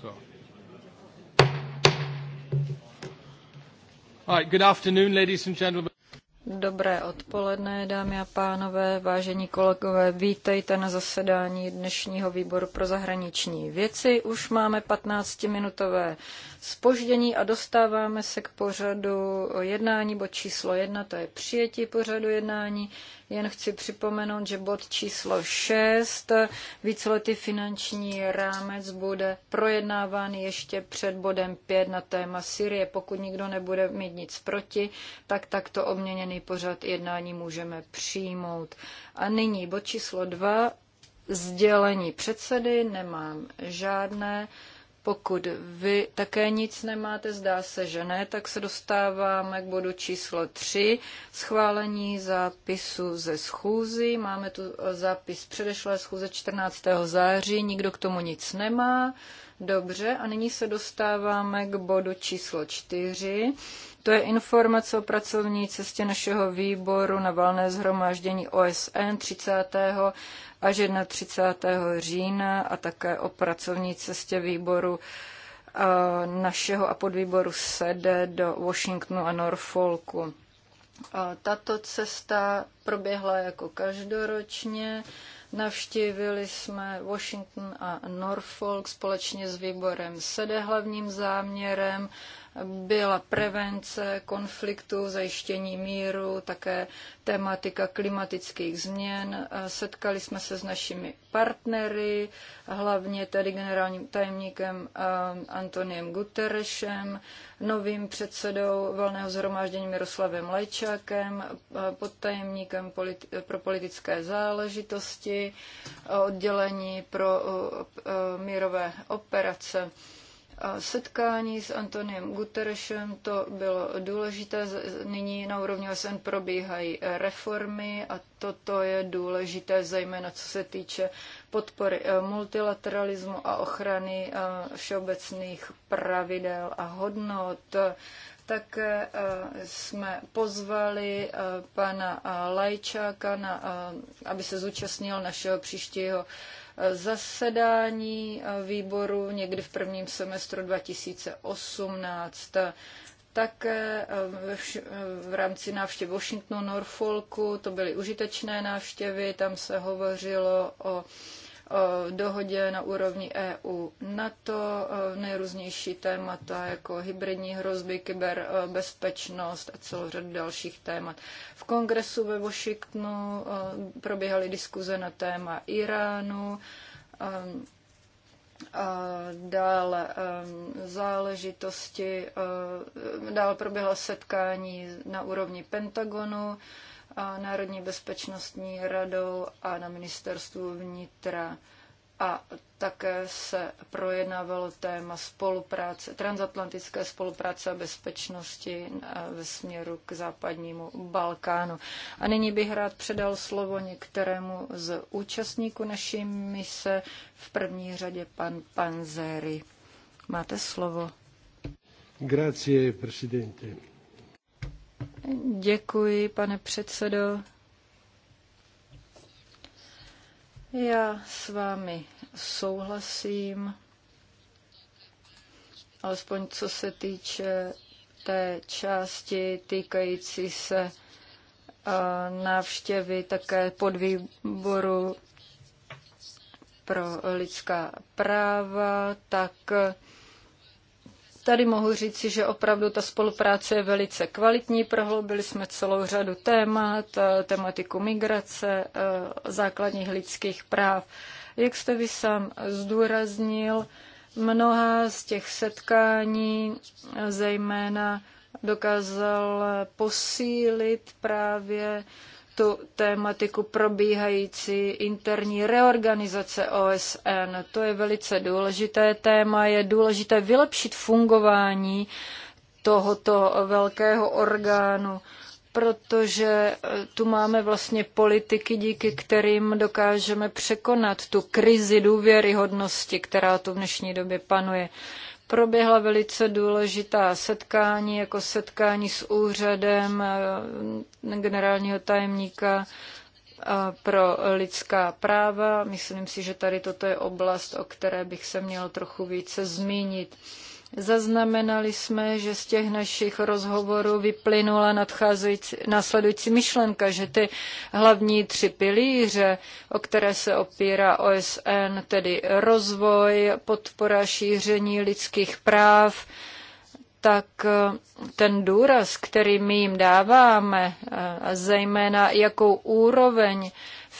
So. Right, good afternoon, ladies and gentlemen. Dobré odpoledne, dámy a pánové, vážení kolegové, vítejte na zasedání dnešního výboru pro zahraniční věci. Už máme 15-minutové spoždění a dostáváme se k pořadu jednání, bod číslo jedna, to je přijetí pořadu jednání. Jen chci připomenout, že bod číslo 6, víceletý finanční rámec, bude projednáván ještě před bodem 5 na téma Syrie. Pokud nikdo nebude mít nic proti, tak takto obměněný pořad jednání můžeme přijmout. A nyní bod číslo 2, sdělení předsedy, nemám žádné. Pokud vy také nic nemáte, zdá se, že ne, tak se dostáváme k bodu číslo 3, schválení zápisu ze schůzy. Máme tu eh, zápis předešlé schůze 14. září, nikdo k tomu nic nemá. Dobře, a nyní se dostáváme k bodu číslo 4. To je informace o pracovní cestě našeho výboru na valné zhromáždění OSN 30 až 31. října a také o pracovní cestě výboru eh, našeho a podvýboru sede do Washingtonu a Norfolku. Tato cesta proběhla jako každoročně. Navštívili jsme Washington a Norfolk společně s výborem SEDE hlavním záměrem byla prevence konfliktu, zajištění míru, také tématika klimatických změn. Setkali jsme se s našimi partnery, hlavně tedy generálním tajemníkem Antoniem Guterešem, novým předsedou valného zhromáždění Miroslavem Lajčákem, podtajemníkem pro politické záležitosti, oddělení pro mírové operace setkání s Antoniem Guterešem, to bylo důležité. Nyní na úrovni OSN probíhají reformy a toto je důležité, zejména co se týče podpory e, multilateralismu a ochrany e, všeobecných pravidel a hodnot. Také e, jsme pozvali pana Lajčáka, na, aby se zúčastnil našeho příštího zasedání výboru někdy v prvním semestru 2018. Také eh, eh, v rámci návštěv Washingtonu, Norfolku, to byly užitečné návštěvy, tam se hovořilo o dohodě na úrovni EU na to nejrůznější témata jako hybridní hrozby, kyberbezpečnost a celou řadu dalších témat. V kongresu ve Washingtonu probíhaly diskuze na téma Iránu, um, dále um, záležitosti, dále proběhla setkání na úrovni Pentagonu, Národní bezpečnostní radou a na ministerstvu vnitra a také se projednávalo téma spolupráce, transatlantické spolupráce a bezpečnosti e, ve směru k západnímu Balkánu. A nyní bych rád předal slovo některému z účastníků naší mise, v první řadě pan Panzeri. Máte slovo. Grazie, presidente. Děkuji, pane předsedo. Já s vámi souhlasím, alespoň co se týče té části týkající se návštěvy také podvýboru pro lidská práva, tak Tady mohu říci, že opravdu ta spolupráce je velice kvalitní. Prohloubili jsme celou řadu témat, eh, tematiku migrace, eh, základních lidských práv. Jak jste vy sám zdůraznil, mnoha z těch setkání eh, zejména dokázal posílit právě tu tématiku probíhající interní reorganizace OSN. To je velice důležité téma. Je důležité vylepšit fungování tohoto velkého orgánu protože e, tu máme vlastně politiky, díky kterým dokážeme překonat tu krizi důvěryhodnosti, která tu v dnešní době panuje. Proběhla velice důležitá setkání, jako setkání s úřadem e, generálního tajemníka e, pro lidská práva. Myslím si, že tady toto je oblast, o které bych se měl trochu více zmínit. Zaznamenali jsme, že z těch našich rozhovorů vyplynula nadcházející, následující myšlenka, že ty hlavní tři pilíře, o které se opírá OSN, tedy rozvoj, podpora šíření lidských práv, tak eh, ten důraz, který my jim dáváme, eh, a zejména jakou úroveň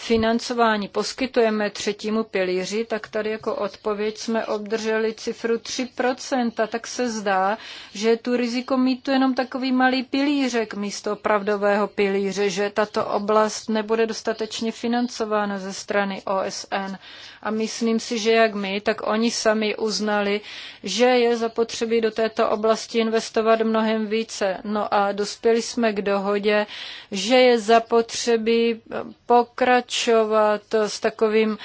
financování poskytujeme třetímu pilíři, tak tady jako odpověď jsme obdrželi cifru 3%, tak se zdá, že tu riziko mít tu jenom takový malý pilířek místo opravdového pilíře, že tato oblast nebude dostatečně financována ze strany OSN. A myslím si, že jak my, tak oni sami uznali, že je zapotřebí do této oblasti investovat mnohem více. No a dospěli jsme k dohodě, že je zapotřebí pokračovat pokračovat s takovým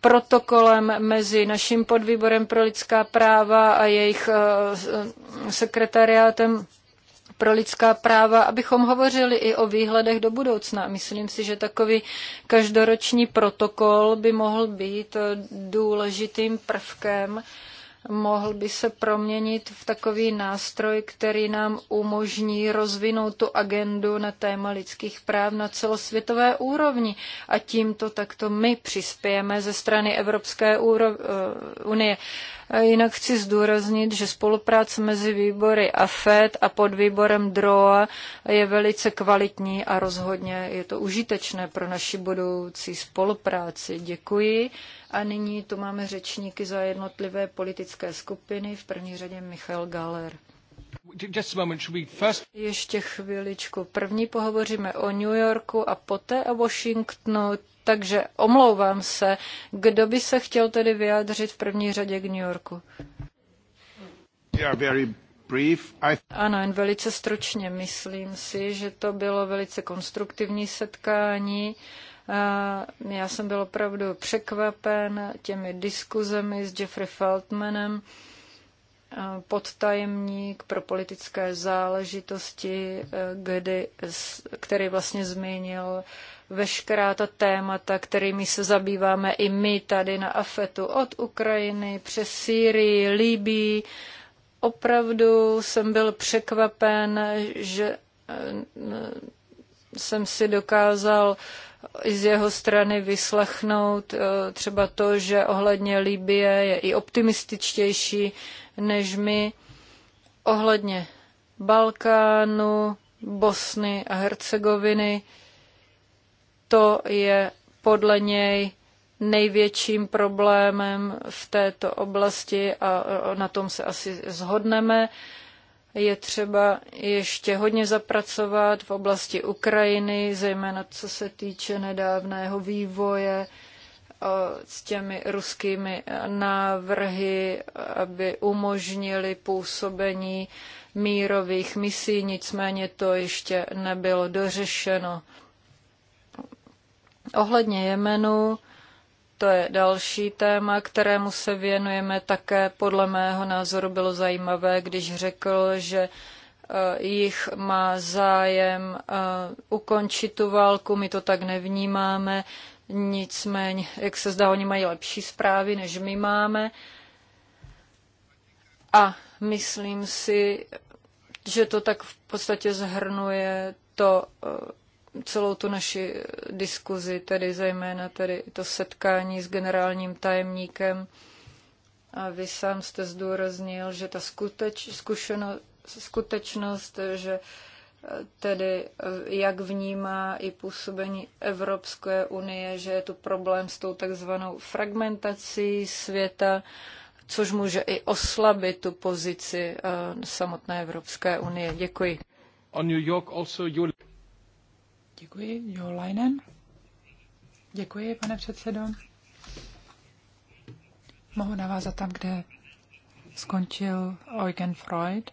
protokolem mezi naším podvýborem pro lidská práva a jejich eh, eh, sekretariátem pro lidská práva, abychom hovořili i o výhledech do budoucna. Myslím si, že takový každoroční protokol by mohl být eh, důležitým prvkem mohl by se proměnit v takový nástroj, který nám umožní rozvinout tu agendu na téma lidských práv na celosvětové úrovni. A tímto takto my přispějeme ze strany Evropské eh, unie. A jinak chci zdůraznit, že spolupráce mezi výbory a Fed a pod výborem DROA je velice kvalitní a rozhodně je to užitečné pro naši budoucí spolupráci. Děkuji. A nyní tu máme řečníky za jednotlivé politické skupiny, v první řadě Michal Galer. Ještě chviličku. První pohovoříme o New Yorku a poté o Washingtonu, takže omlouvám se. Kdo by se chtěl tedy vyjádřit v první řadě k New Yorku? Ano, jen velice stručně. Myslím si, že to bylo velice konstruktivní setkání. Uh, já jsem byl opravdu překvapen těmi diskuzemi s Jeffrey Feldmanem, podtajemník pro politické záležitosti, e, kdy, který vlastně zmínil veškerá ta témata, kterými se zabýváme i my tady na AFETu, od Ukrajiny přes Sýrii, Libii. Opravdu jsem byl překvapen, že e, jsem si dokázal uh, z jeho strany vyslechnout eh, třeba to, že ohledně Libie je i optimističtější než my. Ohledně Balkánu, Bosny a Hercegoviny, to je podle něj největším problémem v této oblasti a na tom se asi zhodneme je třeba ještě hodně zapracovat v oblasti Ukrajiny, zejména co se týče nedávného vývoje eh, s těmi ruskými návrhy, aby umožnili působení mírových misí, nicméně to ještě nebylo dořešeno. Ohledně Jemenu to je další téma, kterému se věnujeme také. Podle mého názoru bylo zajímavé, když řekl, že eh, jich má zájem eh, ukončit tu válku, my to tak nevnímáme, nicméně, jak se zdá, oni mají lepší zprávy, než my máme. A myslím si, že to tak v podstatě zhrnuje to, eh, celou tu naši diskuzi, tedy zejména tedy to setkání s generálním tajemníkem. A vy sám jste zdůraznil, že ta skuteč, zkušeno, skutečnost, že eh, tedy eh, jak vnímá i působení Evropské unie, že je tu problém s tou takzvanou fragmentací světa, což může i oslabit tu pozici eh, samotné Evropské unie. Děkuji. On New York also you... Děkuji. Jo Leinen. Děkuji, pane předsedo. Mohu navázat tam, kde skončil Eugen Freud.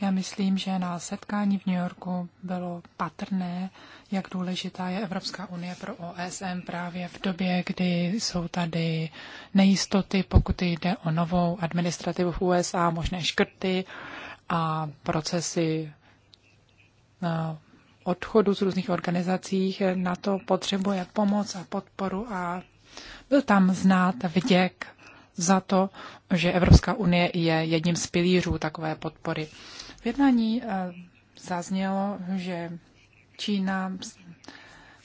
Já myslím, že na setkání v New Yorku bylo patrné, jak důležitá je Evropská unie pro OSN právě v době, kdy jsou tady nejistoty, pokud jde o novou administrativu v USA, možné škrty a procesy no, odchodu z různých organizací na to potřebuje pomoc a podporu a byl tam znát vděk za to, že Evropská unie je jedním z pilířů takové podpory. V jednání eh, zaznělo, že Čína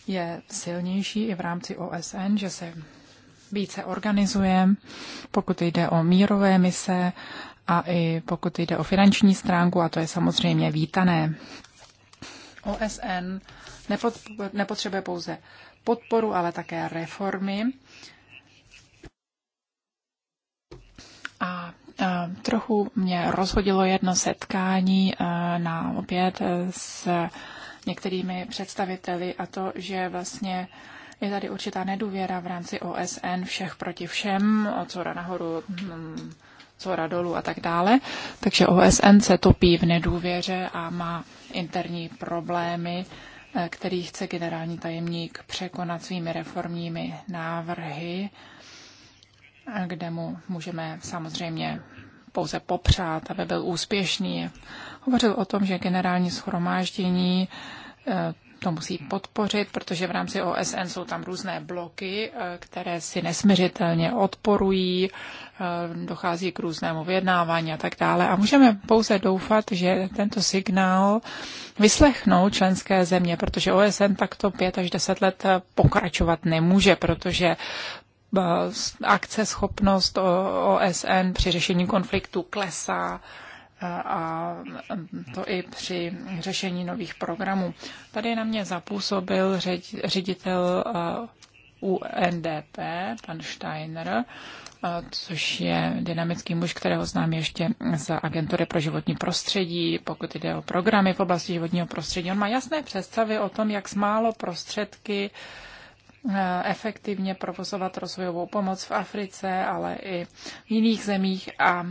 je silnější i v rámci OSN, že se více organizuje, pokud jde o mírové mise a i pokud jde o finanční stránku, a to je samozřejmě vítané. OSN nepotřebuje pouze podporu, ale také reformy. A trochu mě rozhodilo jedno setkání na oběd s některými představiteli a to, že vlastně je tady určitá nedůvěra v rámci OSN všech proti všem, co zhora nahoru hm, co radolu a tak dále. Takže OSN se topí v nedůvěře a má interní problémy, eh, který chce generální tajemník překonat svými reformními návrhy, eh, kde mu můžeme samozřejmě pouze popřát, aby byl úspěšný. Hovořil o tom, že generální schromáždění eh, to musí podpořit, protože v rámci OSN jsou tam různé bloky, eh, které si nesměřitelně odporují, eh, dochází k různému vyjednávání a tak dále. A můžeme pouze doufat, že tento signál vyslechnou členské země, protože OSN takto pět až deset let eh, pokračovat nemůže, protože akce schopnost OSN při řešení konfliktu klesá a to i při řešení nových programů. Tady na mě zapůsobil ředitel eh, UNDP, pan Steiner, eh, což je dynamický muž, kterého znám ještě z agentury pro životní prostředí, pokud jde o programy v oblasti životního prostředí. On má jasné představy o tom, jak s málo prostředky eh, efektivně provozovat rozvojovou pomoc v Africe, ale i v jiných zemích a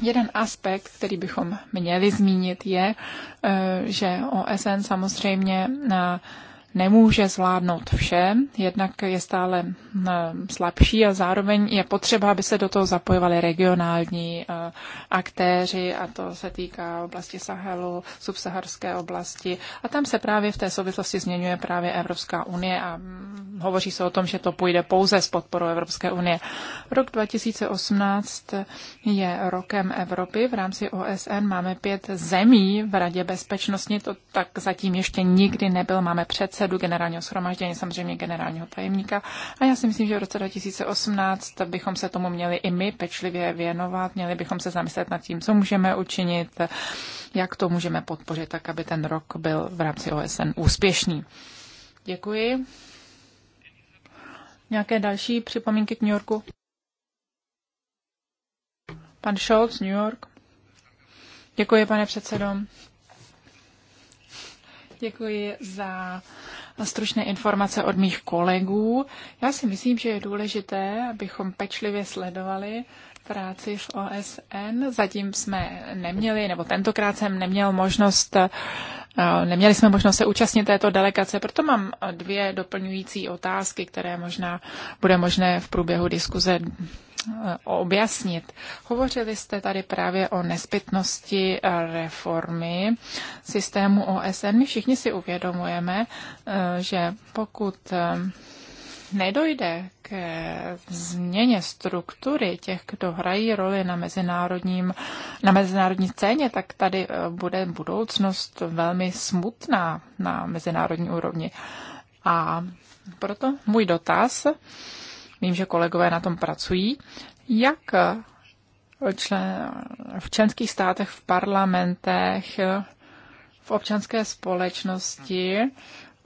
Jeden aspekt, který bychom měli zmínit, je, eh, že OSN samozřejmě na nemůže zvládnout vše, jednak je stále slabší a zároveň je potřeba, aby se do toho zapojovali regionální e, aktéři a to se týká oblasti Sahelu, subsaharské oblasti a tam se právě v té souvislosti změňuje právě Evropská unie a hovoří se o tom, že to půjde pouze s podporou Evropské unie. Rok 2018 je rokem Evropy. V rámci OSN máme pět zemí v Radě bezpečnosti. To tak zatím ještě nikdy nebyl. Máme přece předsedu generálního schromaždění, samozřejmě generálního tajemníka. A já si myslím, že v roce 2018 bychom se tomu měli i my pečlivě věnovat, měli bychom se zamyslet nad tím, co můžeme učinit, jak to můžeme podpořit, tak aby ten rok byl v rámci OSN úspěšný. Děkuji. Nějaké další připomínky k New Yorku? Pan Scholz, New York. Děkuji, pane předsedo. Děkuji za stručné informace od mých kolegů. Já si myslím, že je důležité, abychom pečlivě sledovali, práci v OSN. Zatím jsme neměli, nebo tentokrát jsem neměl možnost, eh, neměli jsme možnost se účastnit této delegace, proto mám dvě doplňující otázky, které možná bude možné v průběhu diskuze eh, objasnit. Hovořili jste tady právě o nezbytnosti eh, reformy systému OSN. My všichni si uvědomujeme, že pokud nedojde k změně struktury těch, kdo hrají roli na, mezinárodním, na mezinárodní scéně, tak tady eh, bude budoucnost velmi smutná na mezinárodní úrovni. A proto můj dotaz, vím, že kolegové na tom pracují, jak eh, člen, v členských státech, v parlamentech, eh, v občanské společnosti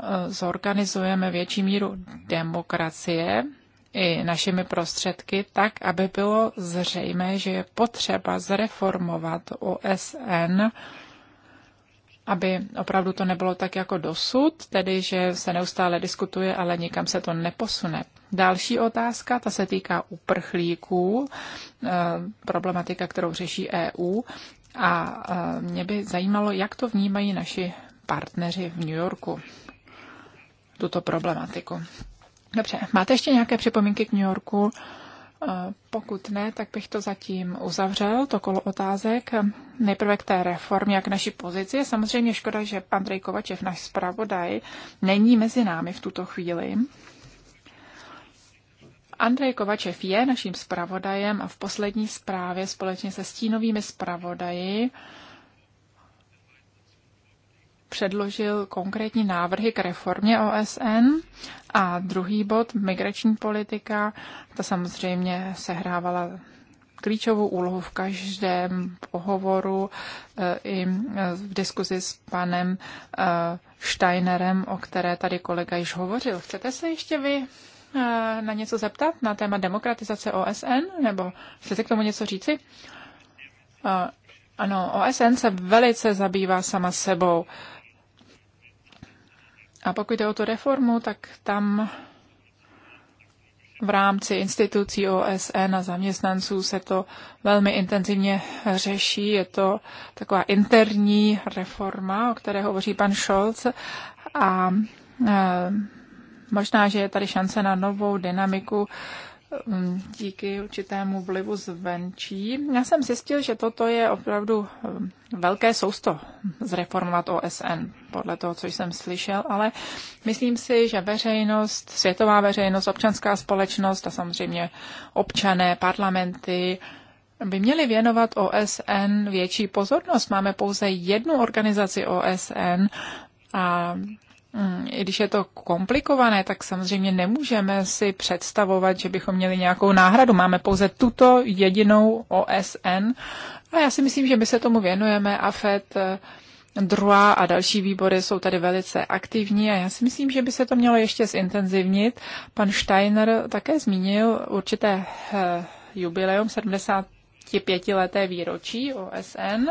Eh, zorganizujeme větší míru demokracie i našimi prostředky, tak, aby bylo zřejmé, že je potřeba zreformovat OSN, aby opravdu to nebylo tak jako dosud, tedy že se neustále diskutuje, ale nikam se to neposune. Další otázka, ta se týká uprchlíků, eh, problematika, kterou řeší EU. A eh, mě by zajímalo, jak to vnímají naši partneři v New Yorku tuto problematiku. Dobře, máte ještě nějaké připomínky k New Yorku? Eh, pokud ne, tak bych to zatím uzavřel, to kolo otázek. Nejprve k té reformě jak naší pozici. Je samozřejmě škoda, že Andrej Kovačev, náš zpravodaj, není mezi námi v tuto chvíli. Andrej Kovačev je naším zpravodajem a v poslední zprávě společně se stínovými zpravodaji uh, předložil konkrétní návrhy k reformě OSN. A druhý bod, migrační politika, ta samozřejmě sehrávala klíčovou úlohu v každém pohovoru e, i e, v diskuzi s panem e, Steinerem, o které tady kolega již hovořil. Chcete se ještě vy na něco zeptat na téma demokratizace OSN? Nebo chcete k tomu něco říci? Ano, OSN se velice zabývá sama sebou. A pokud jde o tu reformu, tak tam v rámci institucí OSN a zaměstnanců se to velmi intenzivně řeší. Je to taková interní reforma, o které hovoří pan Scholz. A e, možná, že je tady šance na novou dynamiku Mm, díky určitému vlivu zvenčí. Já jsem zjistil, že toto je opravdu mm, velké sousto zreformovat OSN, podle toho, co jsem slyšel, ale myslím si, že veřejnost, světová veřejnost, občanská společnost a samozřejmě občané, parlamenty, by měli věnovat OSN větší pozornost. Máme pouze jednu organizaci OSN a Mm, i když je to komplikované, tak samozřejmě nemůžeme si představovat, že bychom měli nějakou náhradu. Máme pouze tuto jedinou OSN a já si myslím, že my se tomu věnujeme. AFET, eh, Druhá a další výbory jsou tady velice aktivní a já si myslím, že by se to mělo ještě zintenzivnit. Pan Steiner také zmínil určité eh, jubileum 70 25 pětileté výročí OSN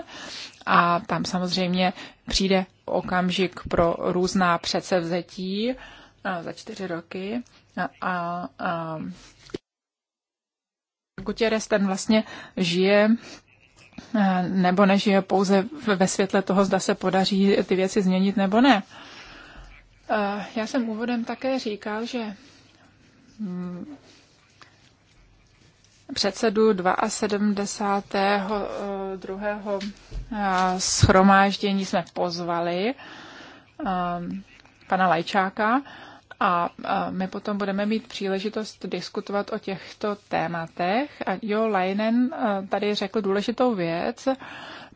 a tam samozřejmě přijde okamžik pro různá předsevzetí za čtyři roky a, a, a Gutierrez ten vlastně žije nebo nežije pouze ve světle toho, zda se podaří ty věci změnit nebo ne. Já jsem úvodem také říkal, že mm, předsedu 72. Eh, eh, schromáždění jsme pozvali eh, pana Lajčáka a my potom budeme mít příležitost diskutovat o těchto tématech. A Jo Leinen tady řekl důležitou věc.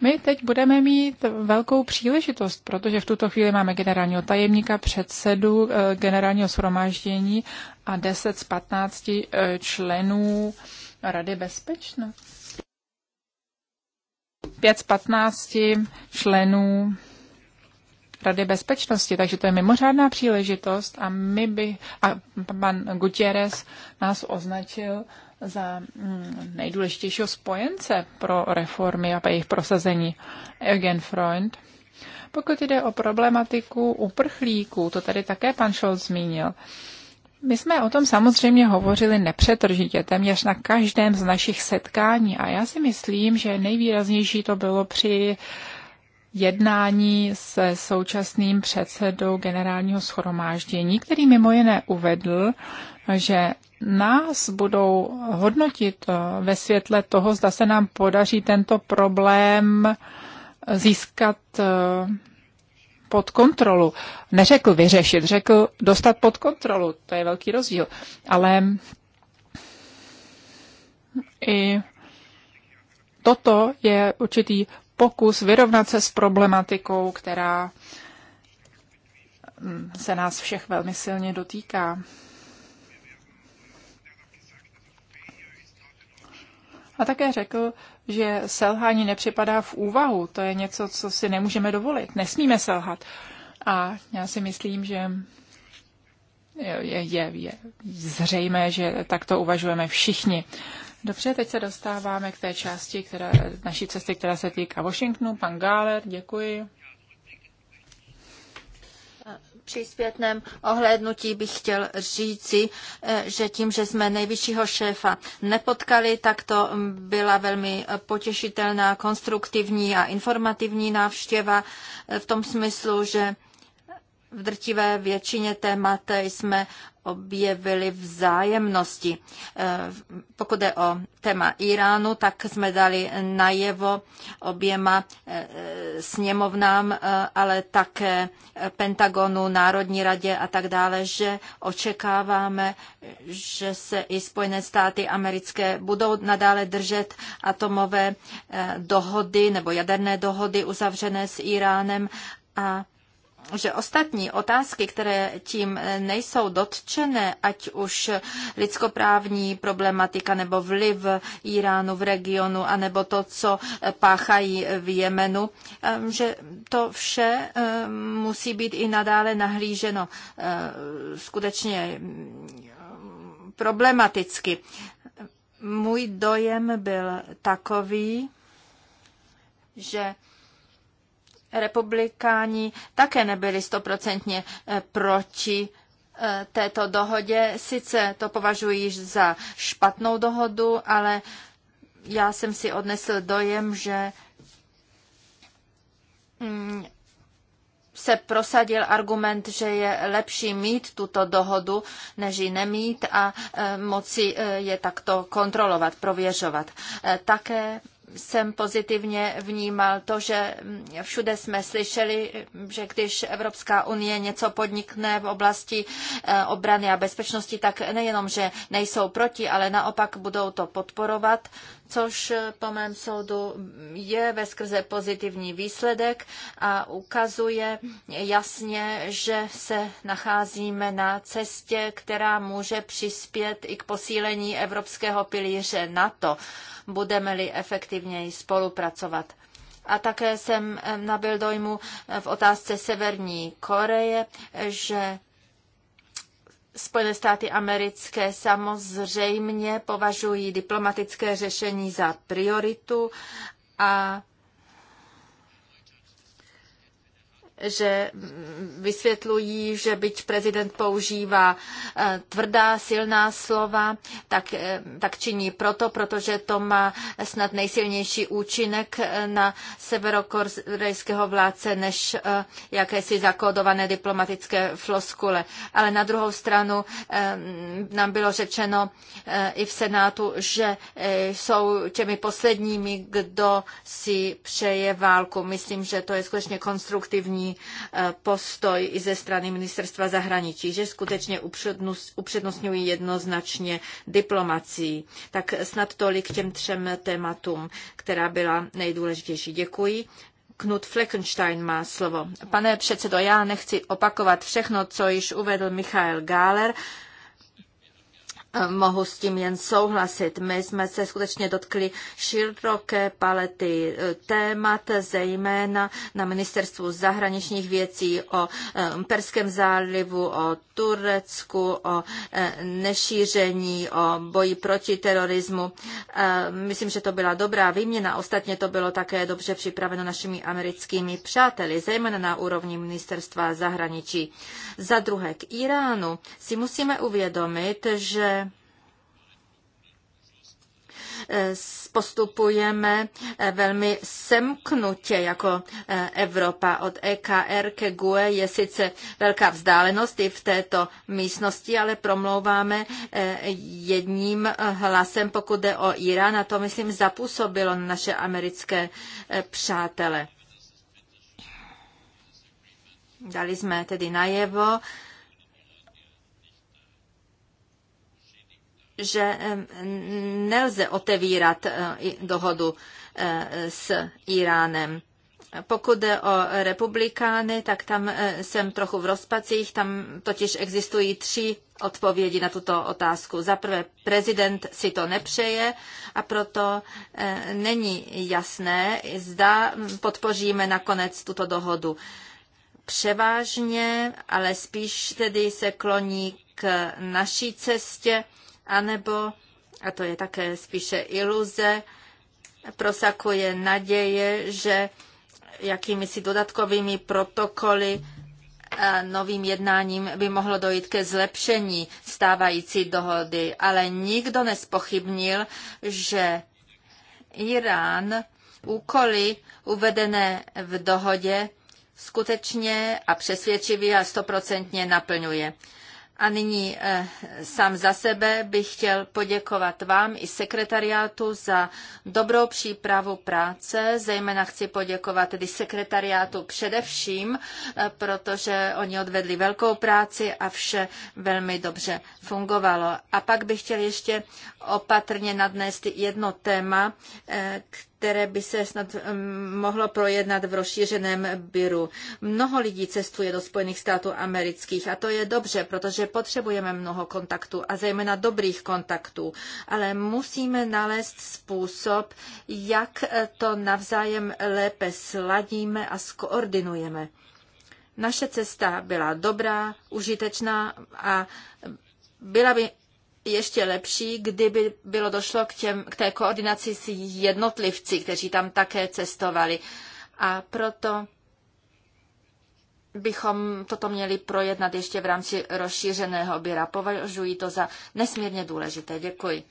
My teď budeme mít velkou příležitost, protože v tuto chvíli máme generálního tajemníka, předsedu generálního shromáždění a 10 z 15 členů Rady bezpečnosti. Pět z patnácti členů Rady bezpečnosti, takže to je mimořádná příležitost a my by, a pan Gutierrez nás označil za mm, nejdůležitějšího spojence pro reformy a jejich prosazení Eugen Freund. Pokud jde o problematiku uprchlíků, to tady také pan Scholz zmínil, my jsme o tom samozřejmě hovořili nepřetržitě, téměř na každém z našich setkání a já si myslím, že nejvýraznější to bylo při jednání se současným předsedou generálního schromáždění, který mimo jiné uvedl, že nás budou hodnotit eh, ve světle toho, zda se nám podaří tento problém eh, získat eh, pod kontrolu. Neřekl vyřešit, řekl dostat pod kontrolu. To je velký rozdíl. Ale i toto je určitý pokus vyrovnat se s problematikou, která se nás všech velmi silně dotýká. A také řekl, že selhání nepřipadá v úvahu. To je něco, co si nemůžeme dovolit. Nesmíme selhat. A já si myslím, že je, je, je zřejmé, že takto uvažujeme všichni. Dobře, teď se dostáváme k té části která, naší cesty, která se týká Washingtonu. Pan Gáler, děkuji při zpětném ohlédnutí bych chtěl říci, eh, že tím, že jsme nejvyššího šéfa nepotkali, tak to byla velmi potěšitelná, konstruktivní a informativní návštěva eh, v tom smyslu, že v drtivé většině témat jsme objevili vzájemnosti. Eh, pokud je o téma Iránu, tak jsme dali najevo oběma eh, eh, sněmovnám, ale také Pentagonu, Národní radě a tak dále, že očekáváme, že se i Spojené státy americké budou nadále držet atomové dohody nebo jaderné dohody uzavřené s Iránem a že ostatní otázky, které tím nejsou dotčené, ať už lidskoprávní problematika nebo vliv Iránu v regionu, anebo to, co páchají v Jemenu, že to vše musí být i nadále nahlíženo skutečně problematicky. Můj dojem byl takový, že republikáni také nebyli stoprocentně eh, proti eh, této dohodě. Sice to považuji za špatnou dohodu, ale já jsem si odnesl dojem, že mm, se prosadil argument, že je lepší mít tuto dohodu, než ji nemít a eh, moci je takto kontrolovat, prověřovat. Také jsem pozitivně vnímal to, že všude jsme slyšeli, že když Evropská unie něco podnikne v oblasti eh, obrany a bezpečnosti, tak nejenom, že nejsou proti, ale naopak budou to podporovat což po mém soudu je ve skrze pozitivní výsledek a ukazuje jasně, že se nacházíme na cestě, která může přispět i k posílení evropského pilíře NATO, budeme-li efektivněji spolupracovat. A také jsem nabil dojmu v otázce Severní Koreje, že Spojené státy americké samozřejmě považují diplomatické řešení za prioritu a že vysvětlují, že byť prezident používá eh, tvrdá, silná slova, tak, eh, tak činí proto, protože to má snad nejsilnější účinek eh, na severokorejského vládce než jakési zakódované diplomatické floskule. Ale na druhou stranu nám bylo řečeno i v Senátu, že jsou těmi posledními, kdo si přeje válku. Myslím, že to je skutečně konstruktivní Eh, postoj i ze strany ministerstva zahraničí, že skutečně upřednostňují jednoznačně diplomacii. Tak snad tolik k těm třem tématům, která byla nejdůležitější. Děkuji. Knut Fleckenstein má slovo. Pane předsedo, já nechci opakovat všechno, co již uvedl Michael Gáler. Mohu s tím jen souhlasit. My jsme se skutečně dotkli široké palety eh, témat, zejména na ministerstvu zahraničních věcí o eh, Perském zálivu, o Turecku, o eh, nešíření, o boji proti terorismu. Myslím, že to byla dobrá výměna. Ostatně to bylo také dobře připraveno našimi americkými přáteli, zejména na úrovni ministerstva zahraničí. Za druhé, k Iránu si musíme uvědomit, že Eh, postupujeme eh, velmi semknutě jako eh, Evropa. Od EKR ke GUE je sice velká vzdálenost i v této místnosti, ale promlouváme jedním hlasem, pokud jde o Irán a to, myslím, zapůsobilo naše americké přátele. Dali jsme tedy najevo, že nelze otevírat e, dohodu e, s Iránem. Pokud jde o republikány, tak tam e, jsem trochu v rozpacích, tam totiž existují tři odpovědi na tuto otázku. Za prvé, prezident si to nepřeje a proto není jasné, zda podpoříme nakonec tuto dohodu. Převážně, ale spíš tedy se kloní k naší cestě anebo, a to je také spíše iluze, prosakuje naděje, že jakými si dodatkovými protokoly a novým jednáním by mohlo dojít ke zlepšení stávající dohody, ale nikdo nespochybnil, že Irán úkoly uvedené v dohodě skutečně a přesvědčivě a stoprocentně naplňuje. A nyní eh, sám za sebe bych chtěl poděkovat vám i sekretariátu za dobrou přípravu práce. Zejména chci poděkovat tedy sekretariátu především, eh, protože oni odvedli velkou práci a vše velmi dobře fungovalo. A pak bych chtěl ještě opatrně nadnést jedno téma, které eh, které by se snad mohlo projednat v rozšířeném byru. Mnoho lidí cestuje do Spojených států amerických a to je dobře, protože potřebujeme mnoho kontaktů a zejména dobrých kontaktů, ale musíme nalézt způsob, jak eh, to navzájem lépe sladíme a skoordinujeme. Naše cesta byla dobrá, užitečná a byla by ještě lepší, kdyby bylo došlo k, těm, k té koordinaci s jednotlivci, kteří tam také cestovali. A proto bychom toto měli projednat ještě v rámci rozšířeného byra. Považuji to za nesmírně důležité. Děkuji.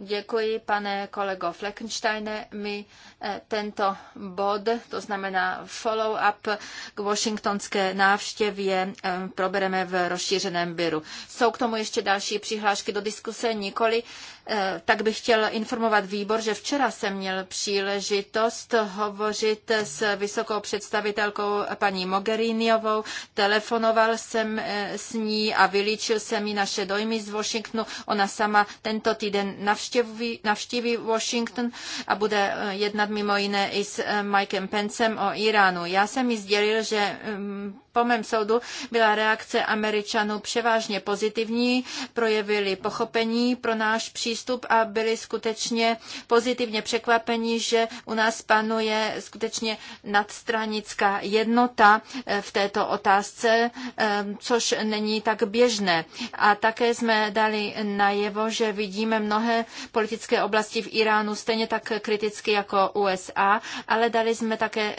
Děkuji, pane kolego Fleckensteine. My eh, tento bod, to znamená follow-up k washingtonské návštěvě, eh, probereme v rozšířeném byru. Jsou k tomu ještě další přihlášky do diskuse? Nikoli. Eh, tak bych chtěl informovat výbor, že včera jsem měl příležitost hovořit s vysokou představitelkou paní Mogheriniovou. Telefonoval jsem s ní a vylíčil jsem jí naše dojmy z Washingtonu. Ona sama tento týden navštívila navštěví, navštíví Washington a bude eh, jednat mimo jiné i s eh, Mikem Pencem o Iránu. Já jsem mi sdělil, že mm, po mém soudu byla reakce Američanů převážně pozitivní, projevili pochopení pro náš přístup a byli skutečně pozitivně překvapeni, že u nás panuje skutečně nadstranická jednota eh, v této otázce, eh, což není tak běžné. A také jsme dali najevo, že vidíme mnohé politické oblasti v Iránu stejně tak kriticky jako USA, ale dali jsme také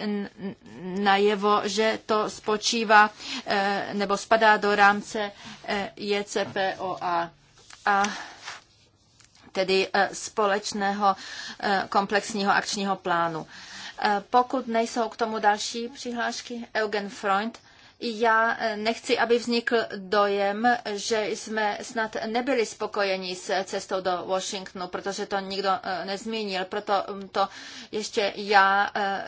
najevo, že to spočí pokrývá eh, nebo spadá do rámce eh, JCPOA. A tedy eh, společného komplexního akčního plánu. Pokud nejsou k tomu další přihlášky, Eugen Freund já eh, nechci, aby vznikl dojem, že jsme snad nebyli spokojeni s cestou do Washingtonu, protože to nikdo eh, nezmínil. Proto mm, to ještě já eh,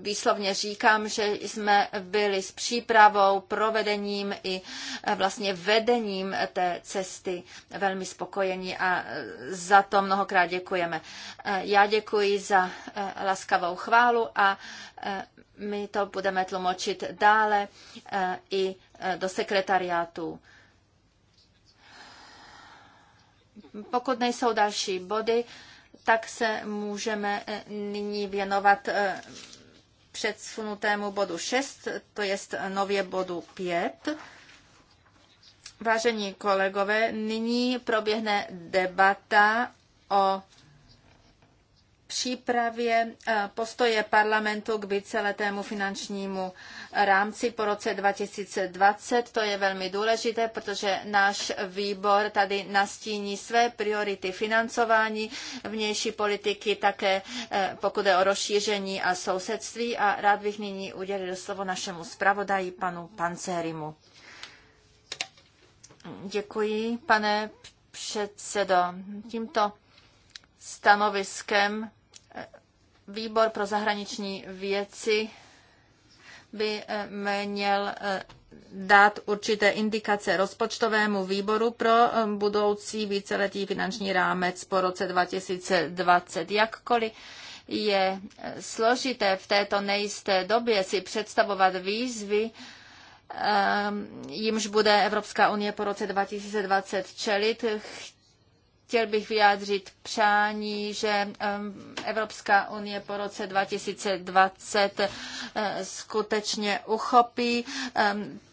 výslovně říkám, že jsme byli s přípravou, provedením i vlastně vedením té cesty velmi spokojeni a za to mnohokrát děkujeme. Já děkuji za laskavou chválu a my to budeme tlumočit dále eh, i eh, do sekretariátu. Pokud nejsou další body, tak se můžeme eh, nyní věnovat předsunutému bodu 6, to je nově bodu 5. Vážení kolegové, nyní proběhne debata o přípravě eh, postoje parlamentu k víceletému finančnímu rámci po roce 2020. To je velmi důležité, protože náš výbor tady nastíní své priority financování vnější politiky, také eh, pokud je o rozšíření a sousedství. A rád bych nyní udělil slovo našemu zpravodaji, panu Pancerimu. Děkuji, pane předsedo. Tímto stanoviskem Výbor pro zahraniční věci by eh, měl eh, dát určité indikace rozpočtovému výboru pro eh, budoucí víceletý finanční rámec po roce 2020. Jakkoliv je složité v této nejisté době si představovat výzvy, jimž bude Evropská unie po roce 2020 čelit, Chtěl bych vyjádřit přání, že Evropská unie po roce 2020 eh, skutečně uchopí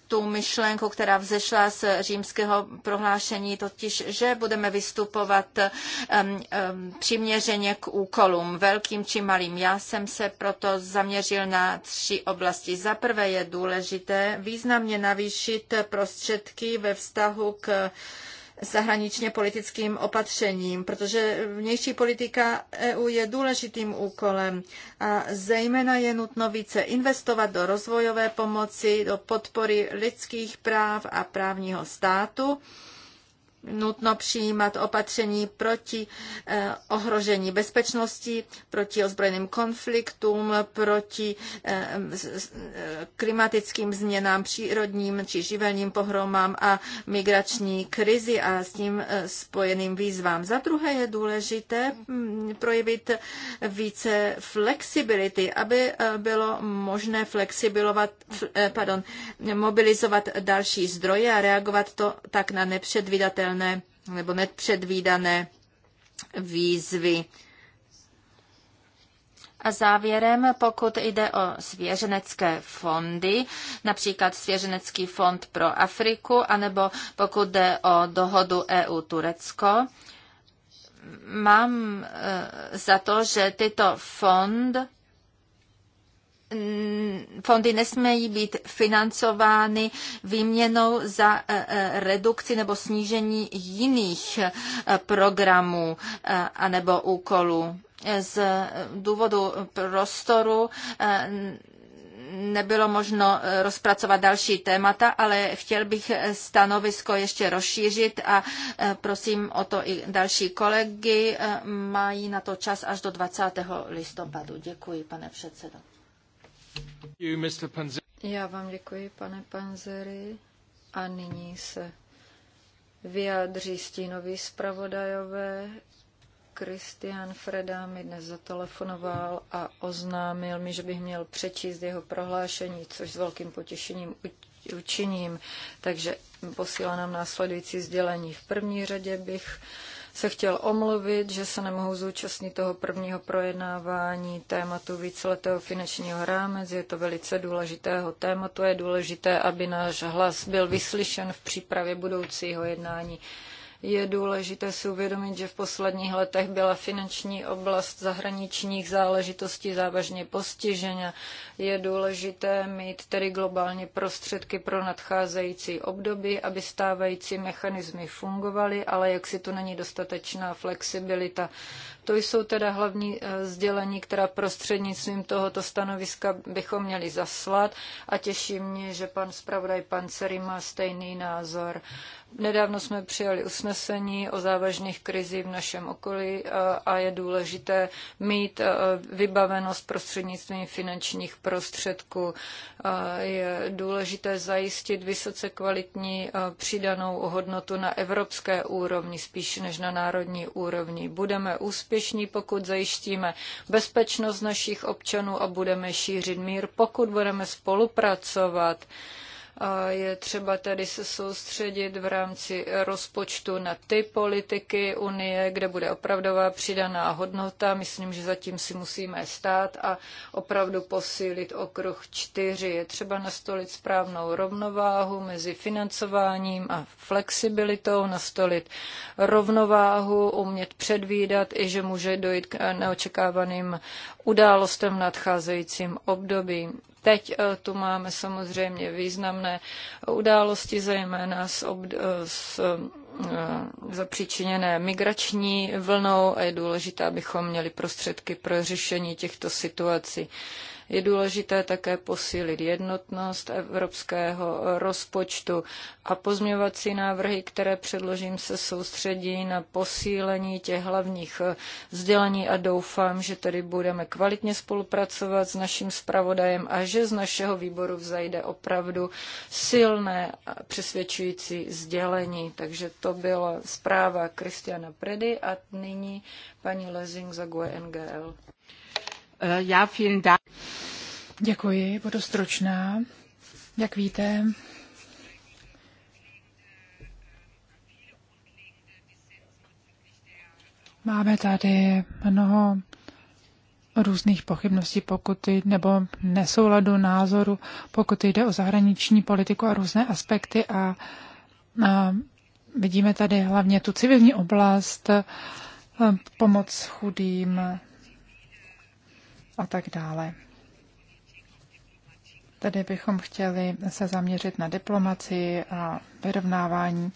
tu myšlenku, která vzešla z římského prohlášení, totiž, že budeme vystupovat přiměřeně k úkolům, velkým či malým. Já jsem se proto zaměřil na tři oblasti. Za prvé je důležité významně navýšit prostředky ve vztahu k zahraničně politickým opatřením, protože vnější politika EU je důležitým úkolem a zejména je nutno více investovat do rozvojové pomoci, do podpory lidských práv a právního státu nutno přijímat opatření proti eh, ohrožení bezpečnosti, proti ozbrojeným konfliktům, proti eh, eh, klimatickým změnám, přírodním či živelním pohromám a migrační krizi a s tím spojeným výzvám. Za druhé je důležité hm, projevit více flexibility, aby bylo možné flexibilovat, pardon, mobilizovat další zdroje a reagovat to tak na nepředvídatelné nečekatelné nebo nepředvídané výzvy. A závěrem, pokud jde o svěřenecké fondy, například Svěřenecký fond pro Afriku, anebo pokud jde o dohodu EU-Turecko, mám eh, za to, že tyto fond, Mm, fondy nesmějí být financovány výměnou za e, e, redukci nebo snížení jiných e, programů anebo úkolů. Z důvodu prostoru nebylo možno rozpracovat další témata, ale chtěl bych stanovisko ještě rozšířit a prosím o to i další kolegy. Mají na to čas až do 20. listopadu. Děkuji, pane předsedo. Já vám děkuji, pane Panzeri. A nyní se vyjádří stínový zpravodajové. Christian Freda mi dnes zatelefonoval a oznámil mi, že bych měl přečíst jeho prohlášení, což s velkým potěšením učiním. Takže posílá nám následující sdělení. V první řadě bych se chtěl omluvit, že se nemohou zúčastnit toho prvního projednávání tématu víceletého finančního rámec. Je to velice důležitého tématu. Je důležité, aby náš hlas byl vyslyšen v přípravě budoucího jednání je důležité si uvědomit, že v posledních letech byla finanční oblast zahraničních záležitostí závažně postižena. Je důležité mít tedy globálně prostředky pro nadcházející období, aby stávající mechanismy fungovaly, ale jak si tu není dostatečná flexibilita. To jsou teda hlavní eh, sdělení, která prostřednictvím tohoto stanoviska bychom měli zaslat a těší mě, že pan zpravodaj Pancery má stejný názor. Nedávno jsme přijali usnesení o závažných krizi v našem okolí eh, a je důležité mít eh, vybavenost prostřednictvím finančních prostředků. Je důležité zajistit vysoce kvalitní přidanou hodnotu na evropské úrovni spíš než na národní úrovni. Budeme úspěšní úspěšní, pokud zajištíme bezpečnost našich občanů a budeme šířit mír, pokud budeme spolupracovat. Je třeba tedy se soustředit v rámci rozpočtu na ty politiky Unie, kde bude opravdová přidaná hodnota. Myslím, že zatím si musíme stát a opravdu posílit okruh čtyři. Je třeba nastolit správnou rovnováhu mezi financováním a flexibilitou, nastolit rovnováhu, umět předvídat i, že může dojít k neočekávaným událostem v nadcházejícím období. Teď eh, tu máme samozřejmě významné události, zejména s, ob, eh, s eh, zapříčiněné migrační vlnou a je důležité, abychom měli prostředky pro řešení těchto situací. Je důležité také posílit jednotnost evropského rozpočtu a pozměvací návrhy, které předložím, se soustředí na posílení těch hlavních sdělení a doufám, že tedy budeme kvalitně spolupracovat s naším zpravodajem a že z našeho výboru vzajde opravdu silné a přesvědčující sdělení. Takže to byla zpráva Kristiana Predy a nyní paní Lezing za GUE NGL. Eh, já vielen Dank. Děkuji, budu stručná. Jak víte, máme tady mnoho různých pochybností, pokud nebo nesouladu názoru, pokud jde o zahraniční politiku a různé aspekty a, a vidíme tady hlavně tu civilní oblast, eh, pomoc chudým, a tak dále. Tady bychom chtěli se zaměřit na diplomaci a vyrovnávání.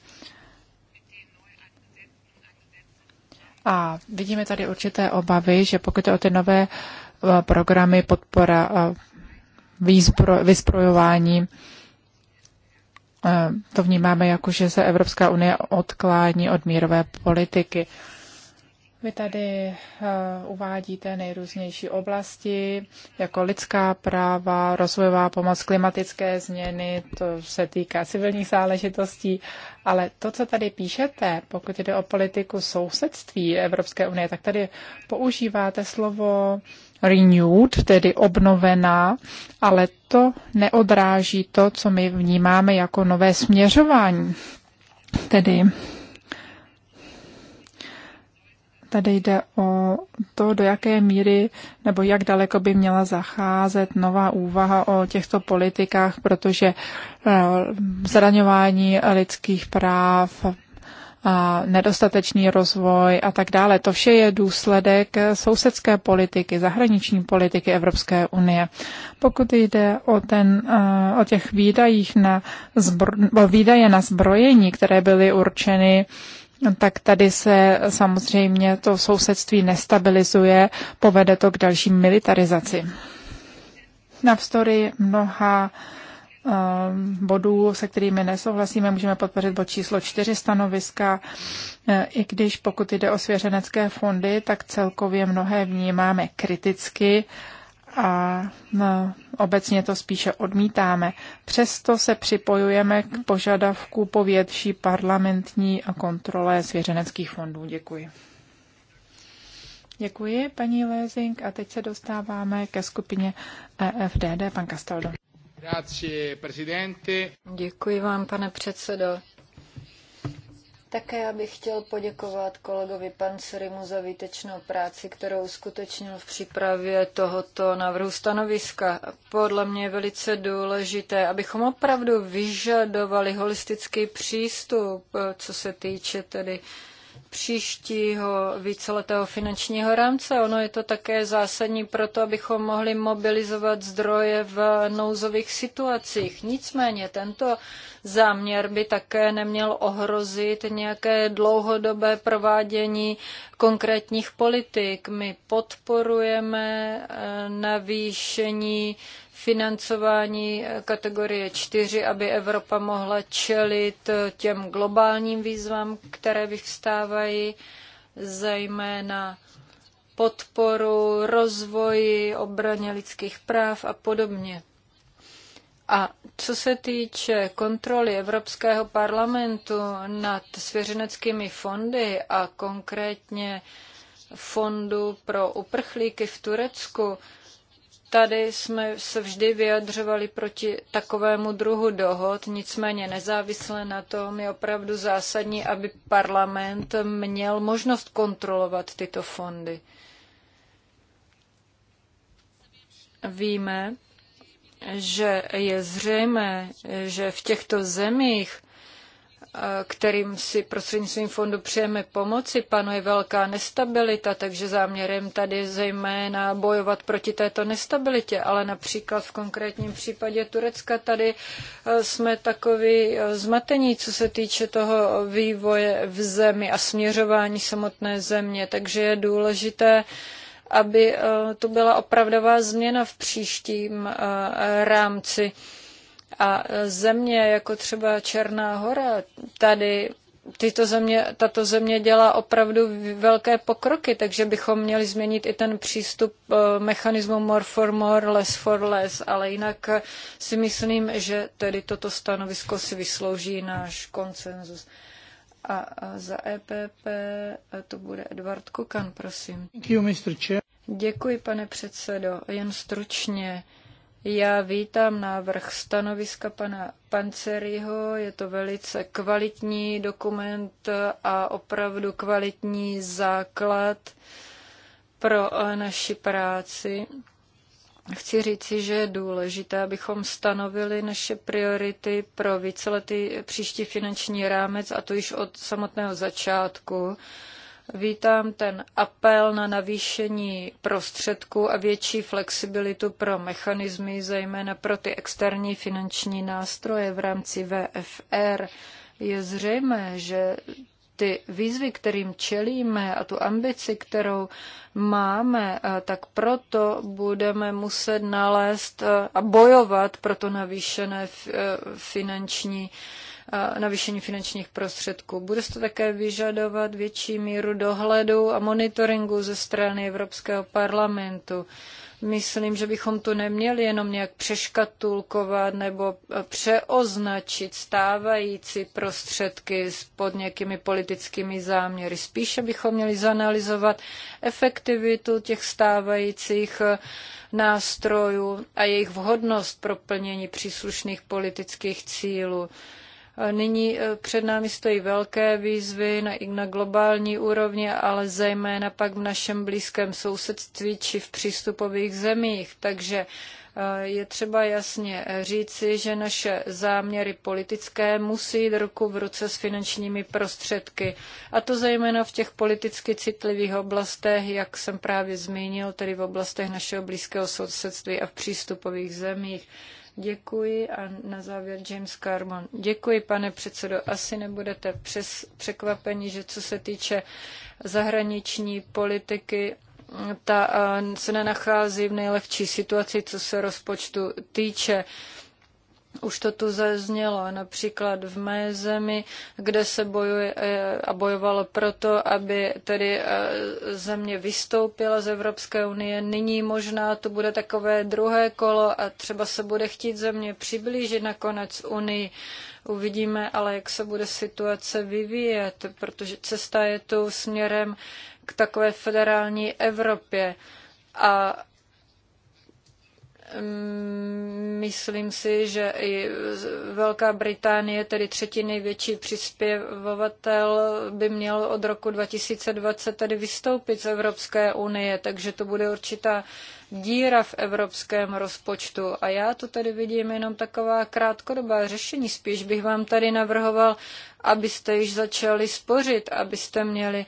A vidíme tady určité obavy, že pokud je o ty nové eh, programy podpora eh, výzbro, vyzbrojování, eh, to vnímáme jako, že se Evropská unie odklání od mírové politiky. Vy tady uh, uvádíte nejrůznější oblasti, jako lidská práva, rozvojová pomoc, klimatické změny, to se týká civilních záležitostí, ale to, co tady píšete, pokud jde o politiku sousedství Evropské unie, tak tady používáte slovo renewed, tedy obnovená, ale to neodráží to, co my vnímáme jako nové směřování. Tedy Tady jde o to, do jaké míry nebo jak daleko by měla zacházet nová úvaha o těchto politikách, protože eh, zraňování lidských práv, a nedostatečný rozvoj a tak dále. To vše je důsledek sousedské politiky, zahraniční politiky Evropské unie. Pokud jde o, ten, eh, o těch výdajích na zbro, výdaje na zbrojení, které byly určeny No tak tady se samozřejmě to sousedství nestabilizuje, povede to k další militarizaci. Navzdory mnoha eh, bodů, se kterými nesouhlasíme, můžeme podpořit bod číslo čtyři stanoviska, eh, i když pokud jde o svěřenecké fondy, tak celkově mnohé vnímáme kriticky a no, obecně to spíše odmítáme. Přesto se připojujeme k požadavku po větší parlamentní a kontrole svěřeneckých fondů. Děkuji. Děkuji, paní Lézing. A teď se dostáváme ke skupině EFDD. Pan Castaldo. Děkuji vám, pane předsedo. Také já bych chtěl poděkovat kolegovi Pancerimu za výtečnou práci, kterou uskutečnil v přípravě tohoto návrhu stanoviska. Podle mě je velice důležité, abychom opravdu vyžadovali holistický přístup, co se týče tedy příštího víceletého finančního rámce. Ono je to také zásadní pro to, abychom mohli mobilizovat zdroje v nouzových situacích. Nicméně tento záměr by také neměl ohrozit nějaké dlouhodobé provádění konkrétních politik. My podporujeme eh, navýšení financování eh, kategorie 4, aby Evropa mohla čelit eh, těm globálním výzvám, které vyvstávají, zejména podporu, rozvoji, obraně lidských práv a podobně. A co se týče kontroly Evropského parlamentu nad svěřeneckými fondy a konkrétně fondu pro uprchlíky v Turecku, Tady jsme se vždy vyjadřovali proti takovému druhu dohod, nicméně nezávisle na tom je opravdu zásadní, aby parlament měl možnost kontrolovat tyto fondy. Víme, že je zřejmé, že v těchto zemích kterým si prostřednictvím fondu přejeme pomoci, panuje velká nestabilita, takže záměrem tady je zejména bojovat proti této nestabilitě, ale například v konkrétním případě Turecka tady e, jsme takový e, zmatení, co se týče toho vývoje v zemi a směřování samotné země, takže je důležité aby e, to byla opravdová změna v příštím rámci a země jako třeba Černá hora, tady tyto země, tato země dělá opravdu velké pokroky, takže bychom měli změnit i ten přístup eh, mechanismu more for more, less for less, ale jinak eh, si myslím, že tedy toto stanovisko si vyslouží náš konsenzus. A za EPP eh, to bude Edvard Kukan, prosím. Děkuji, pane předsedo. Jen stručně. Já vítám návrh stanoviska pana Panceriho, je to velice kvalitní dokument a opravdu kvalitní základ pro eh, naši práci. Chci říci, že je důležité, abychom stanovili naše priority pro víceletý příští finanční rámec, a to již od samotného začátku Vítám ten apel na navýšení prostředků a větší flexibilitu pro mechanismy, zejména pro ty externí finanční nástroje v rámci VFR. Je zřejmé, že ty výzvy, kterým čelíme a tu ambici, kterou máme, tak proto budeme muset nalézt a bojovat pro to navýšené eh, finanční navýšení finančních prostředků. Bude se to také vyžadovat větší míru dohledu a monitoringu ze strany Evropského parlamentu. Myslím, že bychom tu neměli jenom nějak přeškatulkovat nebo přeoznačit stávající prostředky pod nějakými politickými záměry. Spíše bychom měli zanalizovat efektivitu těch stávajících eh, nástrojů a jejich vhodnost pro plnění příslušných politických cílů. Nyní eh, před námi stojí velké výzvy na, i na globální úrovni, ale zejména pak v našem blízkém sousedství či v přístupových zemích. Takže eh, je třeba jasně eh, říci, že naše záměry politické musí jít ruku v ruce s finančními prostředky. A to zejména v těch politicky citlivých oblastech, jak jsem právě zmínil, tedy v oblastech našeho blízkého sousedství a v přístupových zemích. Děkuji a na závěr James Carmon. Děkuji, pane předsedo. Asi nebudete přes překvapeni, že co se týče zahraniční politiky, ta eh, se nenachází v nejlehčí situaci, co se rozpočtu týče. Už to tu zaznělo, například v mé zemi, kde se bojuje eh, a bojovalo proto, aby tedy eh, země vystoupila z Evropské unie. Nyní možná to bude takové druhé kolo a třeba se bude chtít země přiblížit nakonec unii. Uvidíme ale, jak se bude situace vyvíjet, protože cesta je tu směrem k takové federální Evropě. A Mm, myslím si, že i Velká Británie, tedy třetí největší přispěvovatel, by měl od roku 2020 tedy vystoupit z Evropské unie, takže to bude určitá díra v evropském rozpočtu. A já to tady vidím jenom taková krátkodobá řešení. Spíš bych vám tady navrhoval, abyste již začali spořit, abyste měli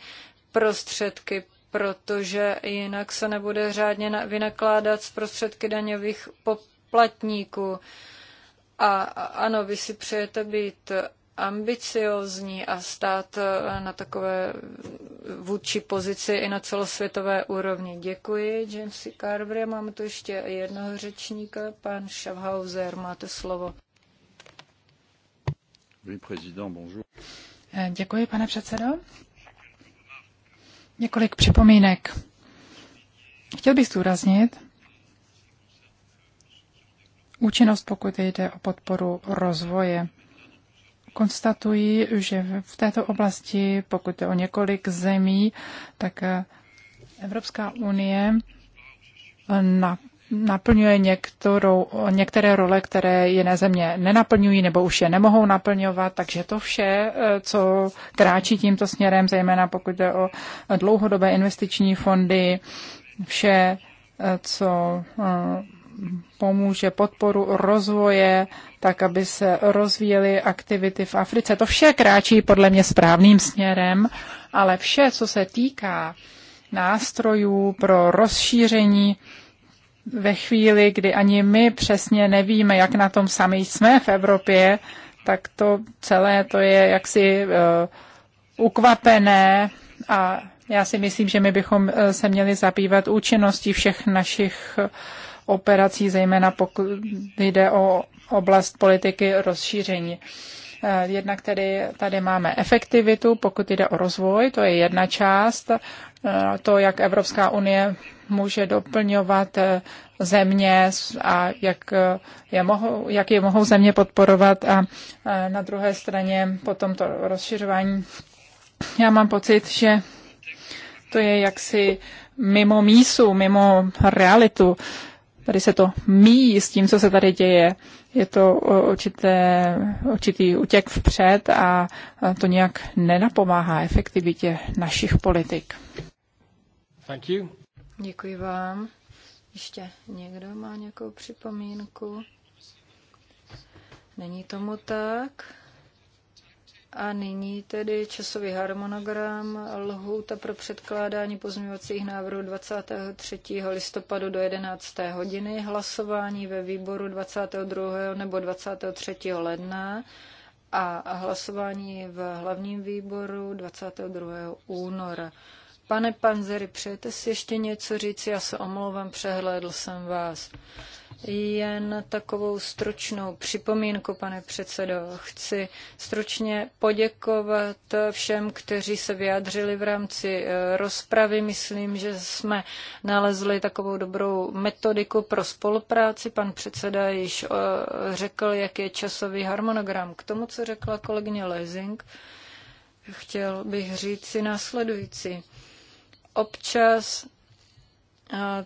prostředky protože jinak se nebude řádně vynakládat z prostředky daňových poplatníků. A ano, vy si přejete být ambiciozní a stát eh, na takové vůdčí pozici i na celosvětové úrovni. Děkuji, James Carver. Máme tu ještě jednoho řečníka, pan Schaffhauser, máte slovo. Eh, děkuji, pane předsedo několik připomínek. Chtěl bych zdůraznit účinnost, pokud jde o podporu rozvoje. Konstatuji, že v této oblasti, pokud jde o několik zemí, tak Evropská unie na naplňuje některou, některé role, které jiné země nenaplňují nebo už je nemohou naplňovat, takže to vše, eh, co kráčí tímto směrem, zejména pokud jde o dlouhodobé investiční fondy, vše, eh, co eh, pomůže podporu rozvoje, tak aby se rozvíjely aktivity v Africe. To vše kráčí podle mě správným směrem, ale vše, co se týká nástrojů pro rozšíření ve chvíli, kdy ani my přesně nevíme, jak na tom sami jsme v Evropě, tak to celé to je jaksi uh, ukvapené a já si myslím, že my bychom eh, se měli zabývat účinností všech našich eh, operací, zejména pokud jde o oblast politiky rozšíření. Jednak tedy tady máme efektivitu, pokud jde o rozvoj, to je jedna část, to, jak Evropská unie může doplňovat eh, země a jak eh, je mohou, jak je mohou země podporovat a eh, na druhé straně potom to rozšiřování. Já mám pocit, že to je jaksi mimo mísu, mimo realitu. Tady se to míjí s tím, co se tady děje je to určité, určitý utěk vpřed a to nějak nenapomáhá efektivitě našich politik. Thank you. Děkuji vám. Ještě někdo má nějakou připomínku? Není tomu tak. A nyní tedy časový harmonogram lhůta pro předkládání pozměňovacích návrhů 23. listopadu do 11. hodiny, hlasování ve výboru 22. nebo 23. ledna a hlasování v hlavním výboru 22. února. Pane Panzery, přejete si ještě něco říct? Já se omlouvám, přehlédl jsem vás. Jen takovou stručnou připomínku, pane předsedo. Chci stručně poděkovat všem, kteří se vyjádřili v rámci e, rozpravy. Myslím, že jsme nalezli takovou dobrou metodiku pro spolupráci. Pan předseda již e, řekl, jak je časový harmonogram. K tomu, co řekla kolegyně Lezing, chtěl bych říct si následující. Občas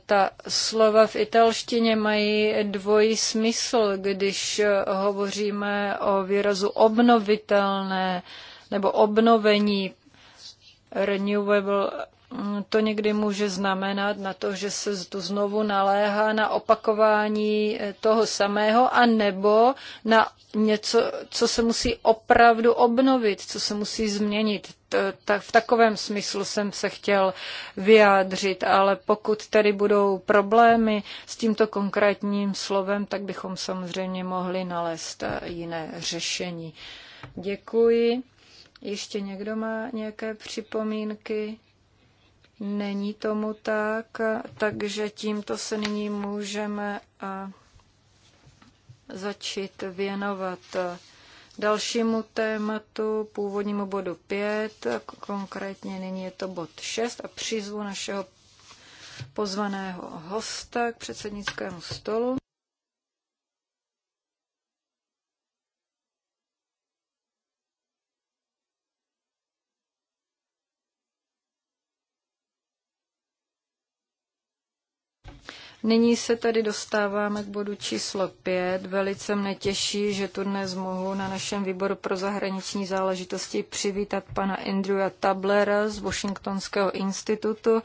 ta slova v italštině mají dvojí smysl, když eh, hovoříme o výrazu obnovitelné nebo obnovení renewable to někdy může znamenat na to, že se tu znovu naléhá na opakování eh, toho samého, a nebo na něco, co se musí opravdu obnovit, co se musí změnit. V takovém smyslu jsem se chtěl vyjádřit, ale pokud tedy budou problémy s tímto konkrétním slovem, tak bychom samozřejmě mohli nalézt eh, jiné řešení. Děkuji. Ještě někdo má nějaké připomínky? Není tomu tak, takže tímto se nyní můžeme začít věnovat dalšímu tématu, původnímu bodu 5, konkrétně nyní je to bod 6 a přizvu našeho pozvaného hosta k předsednickému stolu. Nyní se tady dostáváme k bodu číslo 5. Velice mne těší, že tu dnes mohu na našem výboru pro zahraniční záležitosti přivítat pana Andrewa Tablera z Washingtonského institutu,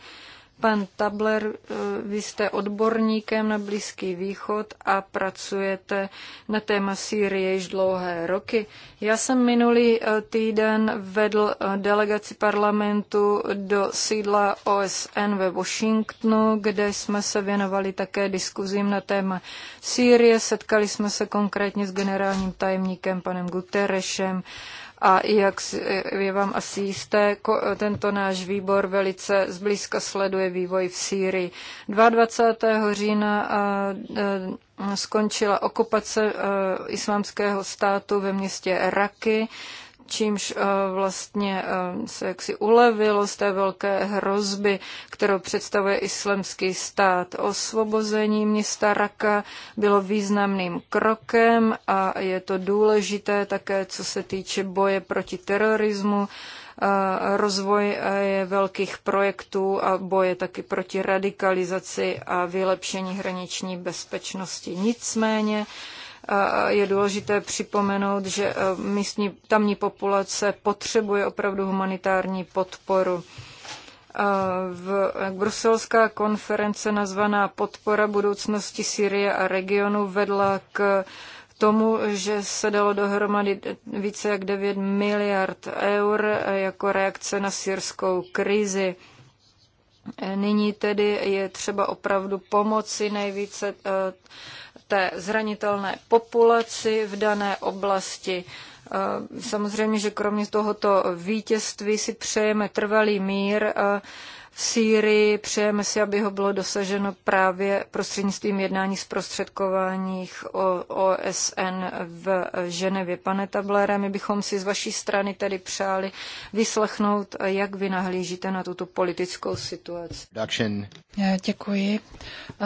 Pan Tabler, eh, vy jste odborníkem na Blízký východ a pracujete na téma Sýrie již dlouhé roky. Já jsem minulý eh, týden vedl eh, delegaci parlamentu do sídla OSN ve Washingtonu, kde jsme se věnovali také diskuzím na téma Sýrie. Setkali jsme se konkrétně s generálním tajemníkem panem Guterešem a jak je vám asi jisté, tento náš výbor velice zblízka sleduje vývoj v Sýrii. 22. října e, skončila okupace e, islámského státu ve městě Raky čímž eh, vlastně eh, se jaksi ulevilo z té velké hrozby, kterou představuje islamský stát. Osvobození města Raka bylo významným krokem a je to důležité také, co se týče boje proti terorismu, eh, rozvoj je velkých projektů a boje taky proti radikalizaci a vylepšení hraniční bezpečnosti. Nicméně, je důležité připomenout, že místní tamní populace potřebuje opravdu humanitární podporu. V bruselská konference nazvaná Podpora budoucnosti Syrie a regionu vedla k tomu, že se dalo dohromady více jak 9 miliard eur jako reakce na syrskou krizi. Nyní tedy je třeba opravdu pomoci nejvíce té zranitelné populaci v dané oblasti. E, samozřejmě, že kromě tohoto vítězství si přejeme trvalý mír e, Sýrii. Přejeme si, aby ho bylo dosaženo právě prostřednictvím jednání zprostředkováních OSN v Ženevě. Pane Tablere, my bychom si z vaší strany tedy přáli vyslechnout, jak vy nahlížíte na tuto politickou situaci. Děkuji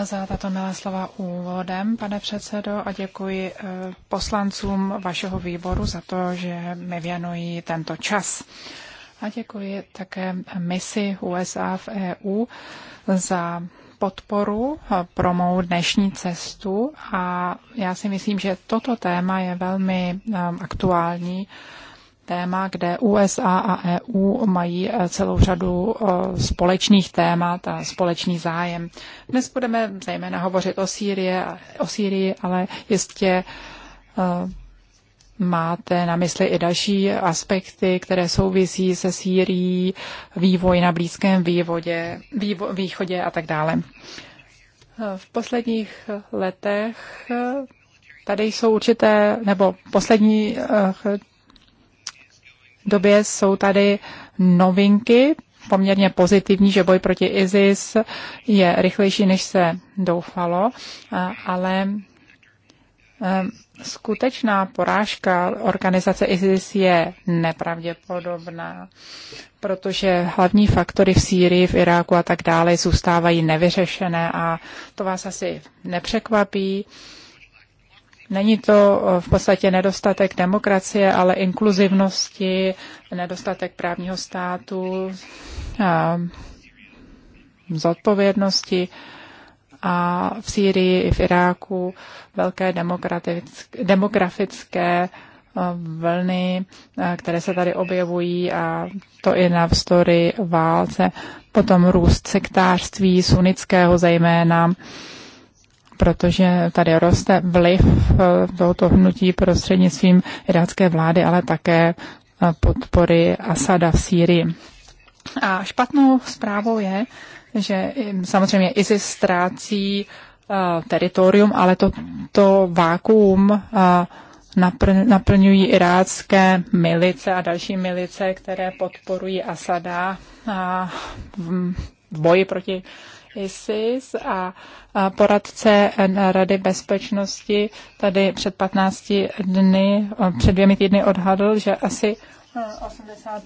za tato milá slova úvodem, pane předsedo, a děkuji eh, poslancům vašeho výboru za to, že mi věnují tento čas. A děkuji také misi USA v EU za podporu pro mou dnešní cestu a já si myslím, že toto téma je velmi um, aktuální téma, kde USA a EU mají uh, celou řadu uh, společných témat a společný zájem. Dnes budeme zejména hovořit o, Sýrii, o Sýrii, ale jistě uh, máte na mysli i další aspekty, které souvisí se Sýrií, vývoj na Blízkém vývodě, vývo, východě a tak dále. V posledních letech tady jsou určité, nebo poslední eh, době jsou tady novinky, poměrně pozitivní, že boj proti ISIS je rychlejší, než se doufalo, eh, ale eh, skutečná porážka organizace ISIS je nepravděpodobná, protože hlavní faktory v Sýrii, v Iráku a tak dále zůstávají nevyřešené a to vás asi nepřekvapí. Není to eh, v podstatě nedostatek demokracie, ale inkluzivnosti, nedostatek právního státu, eh, zodpovědnosti a v Sýrii i v Iráku velké demografické eh, vlny, eh, které se tady objevují a to i navzdory válce. Potom růst sektářství sunnického zejména, protože tady roste vliv eh, tohoto hnutí prostřednictvím irácké vlády, ale také podpory Asada v Sýrii. A špatnou zprávou je, že samozřejmě ISIS ztrácí eh, teritorium, ale to, to vákuum eh, naplňují irácké milice a další milice, které podporují Asada eh, v boji proti ISIS a poradce Rady bezpečnosti tady před 15 dny, před dvěmi týdny odhadl, že asi 80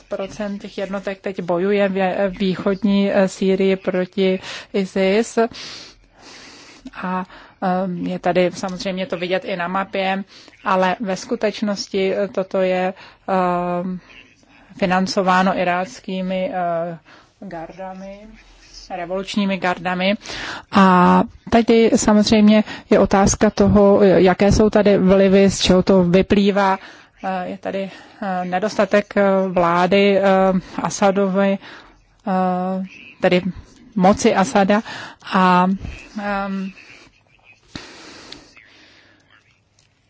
těch jednotek teď bojuje v východní eh, Sýrii proti ISIS. A ehm, je tady samozřejmě to vidět i na mapě, ale ve skutečnosti eh, toto je ehm, financováno iráckými eh, gardami revolučními gardami. A tady samozřejmě je otázka toho, jaké jsou tady vlivy, z čeho to vyplývá Eh, je tady eh, nedostatek eh, vlády Asadovy, tedy moci Asada a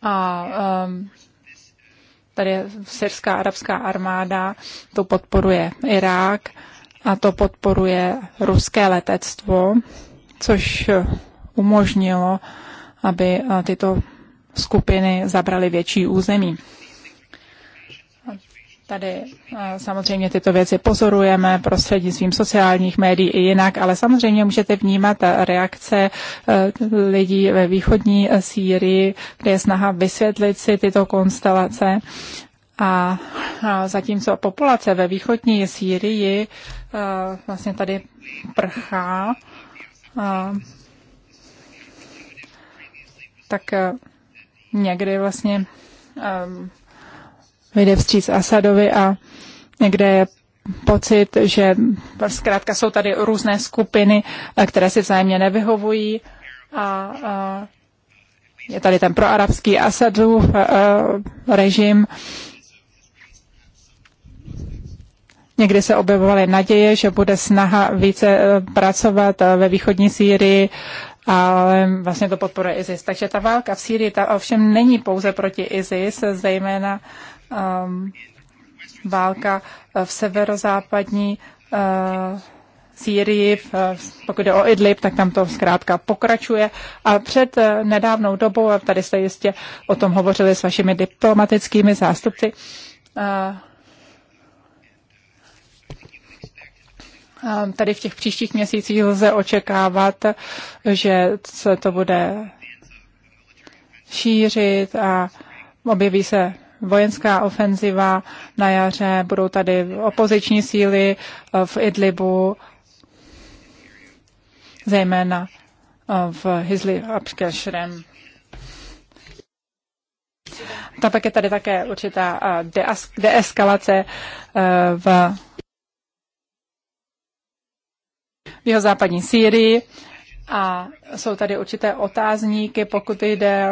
a tady syrská arabská armáda to podporuje Irák a to podporuje ruské letectvo, což umožnilo, aby tyto skupiny zabraly větší území. Tady eh, samozřejmě tyto věci pozorujeme prostřednictvím sociálních médií i jinak, ale samozřejmě můžete vnímat reakce eh, lidí ve východní eh, Sýrii, kde je snaha vysvětlit si tyto konstelace. A zatímco populace ve východní Sýrii vlastně tady prchá, tak někdy vlastně vyjde vstříc Asadovi a někde je pocit, že zkrátka jsou tady různé skupiny, eh, které si vzájemně nevyhovují a, a je tady ten proarabský Asadův eh, eh, režim. Někdy se objevovaly naděje, že bude snaha více pracovat ve východní Sýrii, ale vlastně to podporuje ISIS. Takže ta válka v Sýrii ta ovšem není pouze proti ISIS, zejména Ehm, válka v severozápadní eh, Sýrii, pokud jde o Idlib, tak tam to zkrátka pokračuje. A před eh, nedávnou dobou, a tady jste jistě o tom hovořili s vašimi diplomatickými zástupci, eh, tady v těch příštích měsících lze očekávat, že se to bude šířit a objeví se vojenská ofenziva na jaře, budou tady opoziční síly eh, v Idlibu, zejména eh, v Hizli Abkešrem. Ta pak je tady také určitá eh, deeskalace v v jeho západní Sýrii a jsou tady určité otázníky, pokud jde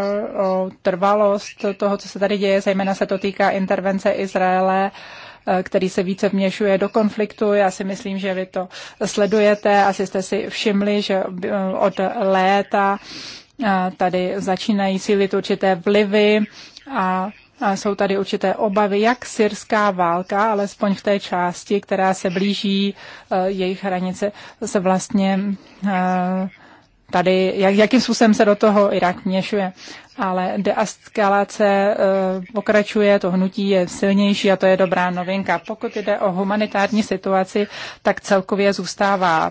o trvalost toho, co se tady děje, zejména se to týká intervence Izraele, eh, který se více vměšuje do konfliktu. Já si myslím, že vy to sledujete. Asi jste si všimli, že eh, od léta eh, tady začínají sílit určité vlivy a a jsou tady určité obavy, jak syrská válka, alespoň v té části, která se blíží uh, jejich hranice, se vlastně uh, tady, jak, jakým způsobem se do toho Irák měšuje. Ale deaskalace e, eh, pokračuje, to hnutí je silnější a to je dobrá novinka. Pokud jde o humanitární situaci, tak celkově zůstává e,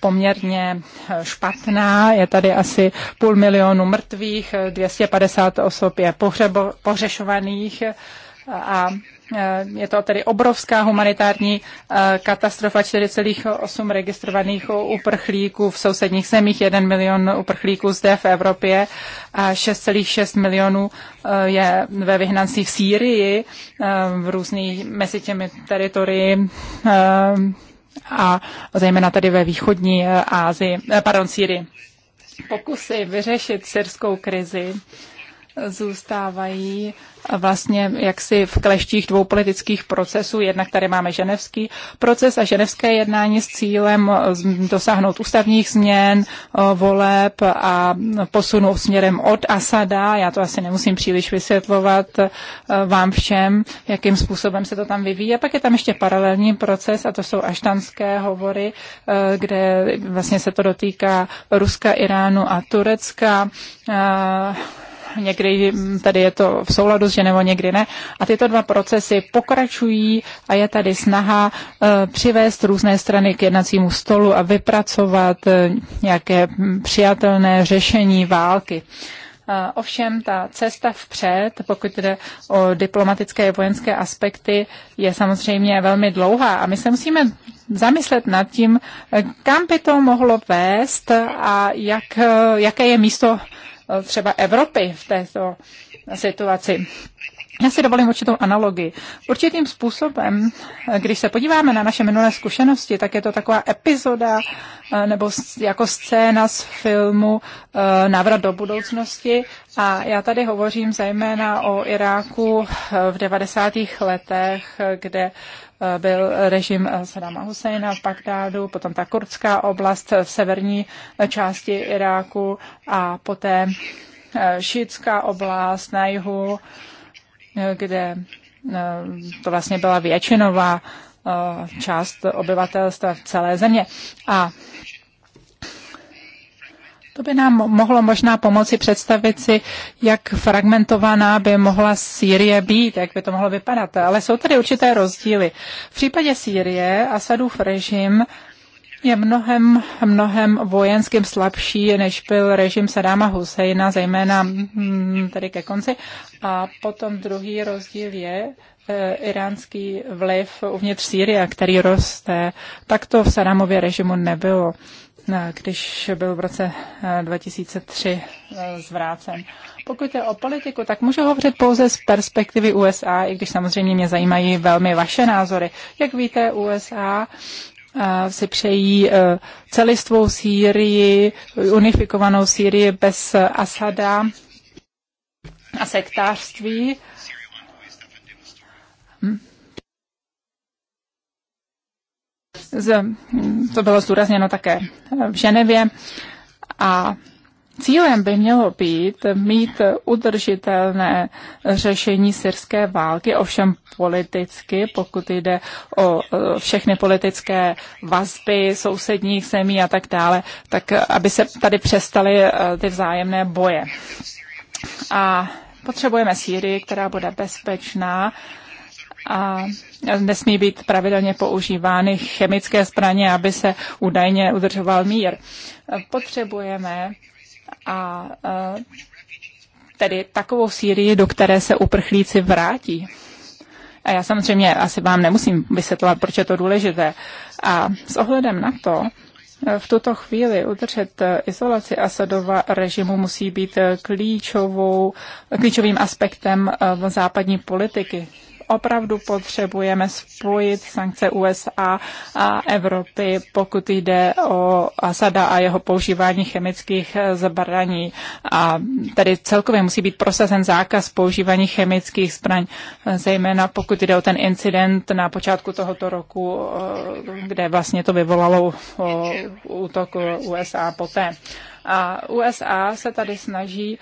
poměrně eh, špatná. Je tady asi půl milionu mrtvých, 250 osob je pohřebo, pohřešovaných a Eh, je to tedy obrovská humanitární eh, katastrofa 4,8 registrovaných uprchlíků v sousedních zemích, 1 milion uprchlíků zde v Evropě a 6,6 milionů eh, je ve vyhnancích v Sýrii, v různých mezi těmi teritorii a zejména tady ve východní Ázii, pardon, Sýrii. Pokusy vyřešit syrskou krizi zůstávají vlastně jaksi v kleštích dvou politických procesů. Jednak tady máme ženevský proces a ženevské jednání s cílem eh, dosáhnout ústavních změn, eh, voleb a posunu směrem od Asada. Já to asi nemusím příliš vysvětlovat eh, vám všem, jakým způsobem se to tam vyvíjí. A pak je tam ještě paralelní proces a to jsou aštanské hovory, kde vlastně se to dotýká Ruska, Iránu a Turecka někdy tady je to v souladu s ženou, někdy ne. A tyto dva procesy pokračují a je tady snaha eh, přivést různé strany k jednacímu stolu a vypracovat eh, nějaké přijatelné řešení války. Eh, ovšem ta cesta vpřed, pokud jde o diplomatické a vojenské aspekty, je samozřejmě velmi dlouhá a my se musíme zamyslet nad tím, kam by to mohlo vést a jak, jaké je místo Eh, třeba Evropy v této situaci. Já si dovolím určitou analogii. Určitým způsobem, eh, když se podíváme na naše minulé zkušenosti, tak je to taková epizoda eh, nebo jako scéna z filmu Návrat do budoucnosti. A já tady hovořím zejména o Iráku v 90. letech, kde byl režim Saddama Husseina v Bagdádu, potom ta kurdská oblast v severní části Iráku a poté eh, šítská oblast na jihu, eh, kde eh, to vlastně byla většinová část obyvatelstva v celé země. A to by nám mohlo možná pomoci představit si, jak fragmentovaná by mohla Sýrie být, jak by to mohlo vypadat. Ale jsou tady určité rozdíly. V případě Sýrie Asadův režim je mnohem, mnohem vojenským slabší, než byl režim Sadáma Husejna, zejména mm, tady ke konci. A potom druhý rozdíl je e, iránský vliv uvnitř Sýrie, který roste. Tak to v Sadámově režimu nebylo. Eh, když byl v roce 2003 eh, eh, zvrácen. Pokud je o politiku, tak můžu hovořit pouze z perspektivy USA, i když samozřejmě mě zajímají velmi vaše názory. Jak víte, USA si přejí celistvou Sýrii, unifikovanou Sýrii bez Asada a sektářství. Hm? to bylo zdůrazněno také v Ženevě. A cílem by mělo být mít udržitelné řešení syrské války, ovšem politicky, pokud jde o e, všechny politické vazby sousedních zemí a tak dále, tak aby se tady přestaly e, ty vzájemné boje. A potřebujeme Sýrii, která bude bezpečná, a nesmí být pravidelně používány chemické zbraně, aby se údajně udržoval mír. Potřebujeme a tedy takovou Sýrii, do které se uprchlíci vrátí. A já samozřejmě asi vám nemusím vysvětlovat, proč je to důležité. A s ohledem na to, v tuto chvíli udržet izolaci Asadova režimu musí být klíčovou, klíčovým aspektem e, západní politiky opravdu potřebujeme spojit sankce USA a Evropy, pokud jde o Asada a jeho používání chemických zbraní. A tedy celkově musí být prosazen zákaz používání chemických zbraní, zejména pokud jde o ten incident na počátku tohoto roku, kde vlastně to vyvolalo útok USA poté. A USA se tady snaží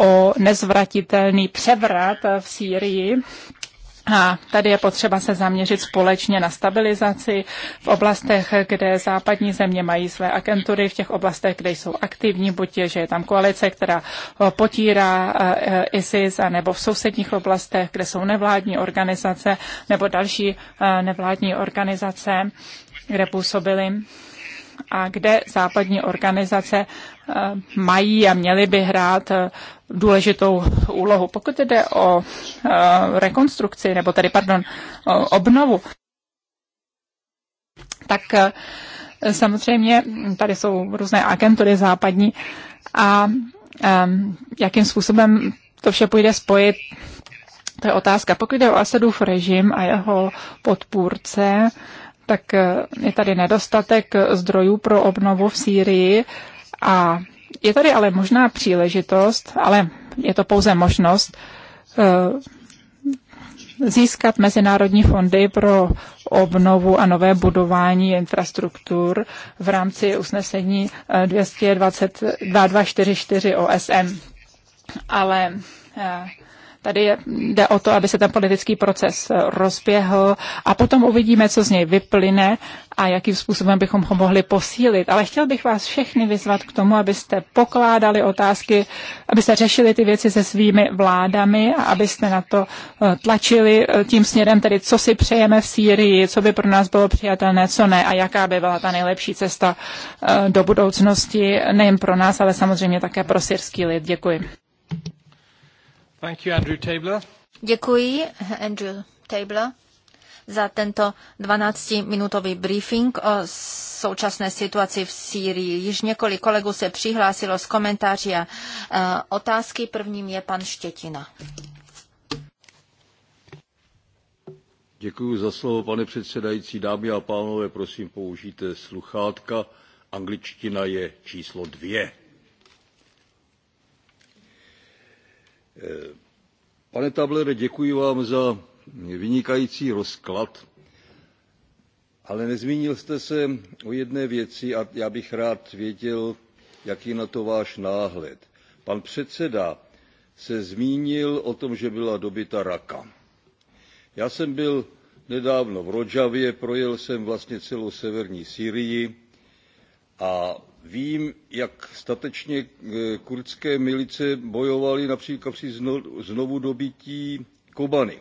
o nezvratitelný převrat v Sýrii a tady je potřeba se zaměřit společně na stabilizaci v oblastech, kde západní země mají své agentury, v těch oblastech, kde jsou aktivní, buď je, že je tam koalice, která eh, potírá eh, ISIS, nebo v sousedních oblastech, kde jsou nevládní organizace nebo další eh, nevládní organizace, kde působily a kde západní organizace mají a měly by hrát důležitou úlohu. Pokud jde o eh, rekonstrukci, nebo tedy, pardon, obnovu, tak eh, samozřejmě tady jsou různé agentury západní a ehm, jakým způsobem to vše půjde spojit, to je otázka. Pokud jde o Asadův režim a jeho podpůrce, tak eh, je tady nedostatek zdrojů pro obnovu v Sýrii a je tady ale možná příležitost, ale je to pouze možnost, eh, získat mezinárodní fondy pro obnovu a nové budování infrastruktur v rámci usnesení 2244 eh, OSN. Ale eh, Tady je, jde o to, aby se ten politický proces eh, rozběhl a potom uvidíme, co z něj vyplyne a jakým způsobem bychom ho mohli posílit. Ale chtěl bych vás všechny vyzvat k tomu, abyste pokládali otázky, abyste řešili ty věci se svými vládami a abyste na to eh, tlačili eh, tím směrem, tedy co si přejeme v Sýrii, co by pro nás bylo přijatelné, co ne a jaká by byla ta nejlepší cesta do budoucnosti, nejen pro nás, ale samozřejmě také pro syrský lid. Děkuji. Thank you, Andrew Tabler. Děkuji, Andrew Tabler za tento 12-minutový briefing o současné situaci v Sýrii. Již několik kolegů se přihlásilo z komentáři a eh, otázky. Prvním je pan Štětina. Děkuji za slovo, pane předsedající. Dámy a pánové, prosím, použijte sluchátka. Angličtina je číslo dvě. Pane Tablere, děkuji vám za vynikající rozklad, ale nezmínil jste se o jedné věci a já bych rád věděl, jaký na to váš náhled. Pan předseda se zmínil o tom, že byla dobyta raka. Já jsem byl nedávno v Rodžavě, projel jsem vlastně celou severní Syrii a Vím, jak statečně eh, kurdské milice bojovaly například při znovu dobití Kobany.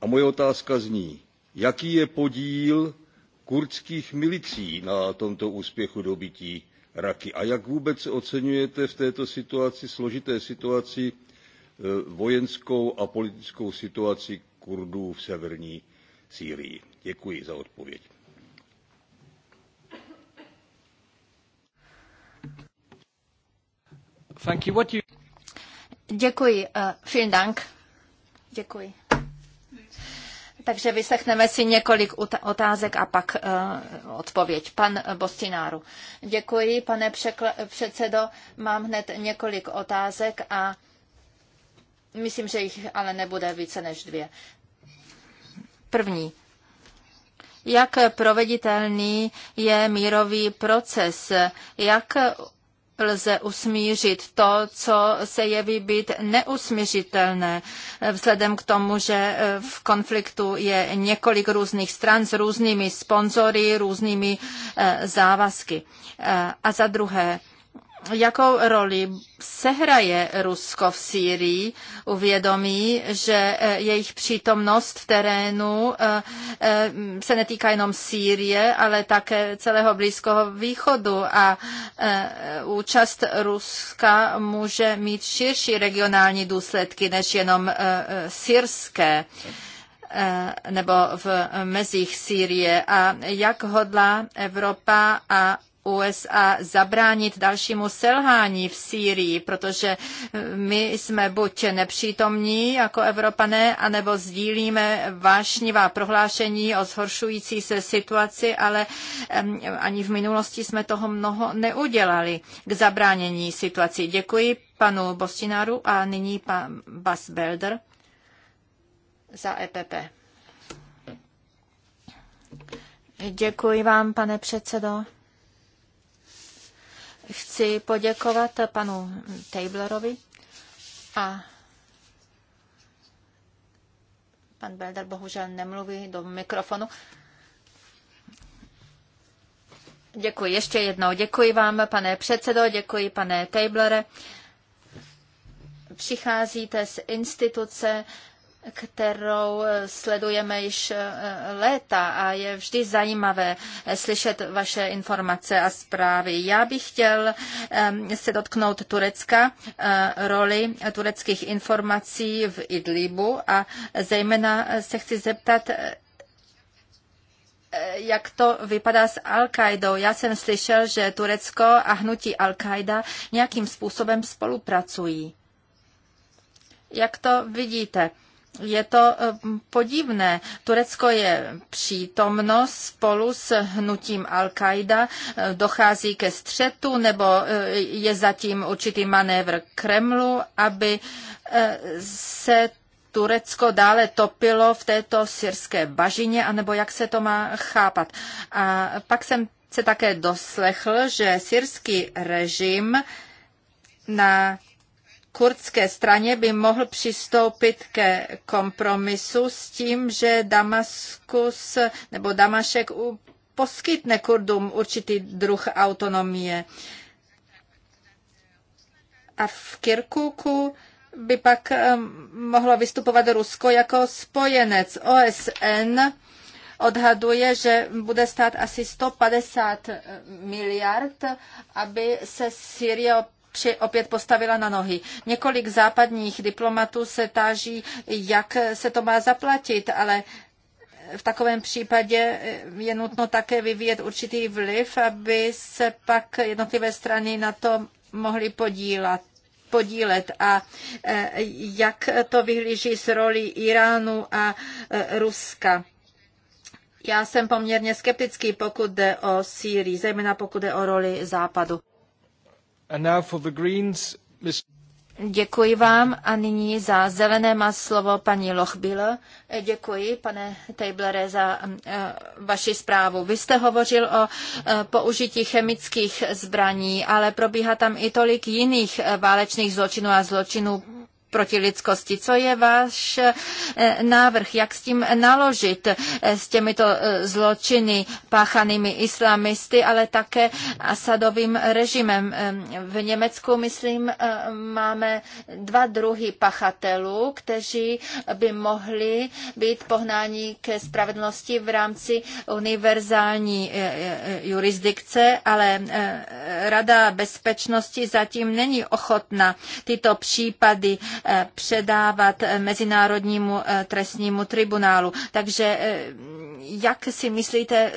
A moje otázka zní, jaký je podíl kurdských milicí na tomto úspěchu dobití Raky a jak vůbec oceňujete v této situaci, složité situaci, eh, vojenskou a politickou situaci Kurdů v severní Sýrii? Děkuji za odpověď. Thank you. What you... Děkuji. Uh, vielen Dank. Děkuji. Takže vyslechneme si několik otázek a pak uh, odpověď. Pan eh, Bostináru. Děkuji, pane předsedo. Mám hned několik otázek a myslím, že jich ale nebude více než dvě. První. Jak proveditelný je mírový proces? Jak lze usmířit to, co se jeví být neusmířitelné, vzhledem k tomu, že eh, v konfliktu je několik různých stran s různými sponzory, různými eh, závazky. Eh, a za druhé, jakou roli sehraje Rusko v Sýrii, uvědomí, že e, jejich přítomnost v terénu e, e, se netýká jenom Sýrie, ale také celého Blízkého východu a účast Ruska může mít širší regionální důsledky než jenom syrské nebo v mezích Sýrie a jak hodlá Evropa a USA zabránit dalšímu selhání v Sýrii, protože eh, my jsme buď nepřítomní jako Evropané, anebo sdílíme vášnivá prohlášení o zhoršující se situaci, ale ani v minulosti jsme toho mnoho neudělali k zabránění situaci. Děkuji panu Bostináru a nyní pan Bas Belder za EPP. Děkuji vám, pane předsedo. Chci poděkovat panu Tablerovi a pan Belder bohužel nemluví do mikrofonu. Děkuji ještě jednou. Děkuji vám, pane předsedo, děkuji, pane Tablere. Přicházíte z instituce, kterou eh, sledujeme již eh, léta a je vždy zajímavé eh, slyšet vaše informace a zprávy. Já bych chtěl ehm, se dotknout Turecka, roli tureckých informací v Idlibu a zejména se chci zeptat, jak to vypadá s al -Qaidou. Já jsem slyšel, že Turecko a hnutí al nějakým způsobem spolupracují. Jak to vidíte? je to eh, podivné. Turecko je přítomno spolu s hnutím Al-Qaida, eh, dochází ke střetu nebo eh, je zatím určitý manévr Kremlu, aby se Turecko dále topilo v této syrské bažině, anebo jak se to má chápat. A pak jsem se také doslechl, že syrský režim na kurdské straně by mohl přistoupit ke kompromisu s tím, že Damaskus nebo Damašek poskytne Kurdům určitý druh autonomie. A v Kirkuku by pak mohlo vystupovat Rusko jako spojenec. OSN odhaduje, že bude stát asi 150 miliard, aby se Syrie při, opět postavila na nohy. Několik západních diplomatů se táží, jak se to má zaplatit, ale v takovém případě je nutno také vyvíjet určitý vliv, aby se pak jednotlivé strany na to mohly podílat podílet a e, jak to vyhlíží s roli Iránu a e, Ruska. Já jsem poměrně skeptický, pokud jde o Sýrii, zejména pokud jde o roli Západu. Děkuji vám a nyní za zelené má slovo paní Lochbiller. Eh, děkuji, pane Tablere, za mm, eh, vaši zprávu. Vy jste hovořil o eh, použití chemických zbraní, ale probíhá tam i tolik jiných válečných zločinů a zločinů proti lidskosti. Co je váš eh, návrh, jak s tím naložit, eh, s těmito eh, zločiny páchanými islamisty, ale také Asadovým režimem? V Německu, myslím, máme dva druhy pachatelů, kteří by mohli být pohnání ke spravedlnosti v rámci univerzální jurisdikce, ale Rada bezpečnosti zatím není ochotna tyto případy předávat Mezinárodnímu eh, trestnímu tribunálu. Takže eh, jak si myslíte,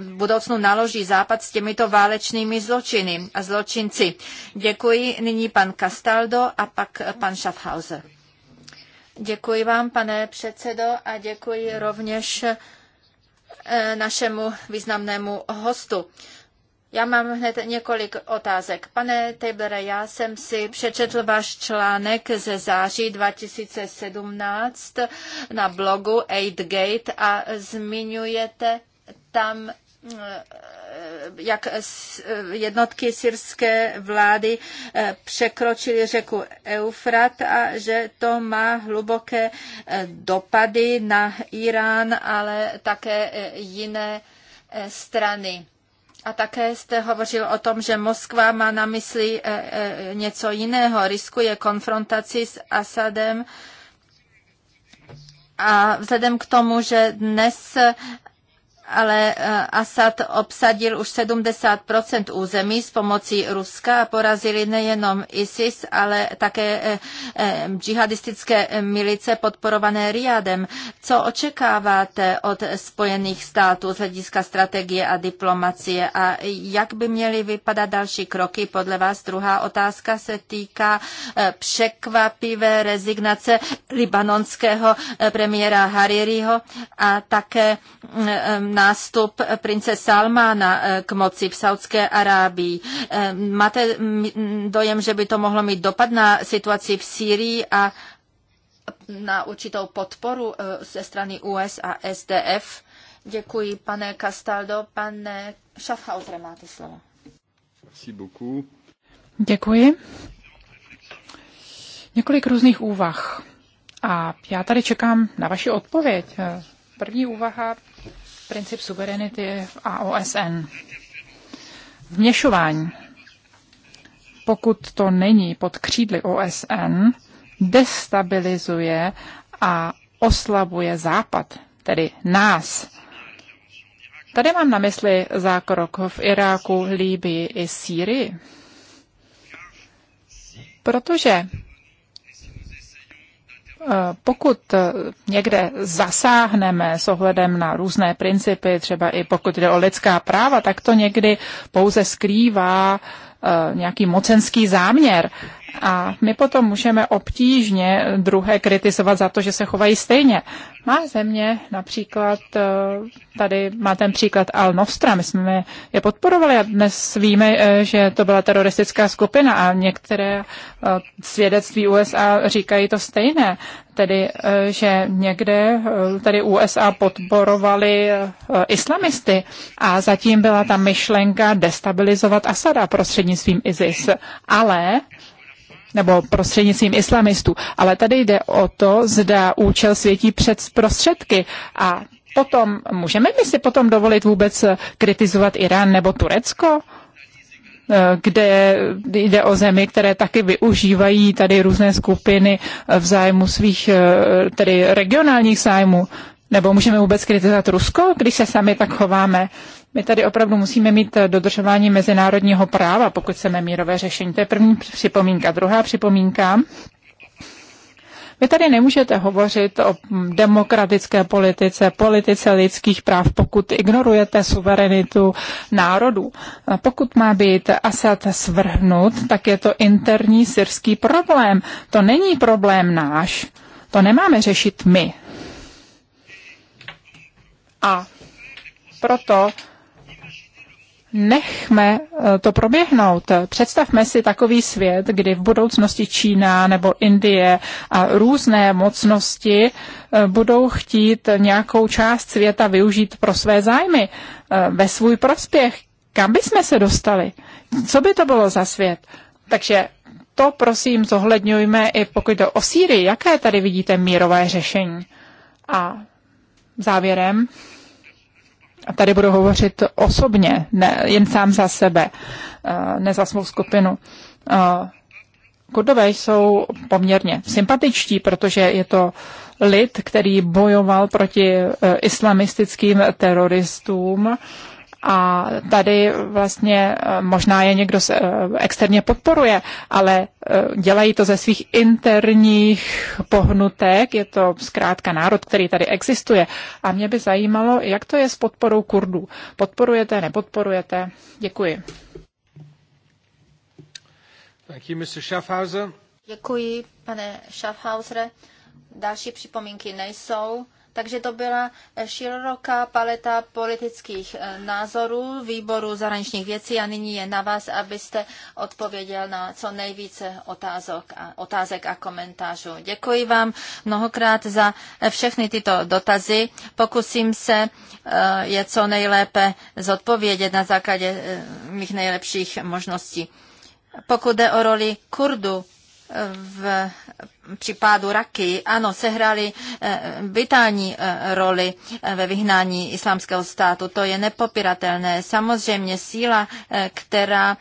v budoucnu naloží Západ s těmito válečnými zločiny a zločinci? Děkuji. Nyní pan Castaldo a pak pan Schaffhauser. Děkuji vám, pane předsedo, a děkuji rovněž eh, našemu významnému hostu. Já mám hned několik otázek. Pane Tejblere, já jsem si přečetl váš článek ze září 2017 na blogu 8gate a zmiňujete tam eh, jak eh, jednotky syrské vlády eh, překročily řeku Eufrat a že to má hluboké dopady na Irán, ale také jiné strany. A také jste hovořil o tom, že Moskva má na mysli e, e, něco jiného, riskuje konfrontaci s Asadem. A vzhledem k tomu, že dnes e, ale eh, Asad obsadil už 70 území s pomocí Ruska a porazili nejenom ISIS, ale také eh, eh, džihadistické milice podporované Riadem. Co očekáváte od Spojených států z hlediska strategie a diplomacie a jak by měly vypadat další kroky podle vás? Druhá otázka se týká překvapivé rezignace libanonského premiéra Haririho a také mm, nástup prince Salmana eh, k moci v Saudské Arábii. Eh, máte mm, dojem, že by to mohlo mít dopad na situaci v Sýrii a na určitou podporu eh, ze strany US a SDF? Děkuji, pane Castaldo. Pane Schaffhauser, máte slovo. Děkuji. Několik různých úvah. A já tady čekám na vaši odpověď. První úvaha princip suverenity a OSN. Vměšování, pokud to není pod křídly OSN, destabilizuje a oslabuje Západ, tedy nás. Tady mám na mysli zákrok v Iráku, Líbii i Sýrii. Protože Eh, pokud eh, někde zasáhneme s ohledem na různé principy, třeba i pokud jde o lidská práva, tak to někdy pouze skrývá eh, nějaký mocenský záměr. A my potom můžeme obtížně druhé kritizovat za to, že se chovají stejně. Má země například, eh, tady má ten příklad Al Nostra, my jsme je podporovali a dnes víme, eh, že to byla teroristická skupina a některé eh, svědectví USA říkají to stejné. Tedy, že někde tady USA podporovali islamisty a zatím byla ta myšlenka destabilizovat Asada prostřednictvím ISIS. Ale nebo prostřednictvím islamistů. Ale tady jde o to, zda účel světí před prostředky a potom, můžeme my si potom dovolit vůbec kritizovat Irán nebo Turecko? Eh, kde jde o zemi, které taky využívají tady různé skupiny v zájmu svých eh, tedy regionálních zájmů. Nebo můžeme vůbec kritizovat Rusko, když se sami tak chováme? My tady opravdu musíme mít dodržování mezinárodního práva, pokud chceme mírové řešení. To je první připomínka. Druhá připomínka. Vy tady nemůžete hovořit o demokratické politice, politice lidských práv, pokud ignorujete suverenitu národů. Pokud má být Asad svrhnut, tak je to interní syrský problém. To není problém náš. To nemáme řešit my. A proto nechme eh, to proběhnout. Představme si takový svět, kdy v budoucnosti Čína nebo Indie a různé mocnosti eh, budou chtít nějakou část světa využít pro své zájmy, eh, ve svůj prospěch. Kam by jsme se dostali? Co by to bylo za svět? Takže to prosím zohledňujme i pokud jde o Sýrii. Jaké tady vidíte mírové řešení? A závěrem, a tady budu hovořit osobně, ne, jen sám za sebe, eh, ne za svou skupinu. Eh, Kurdové jsou poměrně sympatičtí, protože je to lid, který bojoval proti eh, islamistickým teroristům a tady vlastně eh, možná je někdo se eh, externě podporuje, ale eh, dělají to ze svých interních pohnutek. Je to zkrátka národ, který tady existuje. A mě by zajímalo, jak to je s podporou Kurdů. Podporujete, nepodporujete? Děkuji. Děkuji, pane Schaffhauser. Další připomínky nejsou. Takže to byla široká paleta politických eh, názorů výboru zahraničních věcí a nyní je na vás, abyste odpověděl na co nejvíce otázok a, otázek a komentářů. Děkuji vám mnohokrát za eh, všechny tyto dotazy. Pokusím se eh, je co nejlépe zodpovědět na základě mých nejlepších možností. Pokud jde o roli Kurdu v případu Raky, ano, sehrali eh, vitální eh, roli eh, ve vyhnání islámského státu. To je nepopiratelné. Samozřejmě síla, která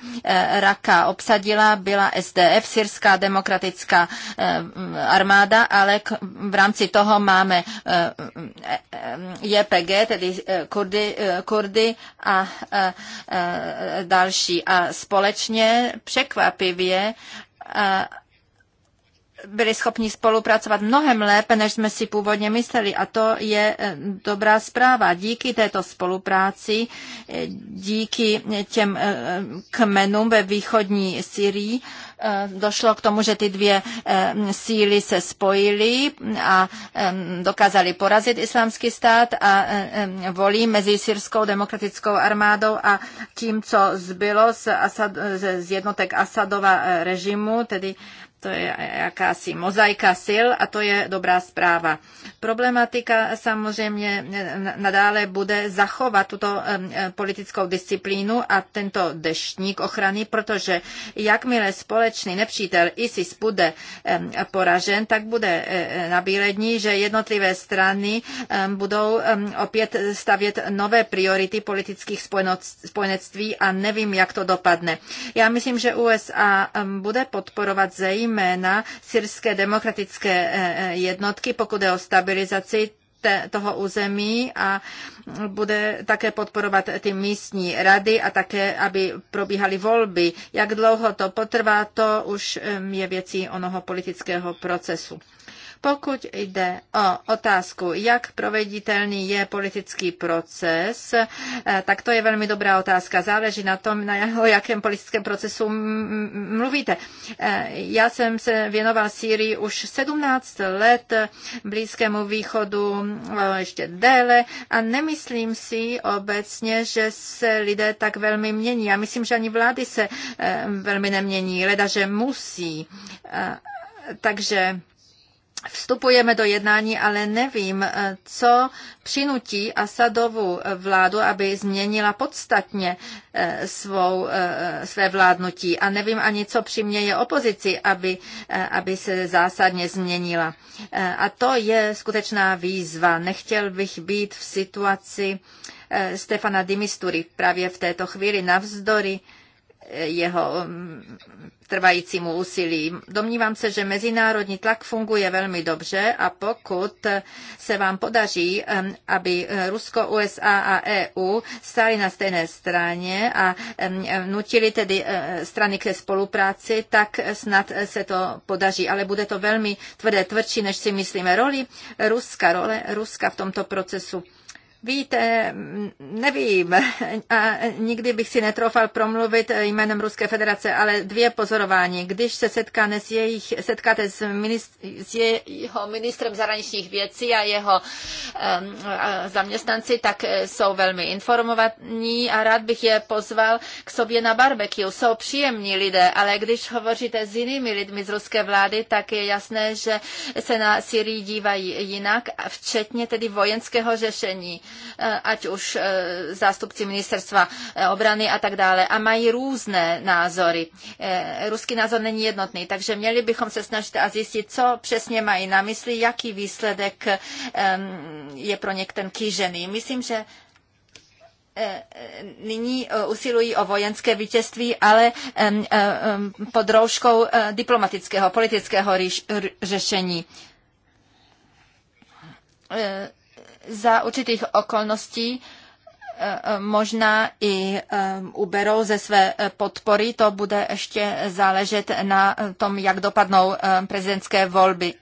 Raka obsadila, byla SDF, Syrská demokratická armáda, ale v rámci toho máme JPG, e tedy Kurdy, Kurdy a další. A společně překvapivě byli schopni spolupracovat mnohem lépe, než jsme si původně mysleli. A to je eh, dobrá zpráva. Díky této spolupráci, eh, díky těm eh, kmenům ve východní Syrii, došlo k tomu, že ty dvě síly se spojily a dokázali porazit islámský stát a volí mezi syrskou demokratickou armádou a tím, co zbylo z, Asad, z jednotek Asadova režimu, tedy to je jakási mozaika sil a to je dobrá zpráva. Problematika samozřejmě nadále bude zachovat tuto politickou disciplínu a tento deštník ochrany, protože jakmile společný nepřítel ISIS bude poražen, tak bude e, e, nabílední, že jednotlivé strany budou opět stavět nové priority politických spojenectví a nevím, jak to dopadne. Já myslím, že USA bude podporovat zejména jména syrské demokratické eh, eh, jednotky, pokud je o stabilizaci toho území a bude také podporovat ty místní rady a také, aby probíhaly volby. Jak dlouho to potrvá, to už eh, je věcí onoho politického procesu. Pokud jde o otázku, jak proveditelný je politický proces, eh, tak to je velmi dobrá otázka. Záleží na tom, na o jakém politickém procesu mluvíte. Eh, já jsem se věnoval Sýrii už 17 let, Blízkému východu eh, ještě déle a nemyslím si obecně, že se lidé tak velmi mění. Já myslím, že ani vlády se velmi nemění, leda, že musí. Takže Vstupujeme do jednání, ale nevím, eh, co přinutí Asadovu vládu, aby změnila podstatně eh, svou, eh, své vládnutí. A nevím ani, co přiměje opozici, aby, aby se zásadně změnila. A to je skutečná výzva. Nechtěl bych být v situaci Stefana Dimistury právě v této chvíli navzdory jeho mm, trvajícímu úsilí. Domnívám se, že mezinárodní tlak funguje velmi dobře a pokud se vám podaří, mm, aby Rusko, USA a EU stály na stejné straně a mm, nutili tedy e, strany ke spolupráci, tak snad se to podaří. Ale bude to velmi tvrdé, tvrdší, než si myslíme. Roli Ruska, role Ruska v tomto procesu Víte, nevím, a nikdy bych si netroufal promluvit jménem Ruské federace, ale dvě pozorování. Když se setkáte s, jejich, setkáte s, minist- s jeho ministrem zahraničních věcí a jeho um, zaměstnanci, tak eh, jsou velmi informovaní a rád bych je pozval k sobě na barbecue. Jsou příjemní lidé, ale když hovoříte s jinými lidmi z ruské vlády, tak je jasné, že se na Syrii dívají jinak, včetně tedy vojenského řešení. Eh, ať už eh, zástupci ministerstva eh, obrany a tak dále, a mají různé názory. Ruský názor není jednotný, takže měli bychom se snažit a zjistit, co přesně mají na mysli, jaký výsledek je pro ně ten kýžený. Myslím, že nyní usilují o vojenské vítězství, ale pod rouškou diplomatického, politického řešení za určitých okolností e, e, možná i e, uberou ze své podpory. To bude ještě záležet na tom, jak dopadnou prezidentské volby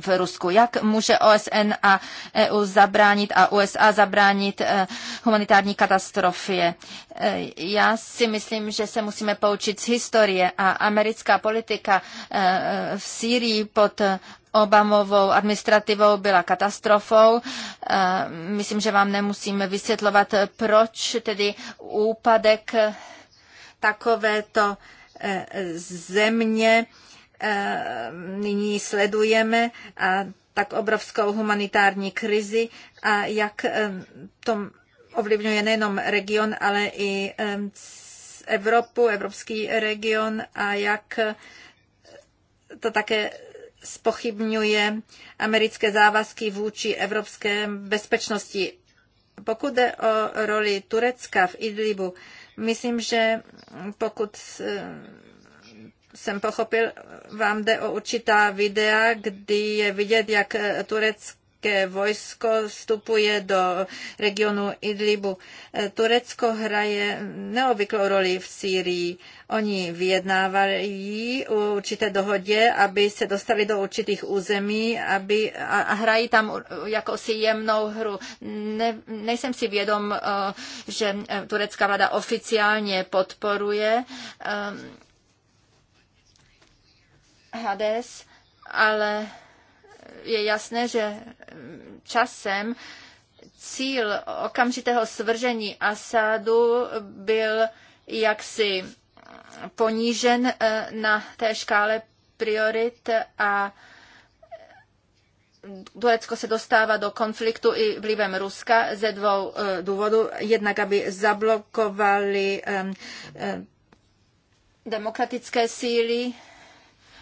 v Rusku. Jak může OSN a EU zabránit a USA zabránit humanitární katastrofě? Já si myslím, že se musíme poučit z historie a americká politika v Sýrii pod Obamovou administrativou byla katastrofou. Eh, myslím, že vám nemusíme vysvětlovat, proč tedy úpadek takovéto eh, země eh, nyní sledujeme a tak obrovskou humanitární krizi a jak to ovlivňuje nejenom region, ale i Evropu, evropský region a jak to také spochybňuje americké závazky vůči evropské bezpečnosti. Pokud jde o roli Turecka v Idlibu, myslím, že pokud jsem pochopil, vám jde o určitá videa, kdy je vidět, jak Turecko turecké vojsko vstupuje do regionu Idlibu. E, Turecko hraje neobvyklou roli v Sýrii. Oni vyjednávají o určité dohodě, aby se dostali do určitých území aby, a, a hrají tam jako si jemnou hru. Ne, nejsem si vědom, e, že e, turecká vláda oficiálně podporuje Hades, ale je jasné, že časem cíl okamžitého svržení Asádu byl jaksi ponížen eh, na té škále priorit a Turecko se dostává do konfliktu i vlivem Ruska ze dvou eh, důvodů. Jednak, aby zablokovali demokratické síly,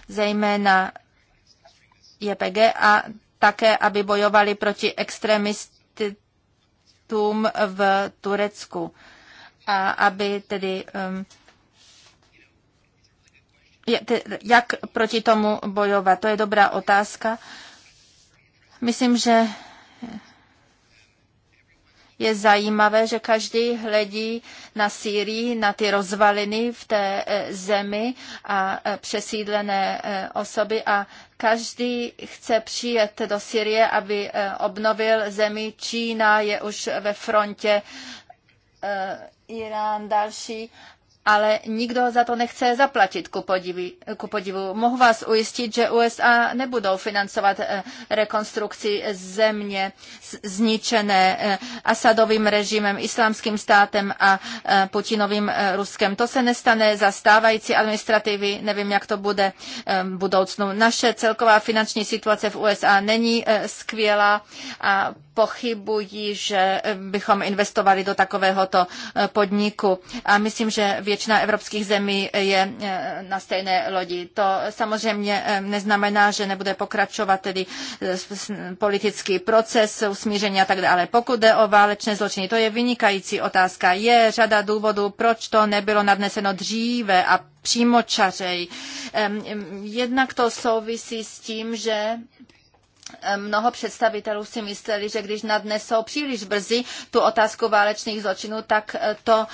zejména JPG a také, aby bojovali proti extremistům v Turecku a aby tedy um, jak proti tomu bojovat? To je dobrá otázka. Myslím, že je zajímavé, že každý hledí na Sýrii, na ty rozvaliny v té e, zemi a e, přesídlené e, osoby a každý chce přijet do Syrie, aby obnovil zemi. Čína je už ve frontě Irán další ale nikdo za to nechce zaplatit, ku, podivi, ku podivu. Mohu vás ujistit, že USA nebudou financovat eh, rekonstrukci země zničené eh, Asadovým režimem, islámským státem a eh, Putinovým Ruskem. To se nestane za stávající administrativy, nevím, jak to bude v budoucnu. Naše celková finanční situace v USA není skvělá a pochybuji, že bychom investovali do takovéhoto podniku. A myslím, že většina většina evropských zemí je eh, na stejné lodi. To samozřejmě eh, neznamená, že nebude pokračovat tedy eh, politický proces usmíření a tak dále. Pokud jde o válečné zločiny, to je vynikající otázka. Je řada důvodů, proč to nebylo nadneseno dříve a přímočařej. Jednak to souvisí s tím, že Eh, mnoho představitelů si mysleli, že když nadnesou příliš brzy tu otázku válečných zločinů, tak eh, to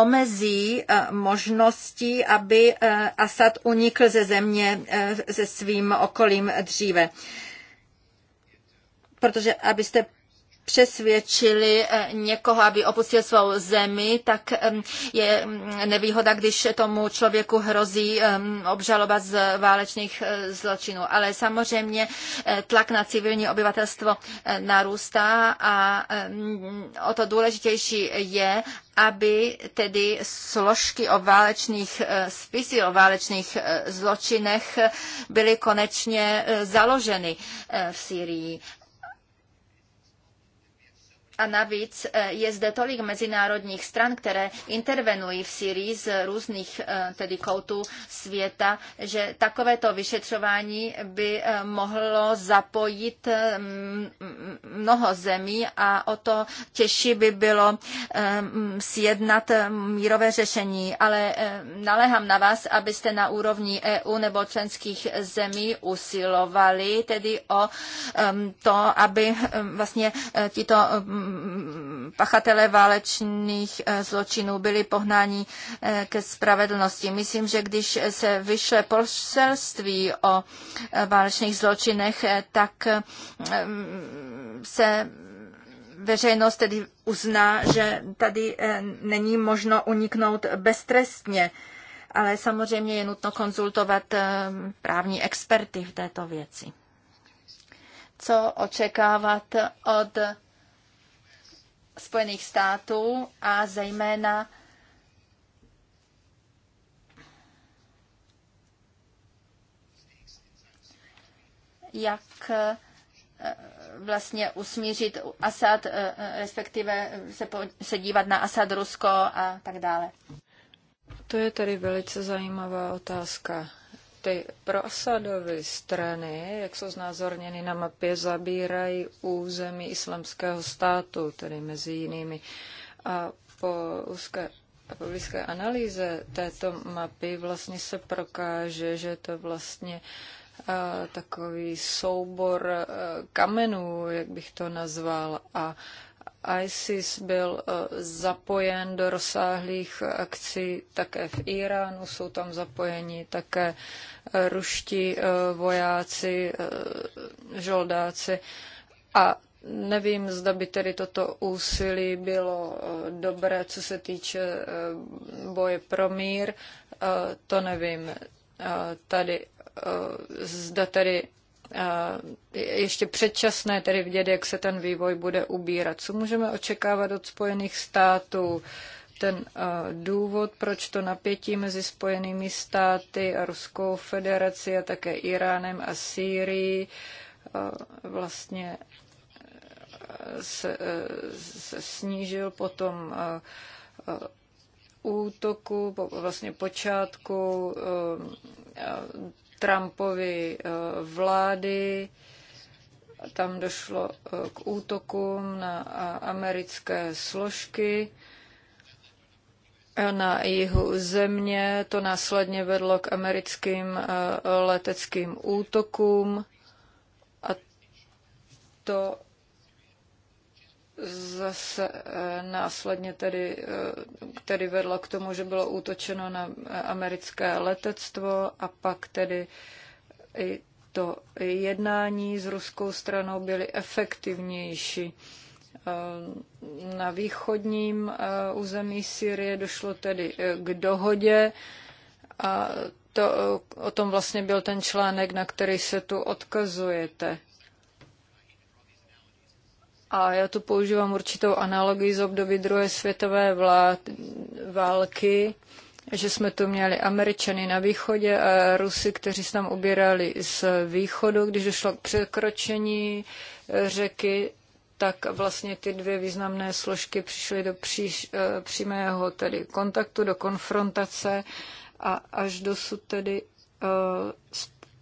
omezí eh, možnosti, aby Asad unikl ze země se svým okolím dříve. Protože abyste přesvědčili eh, někoho, aby opustil svou zemi, tak je nevýhoda, když tomu člověku hrozí obžaloba z válečných eh, zločinů. Ale samozřejmě eh, tlak na civilní obyvatelstvo narůstá a o to důležitější je, aby tedy složky o válečných spisy, o válečných zločinech byly konečně založeny v Syrii. A navíc eh, je zde tolik mezinárodních stran, které intervenují v Syrii z různých eh, tedy koutů světa, že takovéto vyšetřování by eh, mohlo zapojit mnoho zemí a o to těžší by bylo sjednat mírové řešení. Ale naléhám na vás, abyste na úrovni EU nebo členských zemí usilovali tedy o to, aby vlastně tito Mm, pachatelé válečných eh, zločinů byli pohnáni eh, ke spravedlnosti. Myslím, že když se vyšle poselství o eh, válečných zločinech, tak mm, se veřejnost tedy uzná, že tady není možno uniknout beztrestně. Ale samozřejmě je nutno konzultovat právní experty v této věci. Co očekávat od Spojených států a zejména jak eh, vlastně usmířit Asad, eh, eh, respektive se, po, se dívat na Asad Rusko a tak dále. To je tady velice zajímavá otázka. Ty proasadové strany, jak jsou znázorněny na mapě, zabírají území islamského státu, tedy mezi jinými. A po úzké po blízké analýze této mapy vlastně se prokáže, že to vlastně takový soubor kamenů, jak bych to nazval, a ISIS byl eh, zapojen do rozsáhlých akcí také v Iránu, jsou tam zapojeni také eh, ruští eh, vojáci, žoldáci. A nevím, zda by tedy toto úsilí bylo dobré, co se týče boje pro mír, to nevím. Tady zda tedy ještě předčasné tedy vidět, jak se ten vývoj bude ubírat. Co můžeme očekávat od Spojených států? Ten důvod, proč to napětí mezi Spojenými státy a Ruskou federací a také Iránem a Sýrií vlastně se, se snížil potom útoku, vlastně počátku Trumpovi eh, vlády. Tam došlo eh, k útokům na americké složky eh, na jihu země. To následně vedlo k americkým leteckým útokům a to zase eh, následně tedy, eh, tedy vedlo k tomu, že bylo útočeno na eh, americké letectvo a pak tedy i to jednání s ruskou stranou byly efektivnější. Na východním území Syrie došlo tedy k dohodě a to, o tom vlastně byl ten článek, na který se tu odkazujete. A já tu používám určitou analogii z období druhé světové vlád, války, že jsme tu měli Američany na východě a Rusy, kteří se tam ubírali z východu, když došlo k překročení eh, řeky, tak vlastně ty dvě významné složky přišly do příš, eh, přímého tedy kontaktu, do konfrontace a až dosud tedy eh,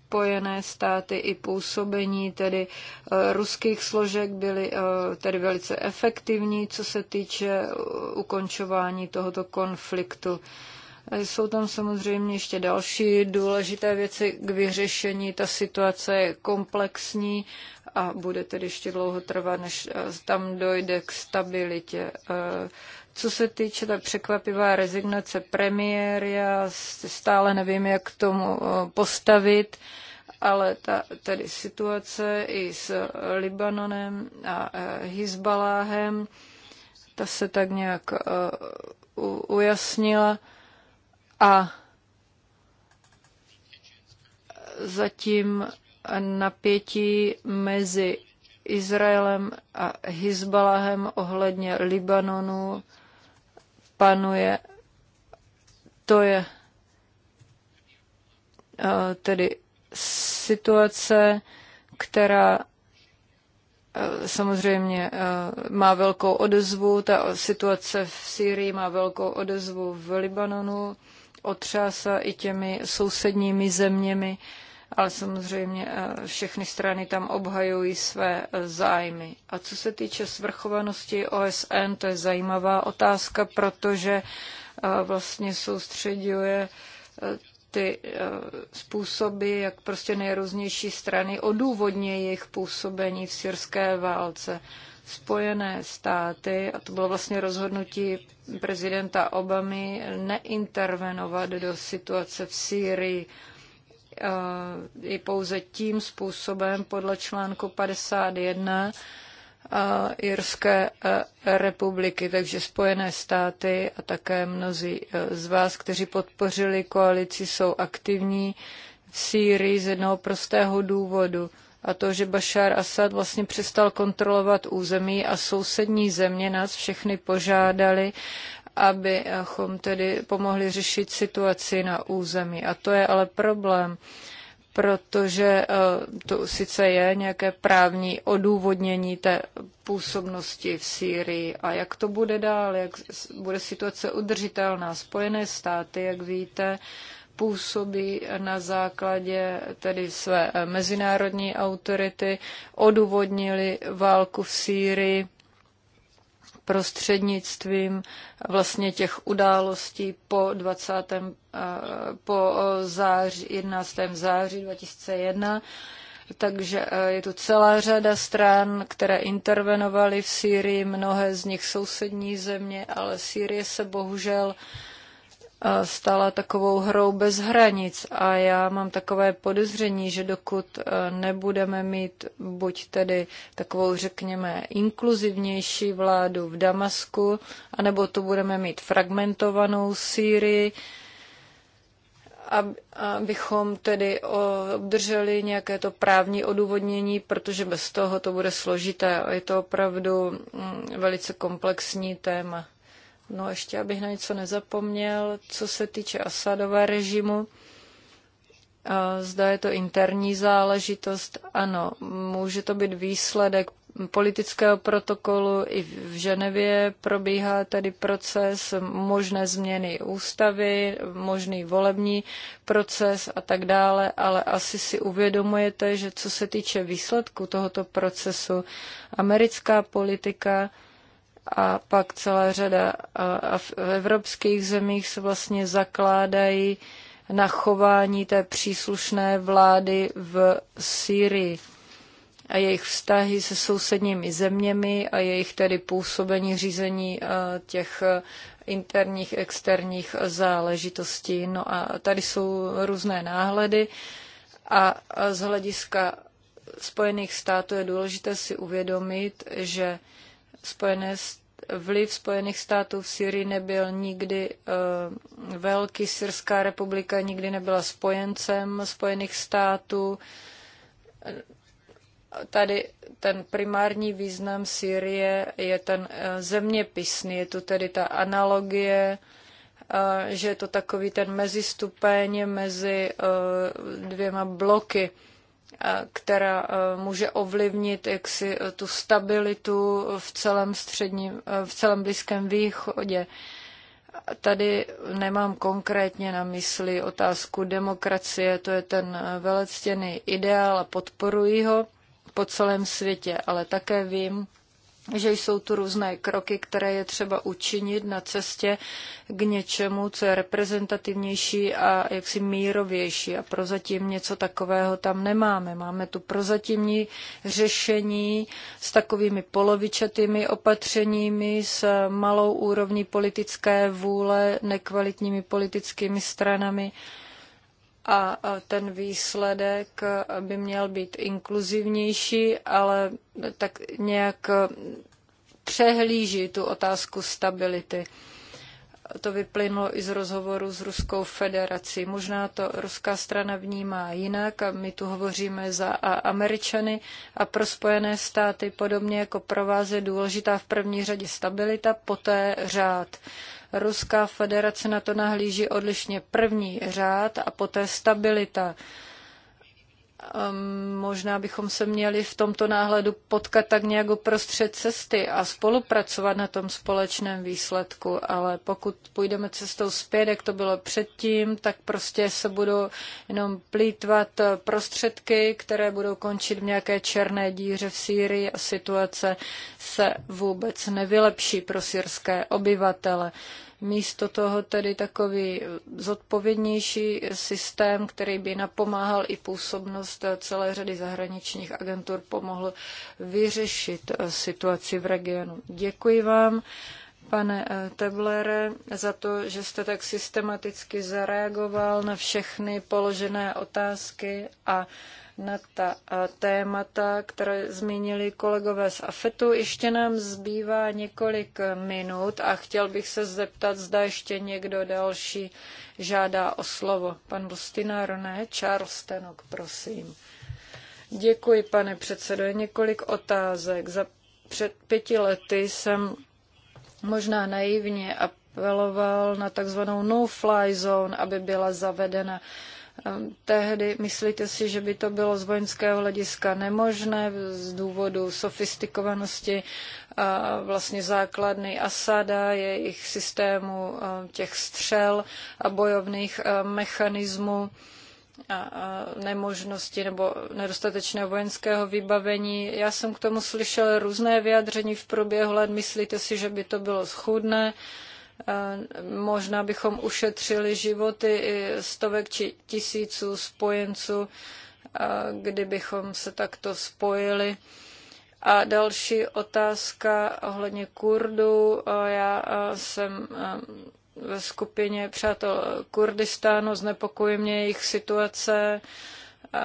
Spojené státy i působení tedy eh, ruských složek byly eh, tedy velice efektivní, co se týče eh, ukončování tohoto konfliktu. Jsou tam samozřejmě ještě další důležité věci k vyřešení. Ta situace je komplexní a bude tedy ještě dlouho trvat, než tam dojde k stabilitě. Co se týče ta překvapivá rezignace premiér, já stále nevím, jak k tomu eh, postavit, ale ta tedy situace i s Libanonem a Hezbaláhem, eh, ta se tak nějak eh, ujasnila a zatím napětí mezi Izraelem a Hezbaláhem ohledně Libanonu panuje, to je eh, tedy situace, která eh, samozřejmě eh, má velkou odezvu. Ta situace v Sýrii má velkou odezvu v Libanonu, otřásá i těmi sousedními zeměmi ale samozřejmě eh, všechny strany tam obhajují své eh, zájmy. A co se týče svrchovanosti OSN, to je zajímavá otázka, protože eh, vlastně soustředuje ty způsoby, jak prostě nejrůznější strany odůvodně jejich působení v syrské válce. Spojené státy, a to bylo vlastně rozhodnutí prezidenta Obamy, neintervenovat do situace v Sýrii Eh, i pouze tím způsobem podle článku 51 eh, Irské eh, republiky, takže Spojené státy a také mnozí z vás, kteří podpořili koalici, jsou aktivní v Sýrii z jednoho prostého důvodu. A to, že Bashar Assad vlastně přestal kontrolovat území a sousední země nás všechny požádali, abychom tedy pomohli řešit situaci na území. A to je ale problém, protože eh, to sice je nějaké právní odůvodnění té působnosti v Sýrii. A jak to bude dál, jak bude situace udržitelná? Spojené státy, jak víte, působí na základě tedy své mezinárodní autority, odůvodnili válku v Sýrii prostřednictvím vlastně těch událostí po 20. Eh, po eh, září, 11. září 2001. Takže eh, je tu celá řada stran, které intervenovaly v Sýrii, mnohé z nich sousední země, ale Sýrie se bohužel uh, stala takovou hrou bez hranic a já mám takové podezření, že dokud e, nebudeme mít buď tedy takovou, řekněme, inkluzivnější vládu v Damasku, anebo to budeme mít fragmentovanou Sýrii, abychom tedy obdrželi nějaké to právní odůvodnění, protože bez toho to bude složité a je to opravdu mm, velice komplexní téma. No ještě, abych na něco nezapomněl, co se týče Asadova režimu, zda je to interní záležitost, ano, může to být výsledek politického protokolu i v Ženevě probíhá tady proces možné změny ústavy, možný volební proces a tak dále, ale asi si uvědomujete, že co se týče výsledku tohoto procesu, americká politika a pak celá řada a v evropských zemích se vlastně zakládají na chování té příslušné vlády v Syrii a jejich vztahy se sousedními zeměmi a jejich tedy působení řízení těch interních, externích záležitostí. No a tady jsou různé náhledy a z hlediska Spojených států je důležité si uvědomit, že Spojené vliv Spojených států v Syrii nebyl nikdy uh, velký. Syrská republika nikdy nebyla spojencem Spojených států. Tady ten primární význam Syrie je ten uh, zeměpisný, je tu tedy ta analogie, uh, že je to takový ten mezistupeň mezi uh, dvěma bloky. Eh, která eh, může ovlivnit jaksi eh, tu stabilitu v celém středním, v celém Blízkém východě. Tady nemám konkrétně na mysli otázku demokracie, to je ten velectěný ideál a podporuji ho po celém světě, ale také vím, že jsou tu různé kroky, které je třeba učinit na cestě k něčemu, co je reprezentativnější a jaksi mírovější. A prozatím něco takového tam nemáme. Máme tu prozatímní řešení s takovými polovičatými opatřeními, s malou úrovní politické vůle, nekvalitními politickými stranami a ten výsledek e, by měl být inkluzivnější, ale tak nějak e, přehlíží tu otázku stability. To vyplynulo i z rozhovoru s Ruskou federací. Možná to ruská strana vnímá jinak a my tu hovoříme za Američany a pro Spojené státy podobně jako pro vás je důležitá v první řadě stabilita, poté řád. Uh, Ruská federace na to nahlíží odlišně první řád a poté stabilita. Ehm, možná bychom se měli v tomto náhledu potkat tak nějak uprostřed cesty a spolupracovat na tom společném výsledku, ale pokud půjdeme cestou zpět, jak to bylo předtím, tak prostě se budou jenom plítvat prostředky, které budou končit v nějaké černé díře v Sýrii a situace se vůbec nevylepší pro syrské obyvatele. Místo toho tedy takový zodpovědnější systém, který by napomáhal i působnost celé řady zahraničních agentur, pomohl vyřešit eh, situaci v regionu. Děkuji vám pane eh, Teblere, za to, že jste tak systematicky zareagoval na všechny položené otázky a na ta eh, témata, které zmínili kolegové z AFETu. Ještě nám zbývá několik minut a chtěl bych se zeptat, zda ještě někdo další žádá o slovo. Pan Bustinár, ne? Charles Tenok, prosím. Děkuji, pane předsedo. Několik otázek. Za před pěti lety jsem možná naivně apeloval na takzvanou no-fly zone, aby byla zavedena. Ehm, tehdy myslíte si, že by to bylo z vojenského hlediska nemožné z důvodu sofistikovanosti a vlastně základny Asada, jejich systému ehm, těch střel a bojovných ehm, mechanismů nemožnosti nebo nedostatečného vojenského vybavení. Já jsem k tomu slyšel různé vyjádření v průběhu let. Myslíte si, že by to bylo schůdné? Možná bychom ušetřili životy stovek či tisíců spojenců, kdybychom se takto spojili. A další otázka ohledně Kurdů. Já jsem ve skupině přátel Kurdistánu, znepokojuje mě jejich situace a,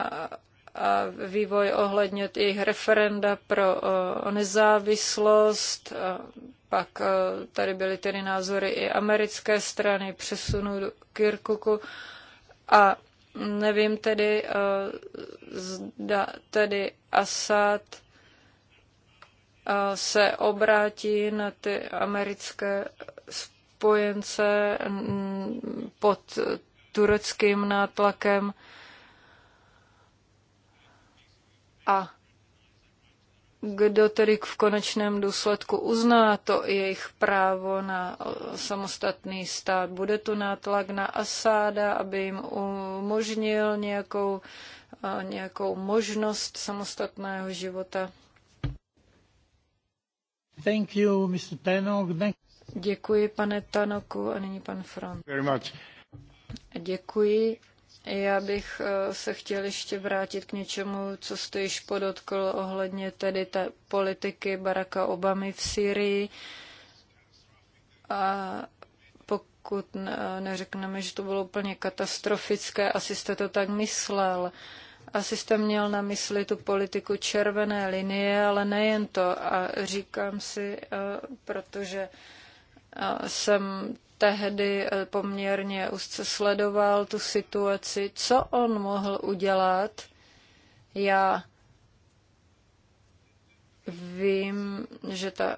a vývoj ohledně jejich referenda pro o, nezávislost. A pak o, tady byly tedy názory i americké strany přesunu do Kirkuku a nevím tedy, o, zda tedy Assad se obrátí na ty americké spojence pod tureckým nátlakem a kdo tedy v konečném důsledku uzná to jejich právo na samostatný stát. Bude tu nátlak na Asáda, aby jim umožnil nějakou, nějakou možnost samostatného života. Thank you, Mr. Tenok. Děkuji, pane Tanoku, a nyní pan Front. Very much. Děkuji. Já bych eh, se chtěl ještě vrátit k něčemu, co jste již podotkl ohledně tedy té politiky Baracka Obamy v Syrii. A pokud neřekneme, že to bylo úplně katastrofické, asi jste to tak myslel. Asi jste měl na mysli tu politiku červené linie, ale nejen to. A říkám si, eh, protože jsem tehdy eh, poměrně úzce sledoval tu situaci, co on mohl udělat. Já vím, že ta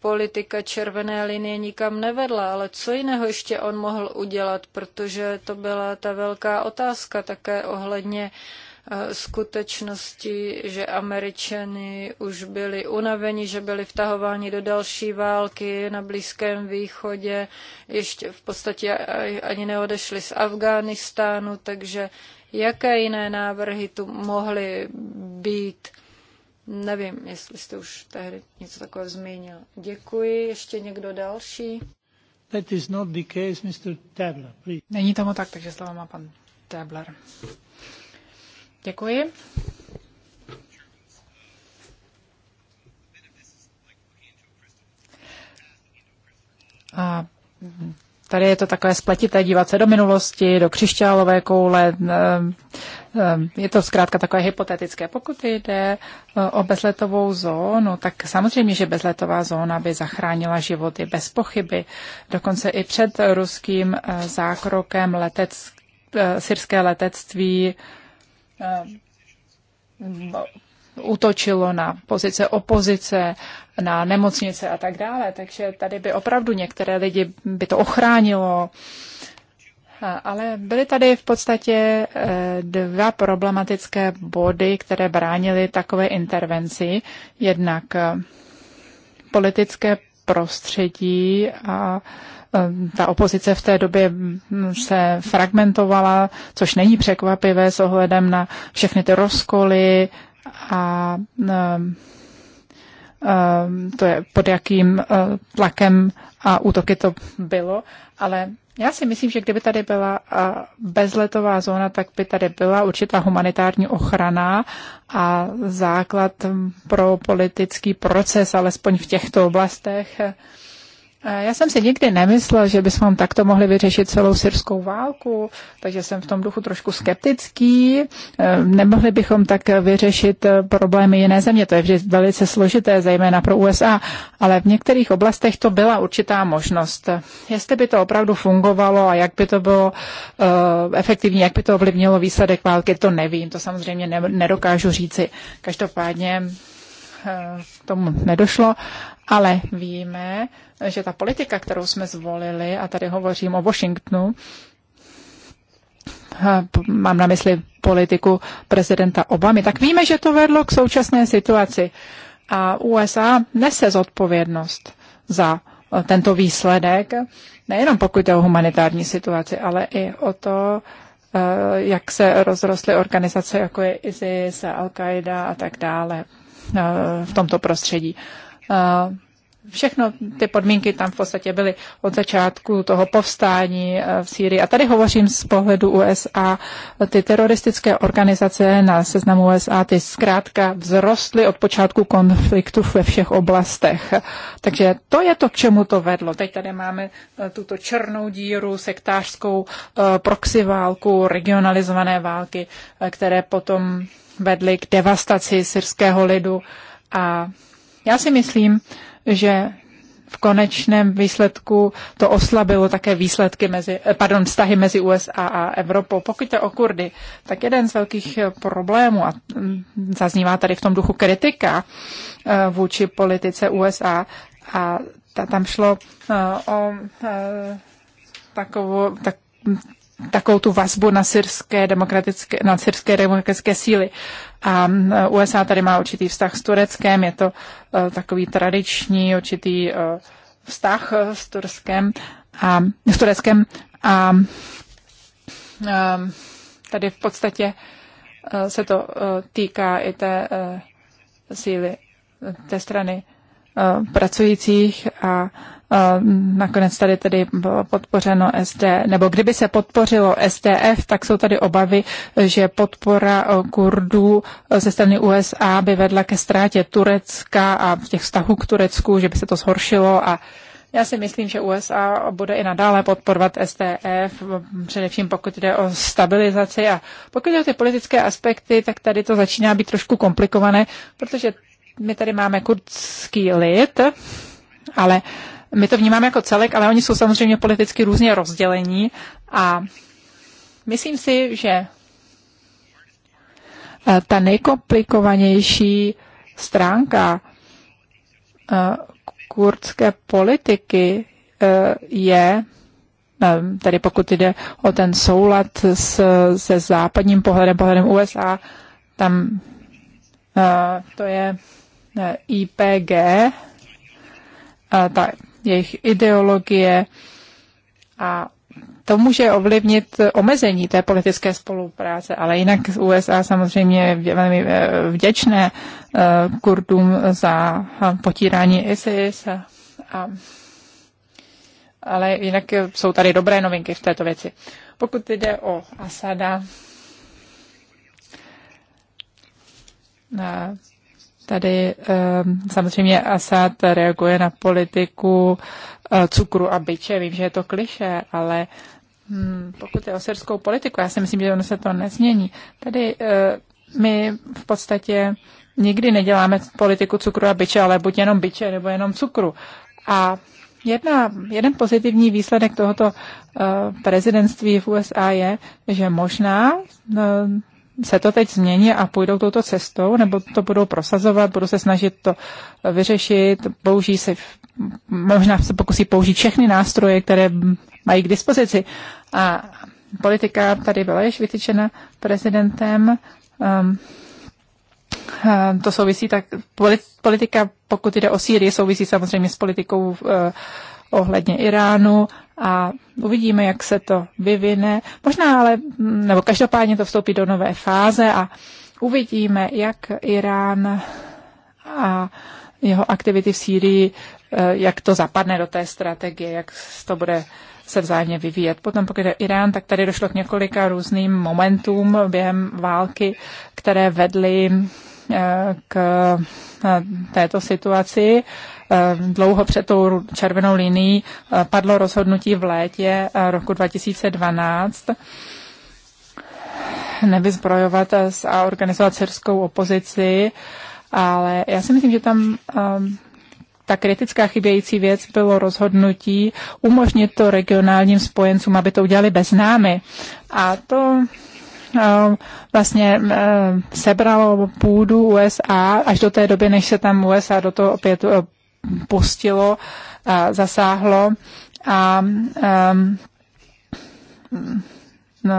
politika červené linie nikam nevedla, ale co jiného ještě on mohl udělat, protože to byla ta velká otázka také ohledně uh, Eh, skutečnosti, že Američany už byli unaveni, že byli vtahováni do další války na Blízkém východě, ještě v podstatě ani neodešli z Afghánistánu, takže jaké jiné návrhy tu mohly být? Nevím, jestli jste už tehdy něco takového zmínil. Děkuji. Ještě někdo další? That is not the case, Mr. Tabler, Není tomu tak, takže slovo má pan Tabler. Děkuji. A tady je to takové spletité dívat se do minulosti, do křišťálové koule. Ehm, ehm, je to zkrátka takové hypotetické. Pokud jde e, o bezletovou zónu, tak samozřejmě, že bezletová zóna by zachránila životy bez pochyby. Dokonce i před ruským e, zákrokem letec, e, syrské letectví Eh, útočilo na pozice opozice, na nemocnice a tak dále. Takže tady by opravdu některé lidi by to ochránilo. Eh, ale byly tady v podstatě eh, dva problematické body, které bránily takové intervenci. Jednak politické prostředí a Eh, ta opozice v té době hm, se fragmentovala, což není překvapivé s ohledem na všechny ty rozkoly a hm, hm, to je pod jakým eh, tlakem a útoky to bylo, ale já si myslím, že kdyby tady byla eh, bezletová zóna, tak by tady byla určitá humanitární ochrana a základ pro politický proces, alespoň v těchto oblastech, já jsem si nikdy nemyslel, že bychom takto mohli vyřešit celou syrskou válku, takže jsem v tom duchu trošku skeptický. E, nemohli bychom tak vyřešit e, problémy jiné země, to je vždy velice složité, zejména pro USA, ale v některých oblastech to byla určitá možnost. Jestli by to opravdu fungovalo a jak by to bylo e, efektivní, jak by to ovlivnilo výsledek války, to nevím, to samozřejmě nedokážu říci. Každopádně k tomu nedošlo, ale víme, že ta politika, kterou jsme zvolili, a tady hovořím o Washingtonu, mám na mysli politiku prezidenta Obamy, tak víme, že to vedlo k současné situaci. A USA nese zodpovědnost za tento výsledek, nejenom pokud je o humanitární situaci, ale i o to, eh, jak se rozrostly organizace, jako je ISIS, Al-Qaida a tak dále eh, v tomto prostředí. Eh, všechno ty podmínky tam v podstatě byly od začátku toho povstání eh, v Sýrii. A tady hovořím z pohledu USA. Ty teroristické organizace na seznamu USA, ty zkrátka vzrostly od počátku konfliktu ve všech oblastech. Takže to je to, k čemu to vedlo. Teď tady máme eh, tuto černou díru, sektářskou eh, proxy válku, regionalizované války, které potom vedly k devastaci syrského lidu. A já si myslím, že v konečném výsledku to oslabilo také výsledky mezi, eh, pardon, vztahy mezi USA a Evropou. Pokud je o Kurdy, tak jeden z velkých eh, problémů, a mm, zaznívá tady v tom duchu kritika eh, vůči politice USA, a ta, tam šlo o takovou, tak, takovou tu vazbu na syrské demokratické, na syrské demokratické síly. A USA tady má určitý vztah s Tureckem, je to e, takový tradiční určitý e, vztah e, s Tureckem a s Tureckem a tady v podstatě se to týká i té síly té strany pracujících a Mm, nakonec tady tedy podpořeno SD, nebo kdyby se podpořilo SDF, tak jsou tady obavy, že podpora Kurdů ze strany USA by vedla ke ztrátě Turecka a těch vztahů k Turecku, že by se to zhoršilo a já si myslím, že USA bude i nadále podporovat STF, především pokud jde o stabilizaci a pokud jde o ty politické aspekty, tak tady to začíná být trošku komplikované, protože my tady máme kurdský lid, ale uh, my to vnímáme jako celek, ale oni jsou samozřejmě politicky různě rozdělení a myslím si, že eh, ta nejkomplikovanější stránka eh, kurdské politiky eh, je, tedy pokud jde o ten soulad s, se západním pohledem, pohledem USA, tam to je IPG, ta jejich ideologie a to může ovlivnit omezení té politické spolupráce, ale jinak USA samozřejmě je velmi eh, vděčné eh, Kurdům za potírání ISIS. A, a, ale jinak jsou tady dobré novinky v této věci. Pokud jde o Asada, eh, Tady ehm, samozřejmě Asad reaguje na politiku eh, cukru a byče. Vím, že je to kliše, ale hmm, pokud je o syrskou politiku, já si myslím, že ono se to nezmění. Tady eh, my v podstatě nikdy neděláme politiku cukru a byče, ale buď jenom byče nebo jenom cukru. A Jedna, jeden pozitivní výsledek tohoto uh, prezidentství v USA je, že možná uh, se to teď změní a půjdou touto cestou, nebo to budou prosazovat, budou se snažit to vyřešit, použijí se, možná se pokusí použít všechny nástroje, které mají k dispozici. A politika tady byla již vytyčena prezidentem. Um, to souvisí tak, politika, pokud jde o Sýrii, souvisí samozřejmě s politikou uh, ohledně Iránu a uvidíme, jak se to vyvine. Možná ale, nebo každopádně to vstoupí do nové fáze a uvidíme, jak Irán a jeho aktivity v Sýrii, eh, jak to zapadne do té strategie, jak to bude se vzájemně vyvíjet. Potom, pokud je Irán, tak tady došlo k několika různým momentům během války, které vedly eh, k eh, této situaci Ehm, dlouho před tou červenou linií eh, padlo rozhodnutí v létě eh, roku 2012 nevyzbrojovat eh, a organizovat syrskou opozici, ale já si myslím, že tam ehm, ta kritická chybějící věc bylo rozhodnutí umožnit to regionálním spojencům, aby to udělali bez námi. A to ehm, vlastně sebralo půdu USA až do té doby, než se tam USA do toho opět postilo, a zasáhlo a um, no,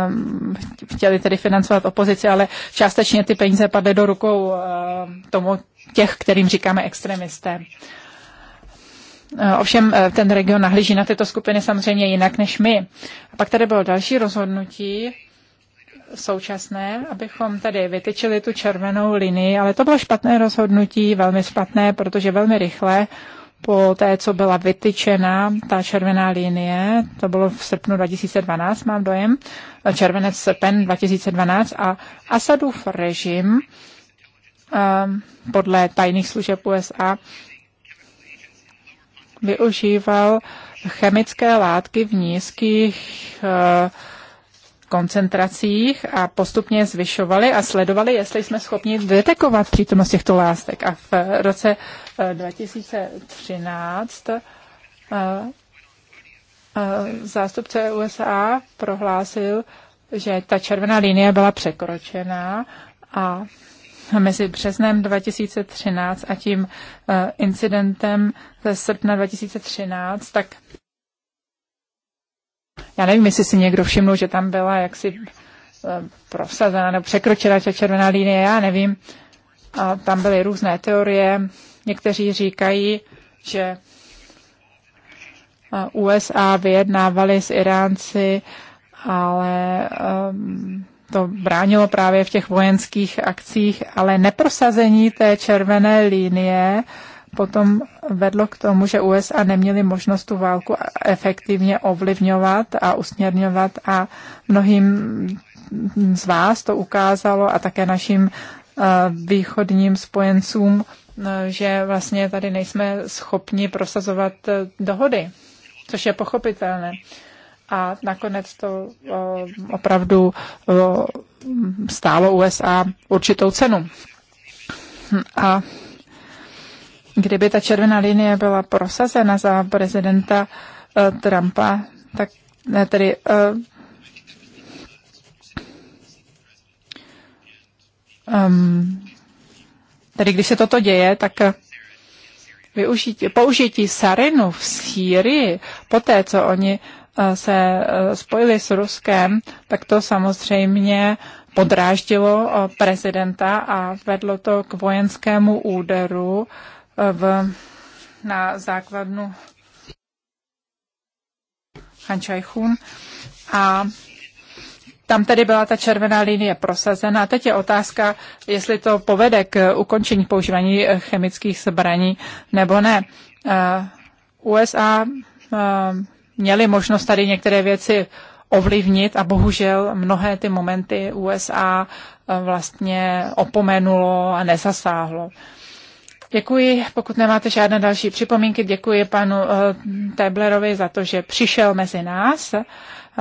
chtěli tedy financovat opozici, ale částečně ty peníze padly do rukou um, tomu těch, kterým říkáme extremisté. Uh, ovšem uh, ten region nahlíží na tyto skupiny samozřejmě jinak než my. A pak tady bylo další rozhodnutí, současné, abychom tady vytyčili tu červenou linii, ale to bylo špatné rozhodnutí, velmi špatné, protože velmi rychle po té, co byla vytyčena ta červená linie, to bylo v srpnu 2012, mám dojem, eh, červenec srpen 2012 a Asadův režim ehm, podle tajných služeb USA využíval chemické látky v nízkých uh, koncentracích a postupně zvyšovali a sledovali, jestli jsme schopni detekovat přítomnost těchto lástek. A v roce 2013 eh, eh, eh, zástupce USA prohlásil, že ta červená linie byla překročená a mezi březnem 2013 a tím incidentem ze srpna 2013, tak já nevím, jestli si někdo všiml, že tam byla jaksi eh, prosazena nebo překročila ta červená linie, já nevím. A tam byly různé teorie. Někteří říkají, že eh, USA vyjednávali s Iránci, ale um, to bránilo právě v těch vojenských akcích, ale neprosazení té červené linie uh, potom vedlo k tomu, že USA neměly možnost tu válku efektivně ovlivňovat a usměrňovat a mnohým z vás to ukázalo a také našim eh, východním spojencům, eh, že vlastně tady nejsme schopni prosazovat eh, dohody, což je pochopitelné. A nakonec to opravdu stálo USA určitou cenu. Hm, a Kdyby ta červená linie byla prosazena za prezidenta eh, Trumpa, tak tedy um, tedy když se toto děje, tak eh, využití, použití sarinu v Sýrii, poté co oni se spojili s Ruskem, tak to samozřejmě podráždilo prezidenta a vedlo to k vojenskému úderu v, na základnu Hančajchun a tam tedy byla ta červená linie prosazena. teď je otázka, jestli to povede k ukončení používání eh, chemických zbraní nebo ne. Eh, USA eh, měly možnost tady některé věci ovlivnit a bohužel mnohé ty momenty USA vlastně opomenulo a nezasáhlo. Děkuji, pokud nemáte žádné další připomínky, děkuji panu eh, Teblerovi za to, že přišel mezi nás.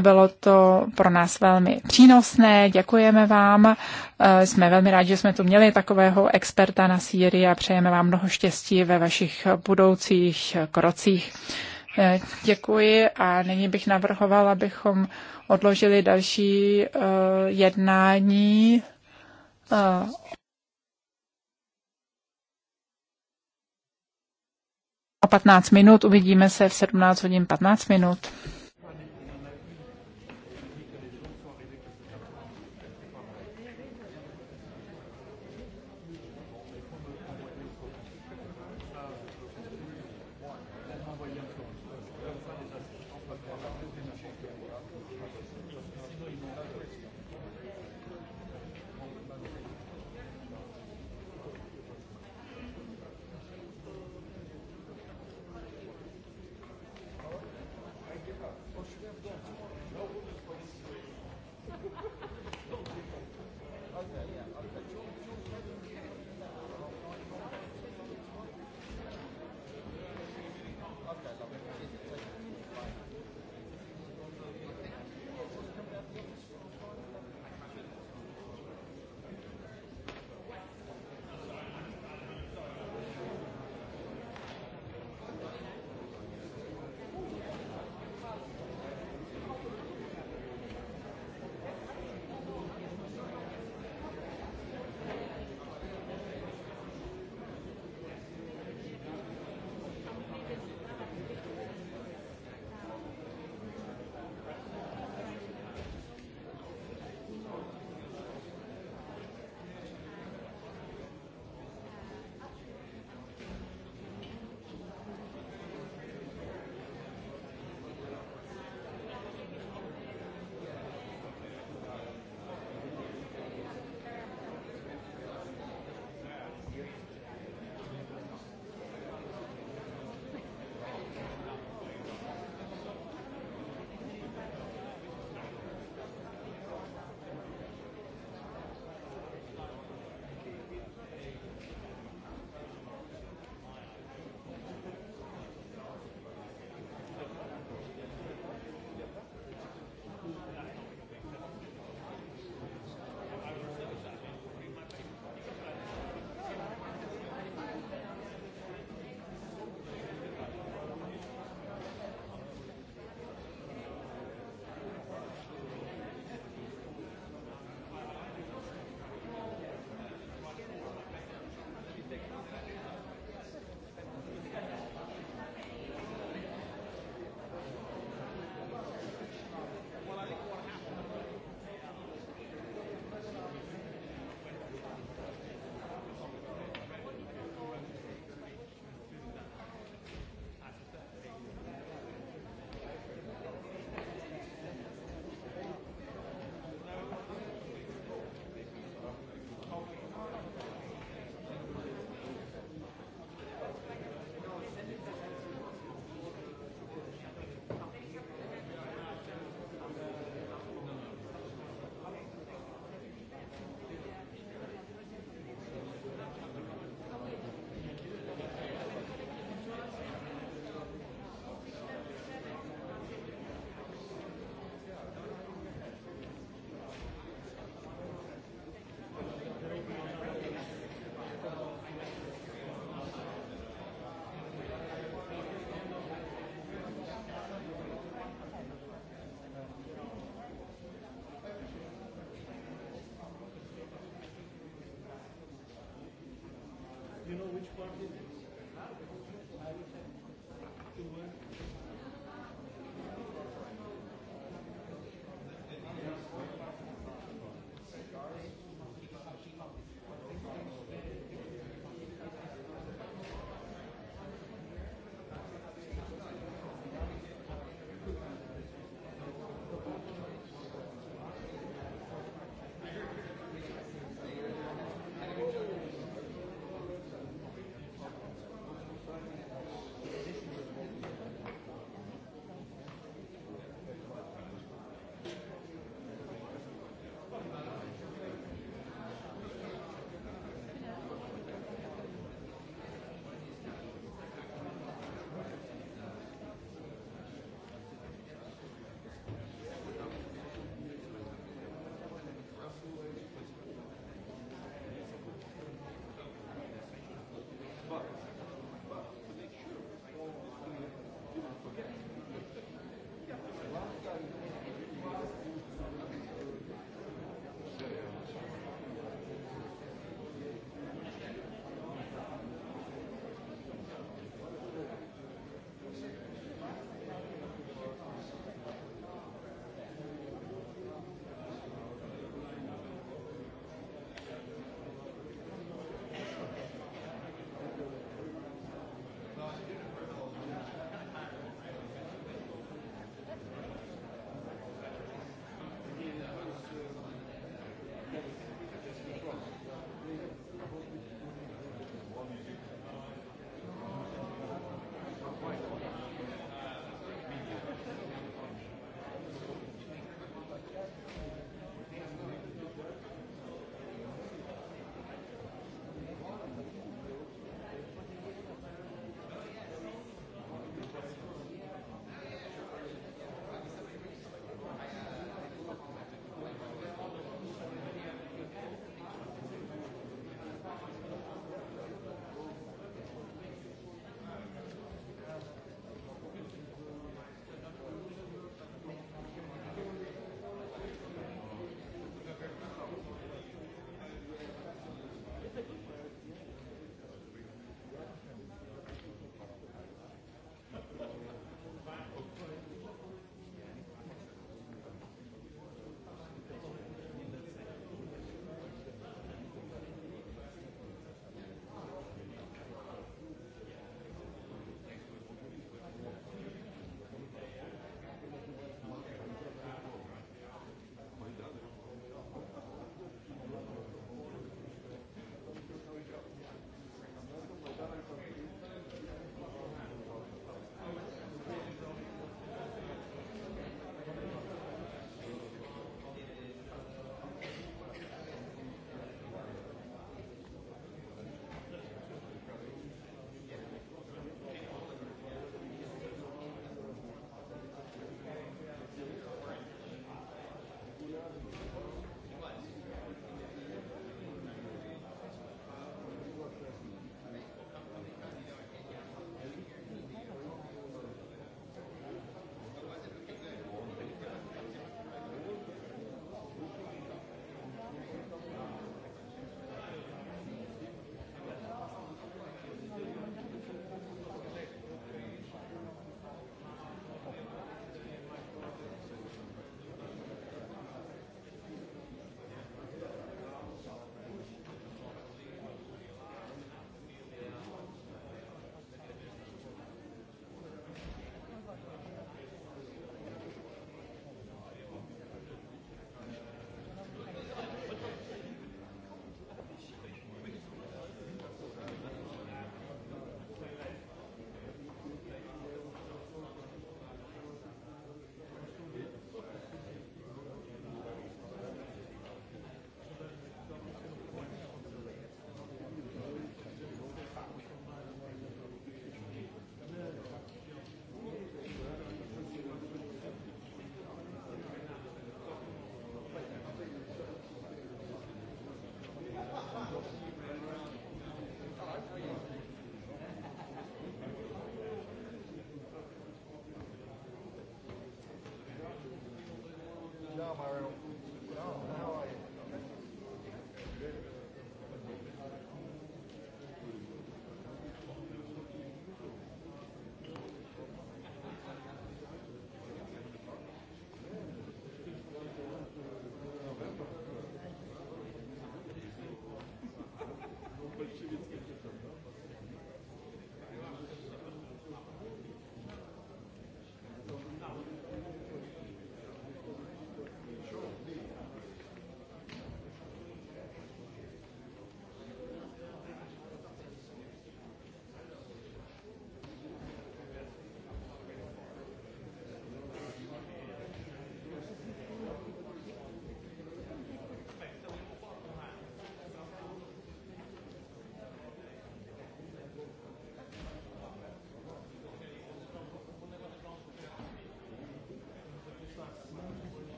Bylo to pro nás velmi přínosné, děkujeme vám. Eh, jsme velmi rádi, že jsme tu měli takového experta na Sýrii a přejeme vám mnoho štěstí ve vašich budoucích krocích. Eh, děkuji a nyní bych navrhoval, abychom odložili další jednání o 15 minut. Uvidíme se v 17 hodin 15 minut. know which part is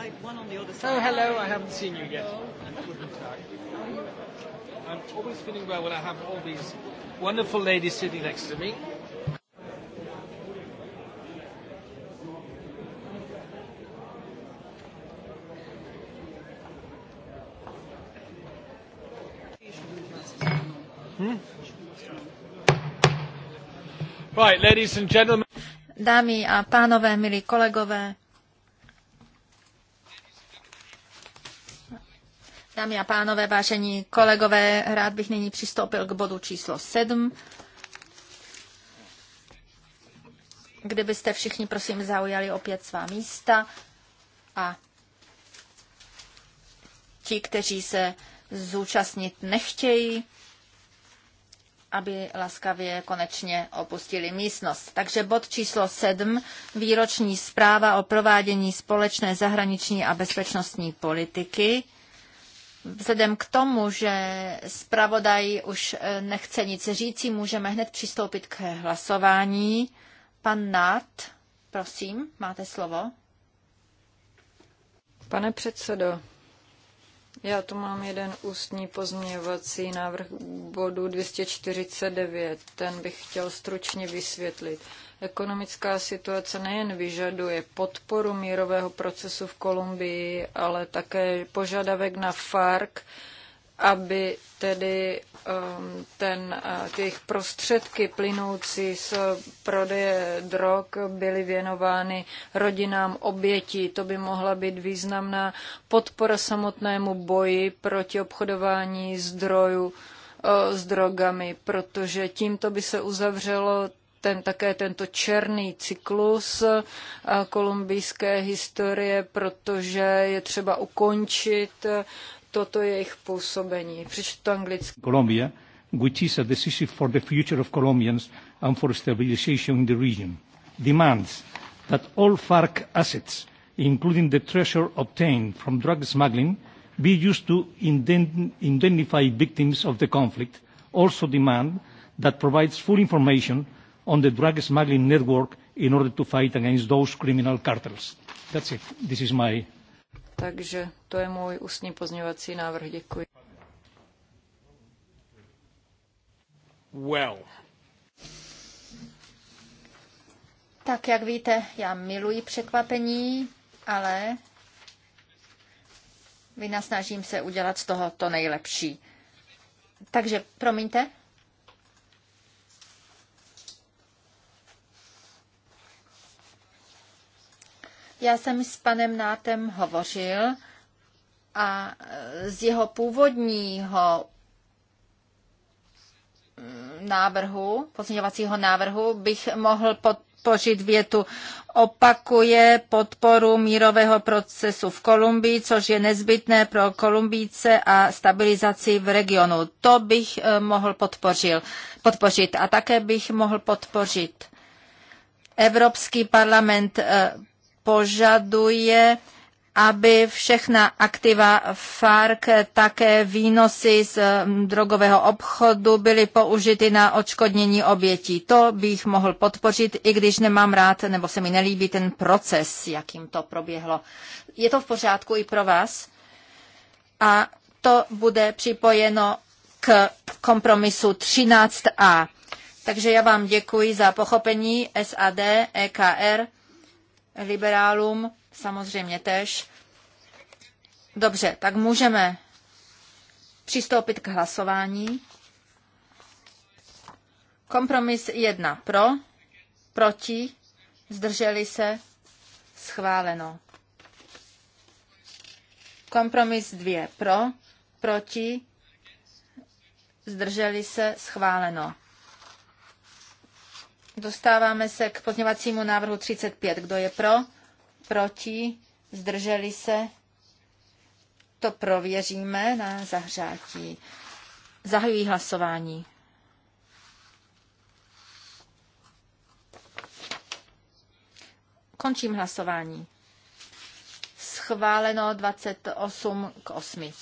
side, one on the other side. Oh, hello, I haven't seen you yet. I'm always feeling well when I have all these wonderful ladies sitting next to me. Hmm? Dámy a pánové, milí kolegové, Dámy a pánové, vážení kolegové, rád bych nyní přistoupil k bodu číslo 7. Kdybyste všichni, prosím, zaujali opět svá místa a ti, kteří se zúčastnit nechtějí, aby laskavě konečně opustili místnost. Takže bod číslo 7, výroční zpráva o provádění společné zahraniční a bezpečnostní politiky. Vzhledem k tomu, že zpravodaj už eh, nechce nic říci, můžeme hned přistoupit k hlasování. Pan Nat, prosím, máte slovo. Pane předsedo, já tu mám jeden ústní pozměňovací návrh bodu 249. Ten bych chtěl stručně vysvětlit. Ekonomická situace nejen vyžaduje podporu mírového procesu v Kolumbii, ale také požadavek na FARC, aby tedy um, ten, uh, těch prostředky plynoucí z prodeje drog byly věnovány rodinám obětí. To by mohla být významná podpora samotnému boji proti obchodování zdrojů uh, s drogami, protože tímto by se uzavřelo ten, také tento černý cyklus eh, kolumbijské historie, protože je třeba ukončit eh, toto jejich působení. Přečtu anglicky. Colombia, which is a decisive for the future of Colombians and for stabilization in the region, demands that all FARC assets, including the treasure obtained from drug smuggling, be used to indemnify victims of the conflict, also demand that provides full information on the drug smuggling network in order to fight against those criminal cartels. That's it. This is my... Takže to je můj ústní pozměňovací návrh. Děkuji. Well. Tak jak víte, já miluji překvapení, ale vynasnažím se udělat z toho to nejlepší. Takže promiňte, Já jsem s panem Nátem hovořil a z jeho původního mm, návrhu, pozměňovacího návrhu, bych mohl podpořit větu opakuje podporu mírového procesu v Kolumbii, což je nezbytné pro Kolumbijce a stabilizaci v regionu. To bych eh, mohl podpořil, podpořit a také bych mohl podpořit Evropský parlament eh, požaduje, aby všechna aktiva FARC, také výnosy z mm, drogového obchodu byly použity na odškodnění obětí. To bych mohl podpořit, i když nemám rád, nebo se mi nelíbí ten proces, jakým to proběhlo. Je to v pořádku i pro vás? A to bude připojeno k kompromisu 13a. Takže já vám děkuji za pochopení SAD, EKR liberálům samozřejmě tež. Dobře, tak můžeme přistoupit k hlasování. Kompromis 1 pro, proti, zdrželi se, schváleno. Kompromis 2 pro, proti, zdrželi se, schváleno. Dostáváme se k pozněvacímu návrhu 35. Kdo je pro? Proti? Zdrželi se? To prověříme na zahřátí. Zahajují hlasování. Končím hlasování. Schváleno 28 k 8.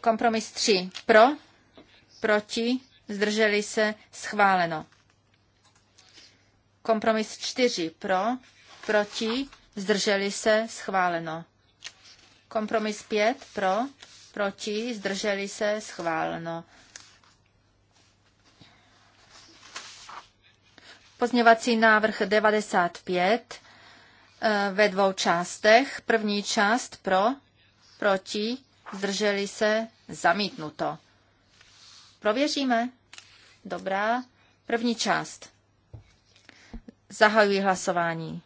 Kompromis 3. Pro, proti, zdrželi se, schváleno. Kompromis 4 pro, proti, zdrželi se, schváleno. Kompromis 5 pro, proti, zdrželi se, schváleno. Pozměvací návrh 95 eh, ve dvou částech. První část pro, proti, zdrželi se, zamítnuto. Prověříme. Dobrá. První část. Zahajuji hlasování.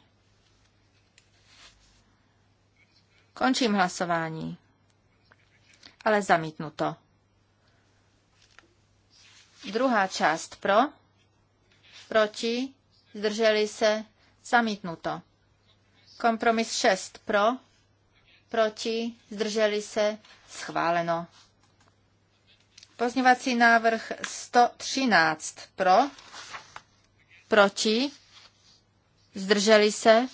Končím hlasování. Ale zamítnuto. Druhá část pro, proti, zdrželi se, zamítnuto. Kompromis 6 pro, proti, zdrželi se, schváleno. Pozněvací návrh 113 pro, proti, zdrželi se,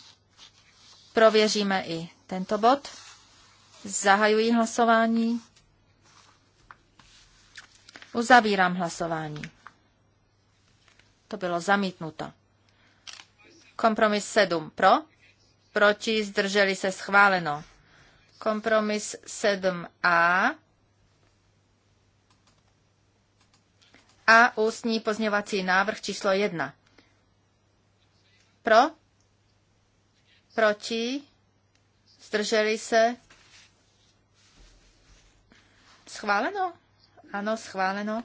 prověříme i tento bod. Zahajuji hlasování. Uzavírám hlasování. To bylo zamítnuto. Kompromis 7 pro, proti zdrželi se schváleno. Kompromis 7a a ústní pozměňovací návrh číslo 1. Pro? Proti? Zdrželi se? Schváleno? Ano, schváleno.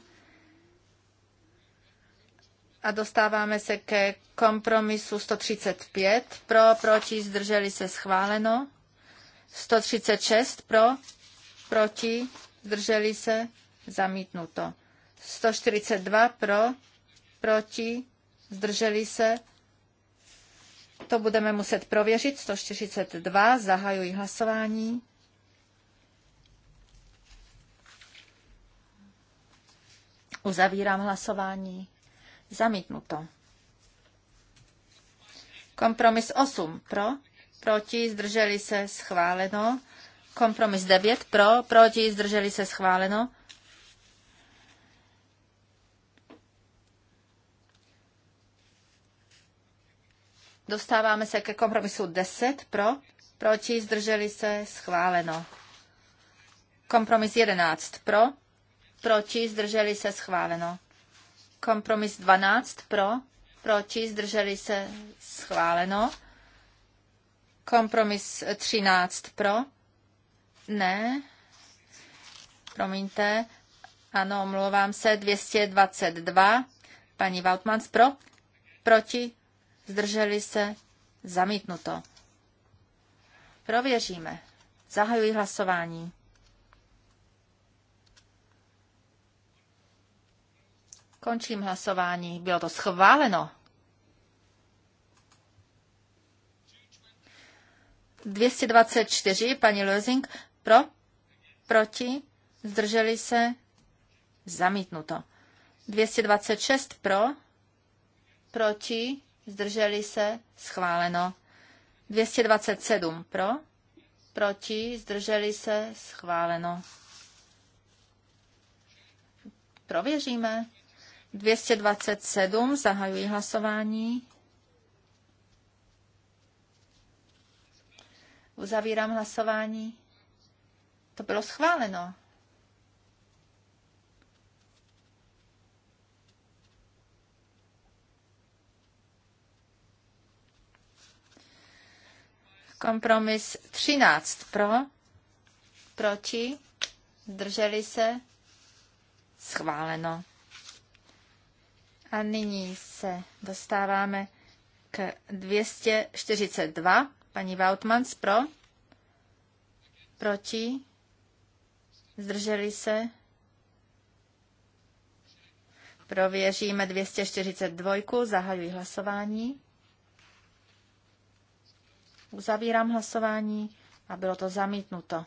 A dostáváme se ke kompromisu 135. Pro, proti, zdrželi se schváleno. 136 pro, proti, zdrželi se zamítnuto. 142 pro, proti, zdrželi se to budeme muset prověřit. 142. Zahajuji hlasování. Uzavírám hlasování. Zamítnuto. Kompromis 8 pro, proti, zdrželi se, schváleno. Kompromis 9 pro, proti, zdrželi se, schváleno. Dostáváme se ke kompromisu 10 pro, proti, zdrželi se, schváleno. Kompromis 11 pro, proti, zdrželi se, schváleno. Kompromis 12 pro, proti, zdrželi se, schváleno. Kompromis 13 pro, ne, promiňte, ano, omlouvám se, 222, paní Waltmans pro, proti, zdrželi se, zamítnuto. Prověříme. Zahajuji hlasování. Končím hlasování. Bylo to schváleno. 224, paní Lozing, pro, proti, zdrželi se, zamítnuto. 226 pro, proti, zdrželi se, schváleno. 227 pro, proti, zdrželi se, schváleno. Prověříme. 227, zahajuji hlasování. Uzavírám hlasování. To bylo schváleno. Kompromis 13 pro, proti, zdrželi se, schváleno. A nyní se dostáváme k 242. Paní Vautmans pro, proti, zdrželi se, Prověříme 242. Zahajuji hlasování. Uzavírám hlasování a bylo to zamítnuto.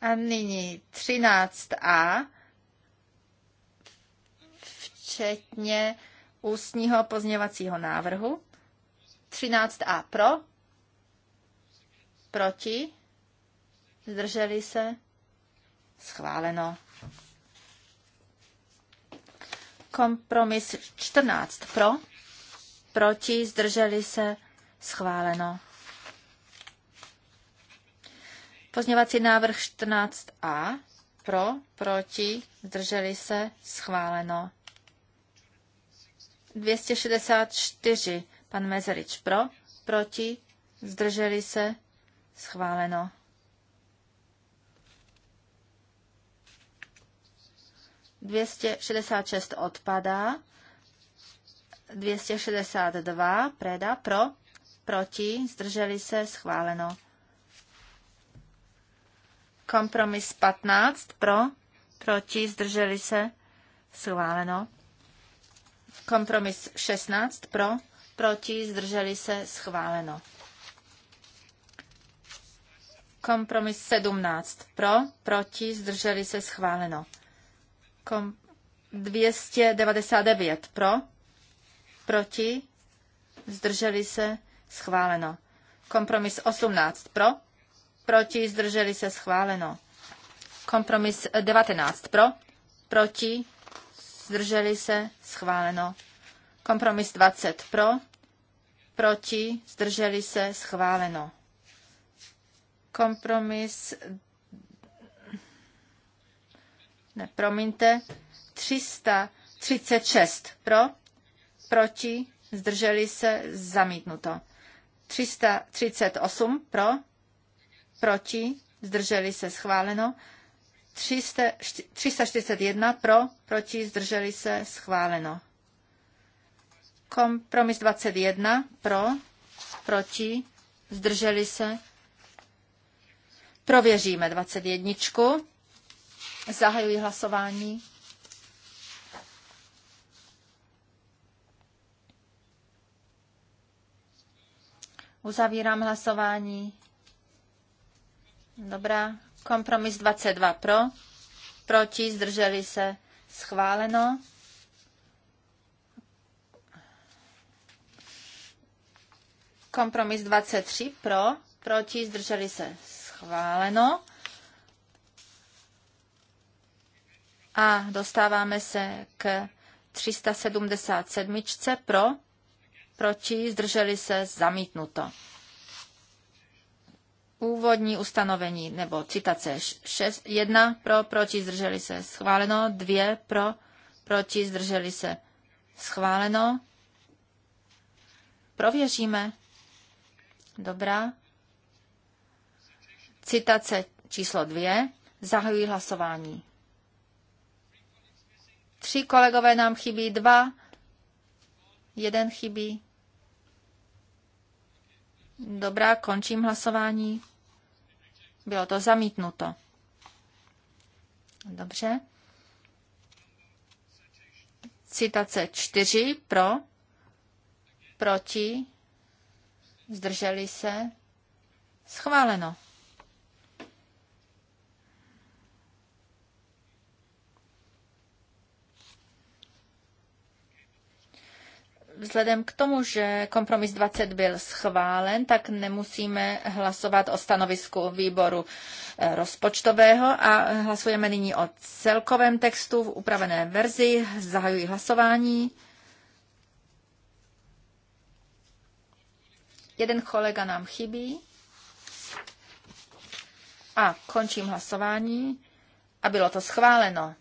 A nyní 13a, včetně ústního pozněvacího návrhu. 13a pro, proti, zdrželi se, schváleno. Kompromis 14 pro, proti, zdrželi se, schváleno. Pozněvací návrh 14a pro, proti, zdrželi se, schváleno. 264 pan Mezerič pro, proti, zdrželi se, schváleno. 266 odpadá. 262 preda pro, proti, zdrželi se, schváleno. Kompromis 15 pro, proti, zdrželi se, schváleno. Kompromis 16 pro, proti, zdrželi se, schváleno. Kompromis 17 pro, proti, zdrželi se, schváleno. Kom 299 pro, proti, zdrželi se, schváleno. Kompromis 18 pro, proti, zdrželi se, schváleno. Kompromis 19 pro, proti, zdrželi se, schváleno. Kompromis 20 pro, proti, zdrželi se, schváleno. Kompromis ne, promiňte, 336 pro, proti, zdrželi se, zamítnuto. 338 pro, proti, zdrželi se, schváleno. 341 pro, proti, zdrželi se, schváleno. Kompromis 21 pro, proti, zdrželi se. Prověříme 21. Zahajuji hlasování. Uzavírám hlasování. Dobrá. Kompromis 22 pro. Proti zdrželi se schváleno. Kompromis 23 pro. Proti zdrželi se schváleno. A dostáváme se k 377. pro, proti, zdrželi se, zamítnuto. Úvodní ustanovení nebo citace 6, 1 pro, proti, zdrželi se, schváleno, 2 pro, proti, zdrželi se, schváleno. Prověříme. Dobrá. Citace číslo 2. Zahajuji hlasování. Tři kolegové nám chybí, dva, jeden chybí. Dobrá, končím hlasování. Bylo to zamítnuto. Dobře. Citace čtyři pro, proti, zdrželi se, schváleno. Vzhledem k tomu, že kompromis 20 byl schválen, tak nemusíme hlasovat o stanovisku výboru eh, rozpočtového a hlasujeme nyní o celkovém textu v upravené verzi. Zahajuji hlasování. Jeden kolega nám chybí. A končím hlasování. A bylo to schváleno.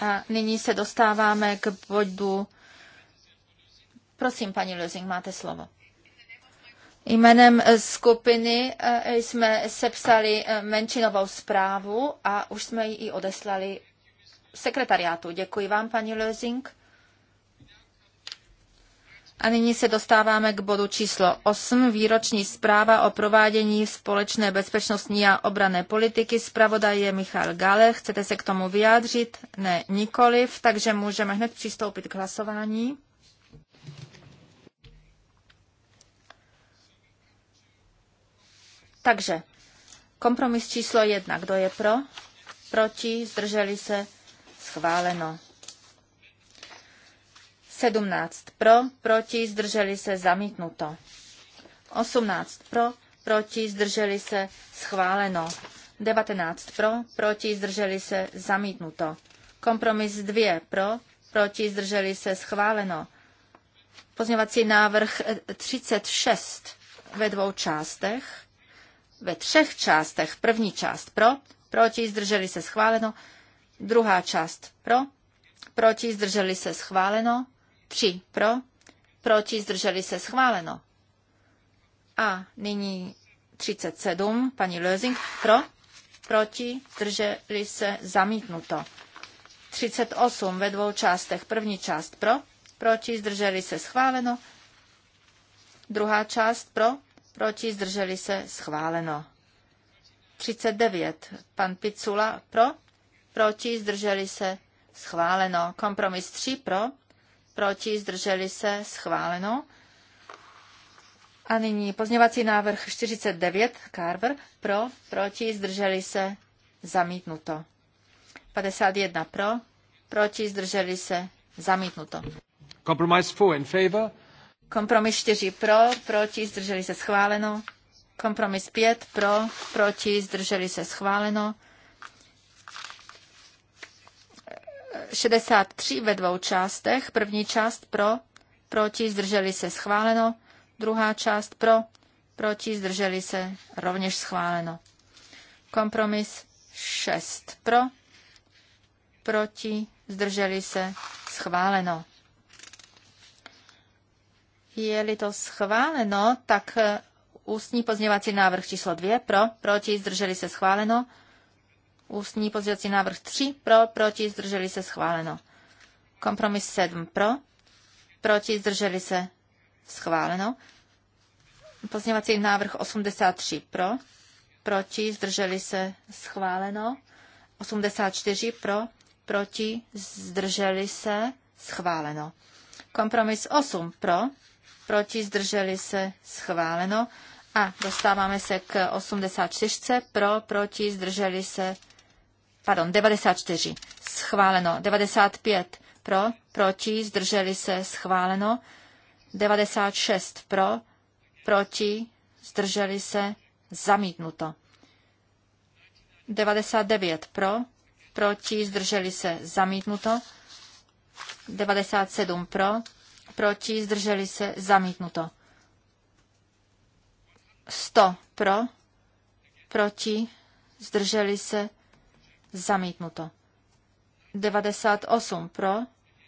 A nyní se dostáváme k bodu. Prosím, paní Lozing, máte slovo. Jménem eh, skupiny eh, jsme sepsali eh, menšinovou zprávu a už jsme ji i odeslali sekretariátu. Děkuji vám, paní Lozing. A nyní se dostáváme k bodu číslo 8, výroční zpráva o provádění společné bezpečnostní a obrané politiky. Zpravodaj je Michal Gale. Chcete se k tomu vyjádřit? Ne, nikoliv, takže můžeme hned přistoupit k hlasování. Takže kompromis číslo jedna. Kdo je pro? Proti? Zdrželi se? Schváleno. 17 pro, proti, zdrželi se, zamítnuto. 18 pro, proti, zdrželi se, schváleno. 19 pro, proti, zdrželi se, zamítnuto. Kompromis 2 pro, proti, zdrželi se, schváleno. Pozměvací návrh 36 eh, ve dvou částech. Ve třech částech. První část pro, proti, zdrželi se, schváleno. Druhá část pro, proti, zdrželi se, schváleno. 3 pro, proti, zdrželi se, schváleno. A nyní 37, paní Lösing, pro, proti, zdrželi se, zamítnuto. 38 ve dvou částech, první část pro, proti, zdrželi se, schváleno. Druhá část pro, proti, zdrželi se, schváleno. 39, pan Picula, pro, proti, zdrželi se, schváleno. Kompromis 3 pro, proti, zdrželi se, schváleno. A nyní pozněvací návrh 49, Carver, pro, proti, zdrželi se, zamítnuto. 51 pro, proti, zdrželi se, zamítnuto. Compromise 4 in favor. Kompromis 4 pro, proti, zdrželi se, schváleno. Kompromis 5 pro, proti, zdrželi se, schváleno. 63 ve dvou částech. První část pro, proti, zdrželi se schváleno. Druhá část pro, proti, zdrželi se rovněž schváleno. Kompromis 6 pro, proti, zdrželi se schváleno. Je-li to schváleno, tak eh, ústní pozměvací návrh číslo 2 pro, proti, zdrželi se schváleno. Ústní pozdělací návrh 3 pro, proti, zdrželi se schváleno. Kompromis 7 pro, proti, zdrželi se schváleno. Pozdělací návrh 83 pro, proti, zdrželi se schváleno. 84 pro, proti, zdrželi se schváleno. Kompromis 8 pro, proti, zdrželi se schváleno. A dostáváme se k 84. Pro, proti, zdrželi se, schváleno pardon, 94 schváleno, 95 pro, proti, zdrželi se schváleno, 96 pro, proti, zdrželi se zamítnuto. 99 pro, proti, zdrželi se zamítnuto. 97 pro, proti, zdrželi se zamítnuto. 100 pro, proti, zdrželi se zamítnuto. 98 pro,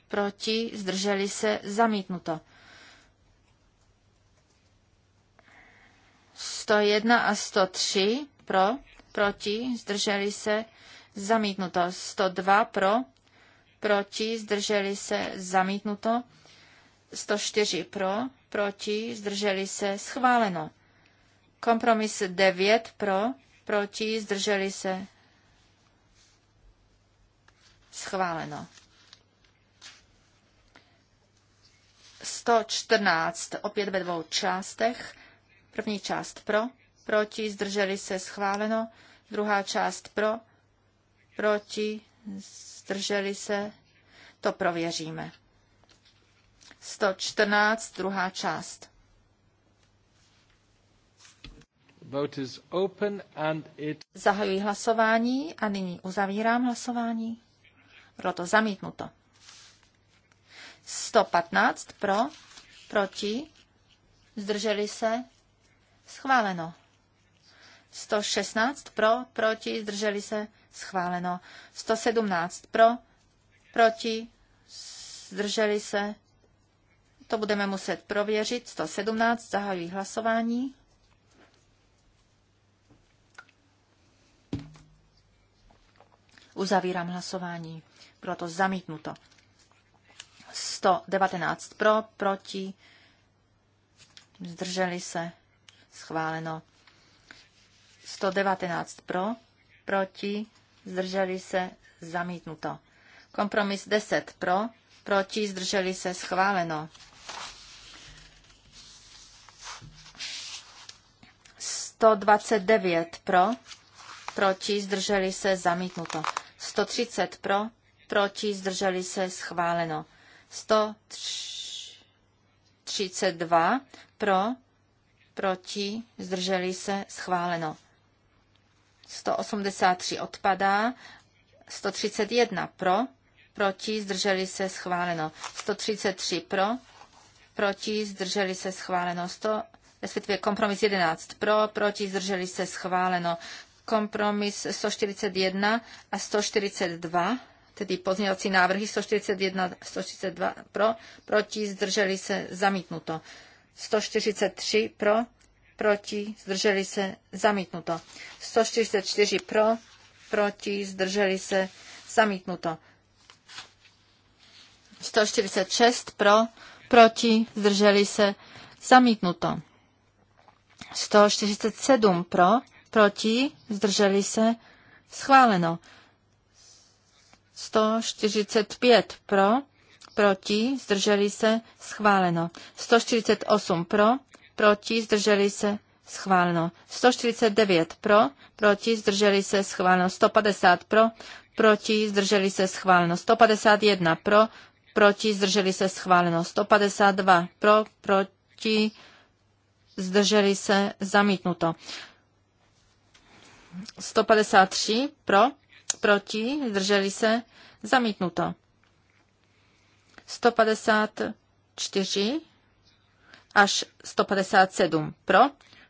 proti, zdrželi se, zamítnuto. 101 a 103 pro, proti, zdrželi se, zamítnuto. 102 pro, proti, zdrželi se, zamítnuto. 104 pro, proti, zdrželi se, schváleno. Kompromis 9 pro, proti, zdrželi se, Schváleno. 114, opět ve dvou částech. První část pro, proti, zdrželi se, schváleno. Druhá část pro, proti, zdrželi se, to prověříme. 114, druhá část. Vote is open and it... Zahajuji hlasování a nyní uzavírám hlasování. Bylo to zamítnuto. 115 pro, proti, zdrželi se, schváleno. 116 pro, proti, zdrželi se, schváleno. 117 pro, proti, zdrželi se. To budeme muset prověřit. 117 zahajují hlasování. Uzavírám hlasování. Bylo to zamítnuto. 119 pro, proti, zdrželi se, schváleno. 119 pro, proti, zdrželi se, zamítnuto. Kompromis 10 pro, proti, zdrželi se, schváleno. 129 pro, proti, zdrželi se, zamítnuto. 130 pro, proti, zdrželi se, schváleno. 132 pro, proti, zdrželi se, schváleno. 183 odpadá, 131 pro, proti, zdrželi se, schváleno. 133 pro, proti, zdrželi se, schváleno. 100, respektive kompromis 11 pro, proti, zdrželi se, schváleno. Kompromis 141 a 142 tedy pozměňovací návrhy 141, 142 pro, proti, zdrželi se, zamítnuto. 143 pro, proti, zdrželi se, zamítnuto. 144 pro, proti, zdrželi se, zamítnuto. 146 pro, proti, zdrželi se, zamítnuto. 147 pro, proti, zdrželi se, schváleno. 145 pro, proti, zdrželi se, schváleno. 148 pro, proti, zdrželi se, schváleno. 149 pro, proti, zdrželi se, schváleno. 150 pro, proti, zdrželi se, schváleno. 151 pro, proti, zdrželi se, schváleno. 152 pro, proti, zdrželi se, zamítnuto. 153 pro, proti, zdrželi se, zamítnuto. 154 až 157 pro,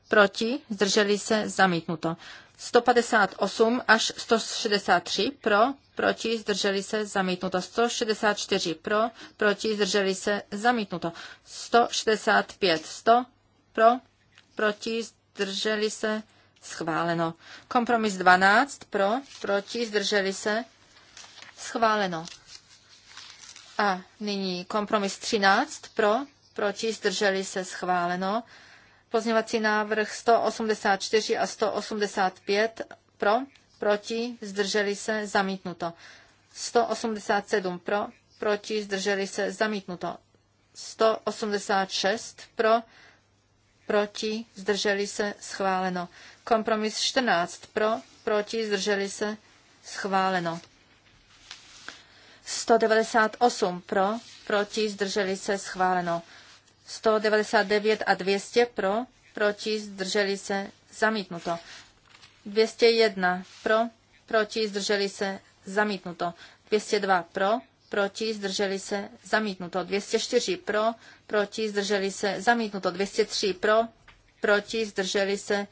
proti, zdrželi se, zamítnuto. 158 až 163 pro, proti, zdrželi se, zamítnuto. 164 pro, proti, zdrželi se, zamítnuto. 165 100 pro, proti, zdrželi se, zamítnuto Schváleno. Kompromis 12 pro, proti, zdrželi se. Schváleno. A nyní kompromis 13 pro, proti, zdrželi se. Schváleno. Pozměňovací návrh 184 a 185 pro, proti, zdrželi se, zamítnuto. 187 pro, proti, zdrželi se, zamítnuto. 186 pro, proti, zdrželi se, schváleno. Kompromis 14 pro, proti, zdrželi se, schváleno. 198 pro, proti, zdrželi se, schváleno. 199 a 200 pro, proti, zdrželi se, zamítnuto. 201 pro, proti, zdrželi se, zamítnuto. 202 pro, proti, zdrželi se, zamítnuto. 204 pro, proti, zdrželi se, zamítnuto. 203 pro, proti, zdrželi se,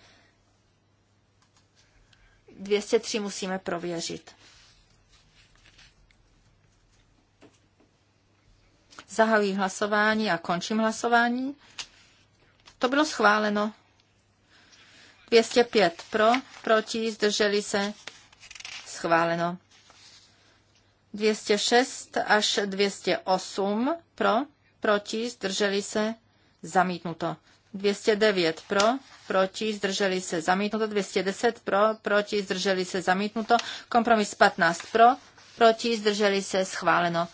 203 musíme prověřit. Zahajuji hlasování a končím hlasování. To bylo schváleno. 205 pro, proti, zdrželi se, schváleno. 206 až 208 pro, proti, zdrželi se, zamítnuto. 209 pro, proti, zdrželi se zamítnuto, 210 pro, proti, zdrželi se zamítnuto, kompromis 15 pro, proti, zdrželi se schváleno.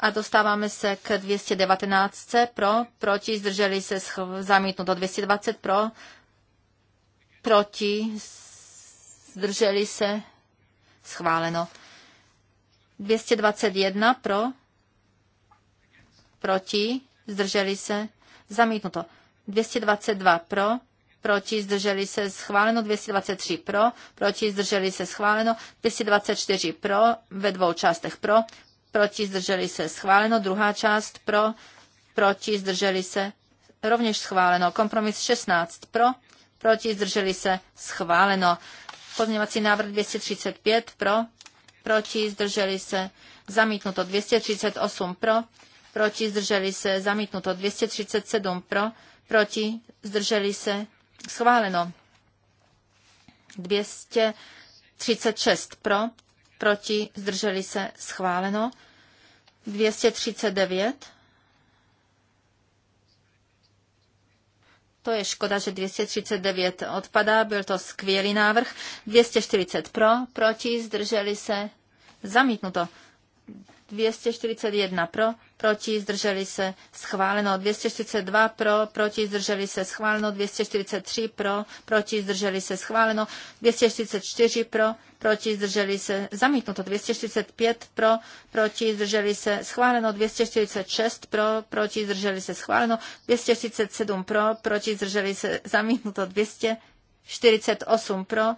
A dostáváme se k 219 pro, proti, zdrželi se zamítnuto, 220 pro, proti, zdrželi se schváleno. 221 pro, proti, zdrželi se zamítnuto. 222 pro, proti zdrželi se schváleno, 223 pro, proti zdrželi se schváleno, 224 pro, ve dvou částech pro, proti zdrželi se schváleno, druhá část pro, proti zdrželi se rovněž schváleno, kompromis 16 pro, proti zdrželi se schváleno, pozměňovací návrh 235 pro, proti zdrželi se zamítnuto, 238 pro, proti zdrželi se zamítnuto, 237 pro, proti, zdrželi se, schváleno. 236 pro, proti, zdrželi se, schváleno. 239. To je škoda, že 239 odpadá, byl to skvělý návrh. 240 pro, proti, zdrželi se, zamítnuto. 241 pro, proti, zdrželi se, schváleno. 242 pro, proti, zdrželi se, schváleno. 243 pro, proti, zdrželi se, schváleno. 244 pro, proti, zdrželi se, zamítnuto. 245 pro, proti, zdrželi se, schváleno. 246 pro, proti, zdrželi se, schváleno. 247 pro, proti, zdrželi se, zamítnuto. 248 pro,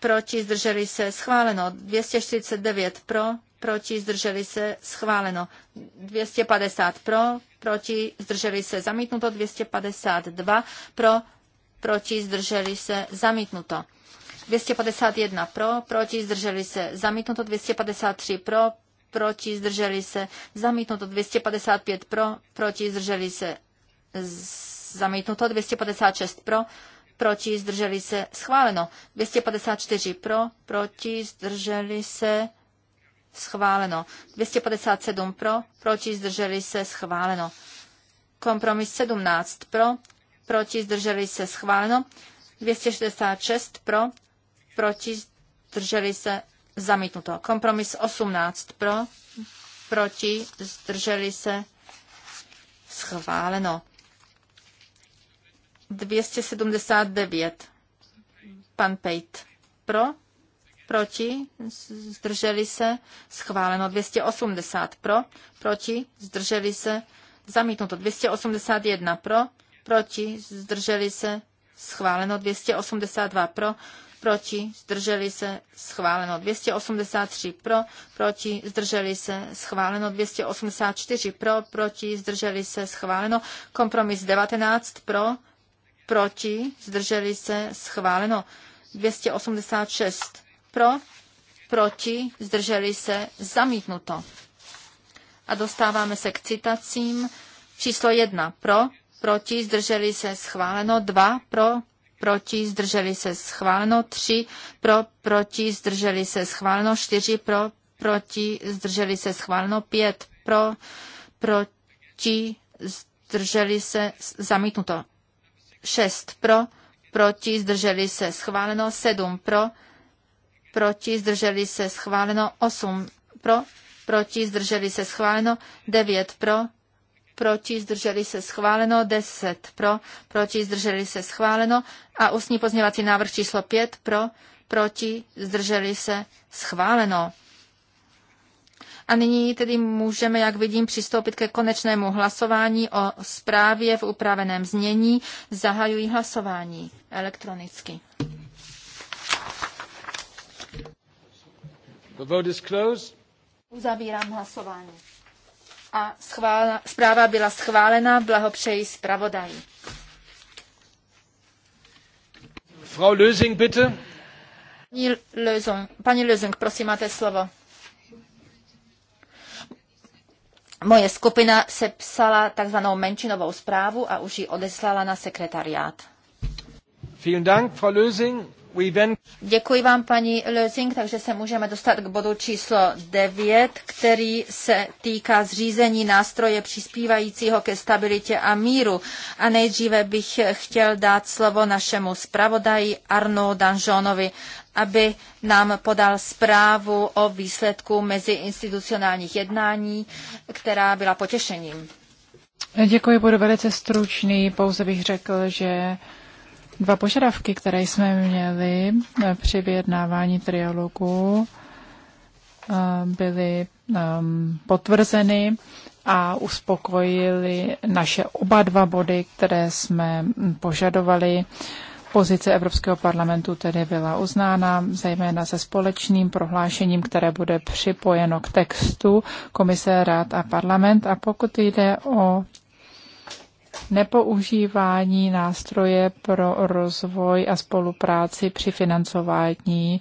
proti, zdrželi se, schváleno. 249 pro, proti, zdrželi se, schváleno. 250 pro, proti, zdrželi se, zamítnuto. 252 pro, proti, zdrželi se, zamítnuto. 251 pro, proti, zdrželi se, zamítnuto. 253 pro, proti, zdrželi se, zamítnuto. 255 pro, proti, zdrželi se, zamítnuto. 256 pro, proti, zdrželi se, schváleno. 254 pro, proti, zdrželi se, schváleno. 257 pro, proti zdrželi se schváleno. Kompromis 17 pro, proti zdrželi se schváleno. 266 pro, proti zdrželi se zamítnuto. Kompromis 18 pro, proti zdrželi se schváleno. 279 pan Pejt pro, proti, zdrželi se, schváleno 280 pro, proti, zdrželi se, zamítnuto 281 pro, proti, zdrželi se, schváleno 282 pro, proti, zdrželi se, schváleno 283 pro, proti, zdrželi se, schváleno 284 pro, proti, zdrželi se, schváleno kompromis 19 pro, proti, zdrželi se, schváleno 286 pro, proti, zdrželi se, zamítnuto. A dostáváme se k citacím. Číslo jedna pro, proti, zdrželi se, schváleno. Dva pro, proti, zdrželi se, schváleno. Tři pro, proti, zdrželi se, schváleno. Čtyři pro, proti, zdrželi se, schváleno. Pět pro, proti, zdrželi se, zamítnuto. Šest pro, proti, zdrželi se, schváleno. Sedm pro, proti, zdrželi se schváleno 8 pro, proti, zdrželi se schváleno 9 pro, proti, zdrželi se schváleno 10 pro, proti, zdrželi se schváleno a ústní pozměvací návrh číslo 5 pro, proti, zdrželi se schváleno. A nyní tedy můžeme, jak vidím, přistoupit ke konečnému hlasování o zprávě v upraveném znění. Zahajují hlasování elektronicky. The vote is closed. Uzavírám hlasování. A schvála, zpráva byla schválena. Blahopřeji zpravodaji. Frau Lösing, bitte. Pani Lösung, pani Lösung, prosím, máte slovo. Moje skupina sepsala takzvanou menšinovou zprávu a už ji odeslala na sekretariát. Děkuji vám, paní Lösing, takže se můžeme dostat k bodu číslo 9, který se týká zřízení nástroje přispívajícího ke stabilitě a míru. A nejdříve bych chtěl dát slovo našemu zpravodaji Arno Danžonovi, aby nám podal zprávu o výsledku meziinstitucionálních jednání, která byla potěšením. Děkuji, budu velice stručný, pouze bych řekl, že Dva požadavky, které jsme měli eh, při vyjednávání trialogu, eh, byly ehm, potvrzeny a uspokojili naše oba dva body, které jsme hm, požadovali. Pozice Evropského parlamentu tedy byla uznána, zejména se společným prohlášením, které bude připojeno k textu Komise, Rád a parlament. A pokud jde o nepoužívání nástroje pro rozvoj a spolupráci při financování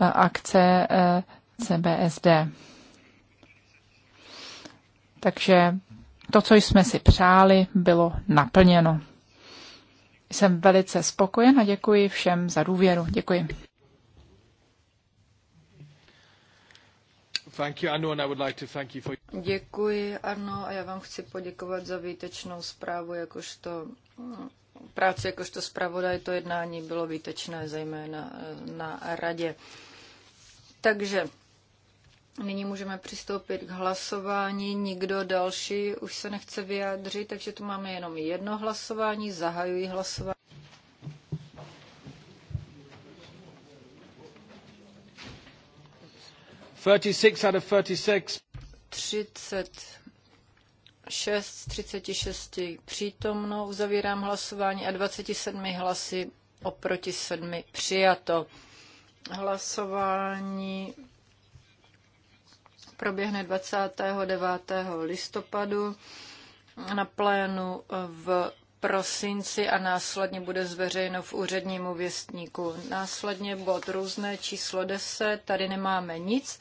eh, akce eh, CBSD. Takže to, co jsme si přáli, bylo naplněno. Jsem velice spokojen a děkuji všem za důvěru. Děkuji. Děkuji, Arno, a já vám chci poděkovat za výtečnou zprávu, jakožto no, práci, jakožto zpravodaj, to jednání bylo výtečné, zejména eh, na radě. Takže Nyní můžeme přistoupit k hlasování. Nikdo další už se nechce vyjádřit, takže tu máme jenom jedno hlasování. Zahajuji hlasování. 36 z 36. 36 36 přítomno, uzavírám hlasování a 27 hlasy oproti 7 přijato. Hlasování proběhne 29. listopadu na plénu v prosinci a následně bude zveřejno v úřednímu věstníku. Následně bod různé číslo 10, tady nemáme nic.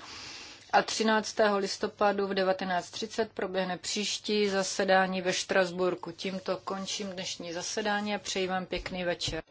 A 13. listopadu v 19.30 proběhne příští zasedání ve Štrasburku. Tímto končím dnešní zasedání a přeji vám pěkný večer.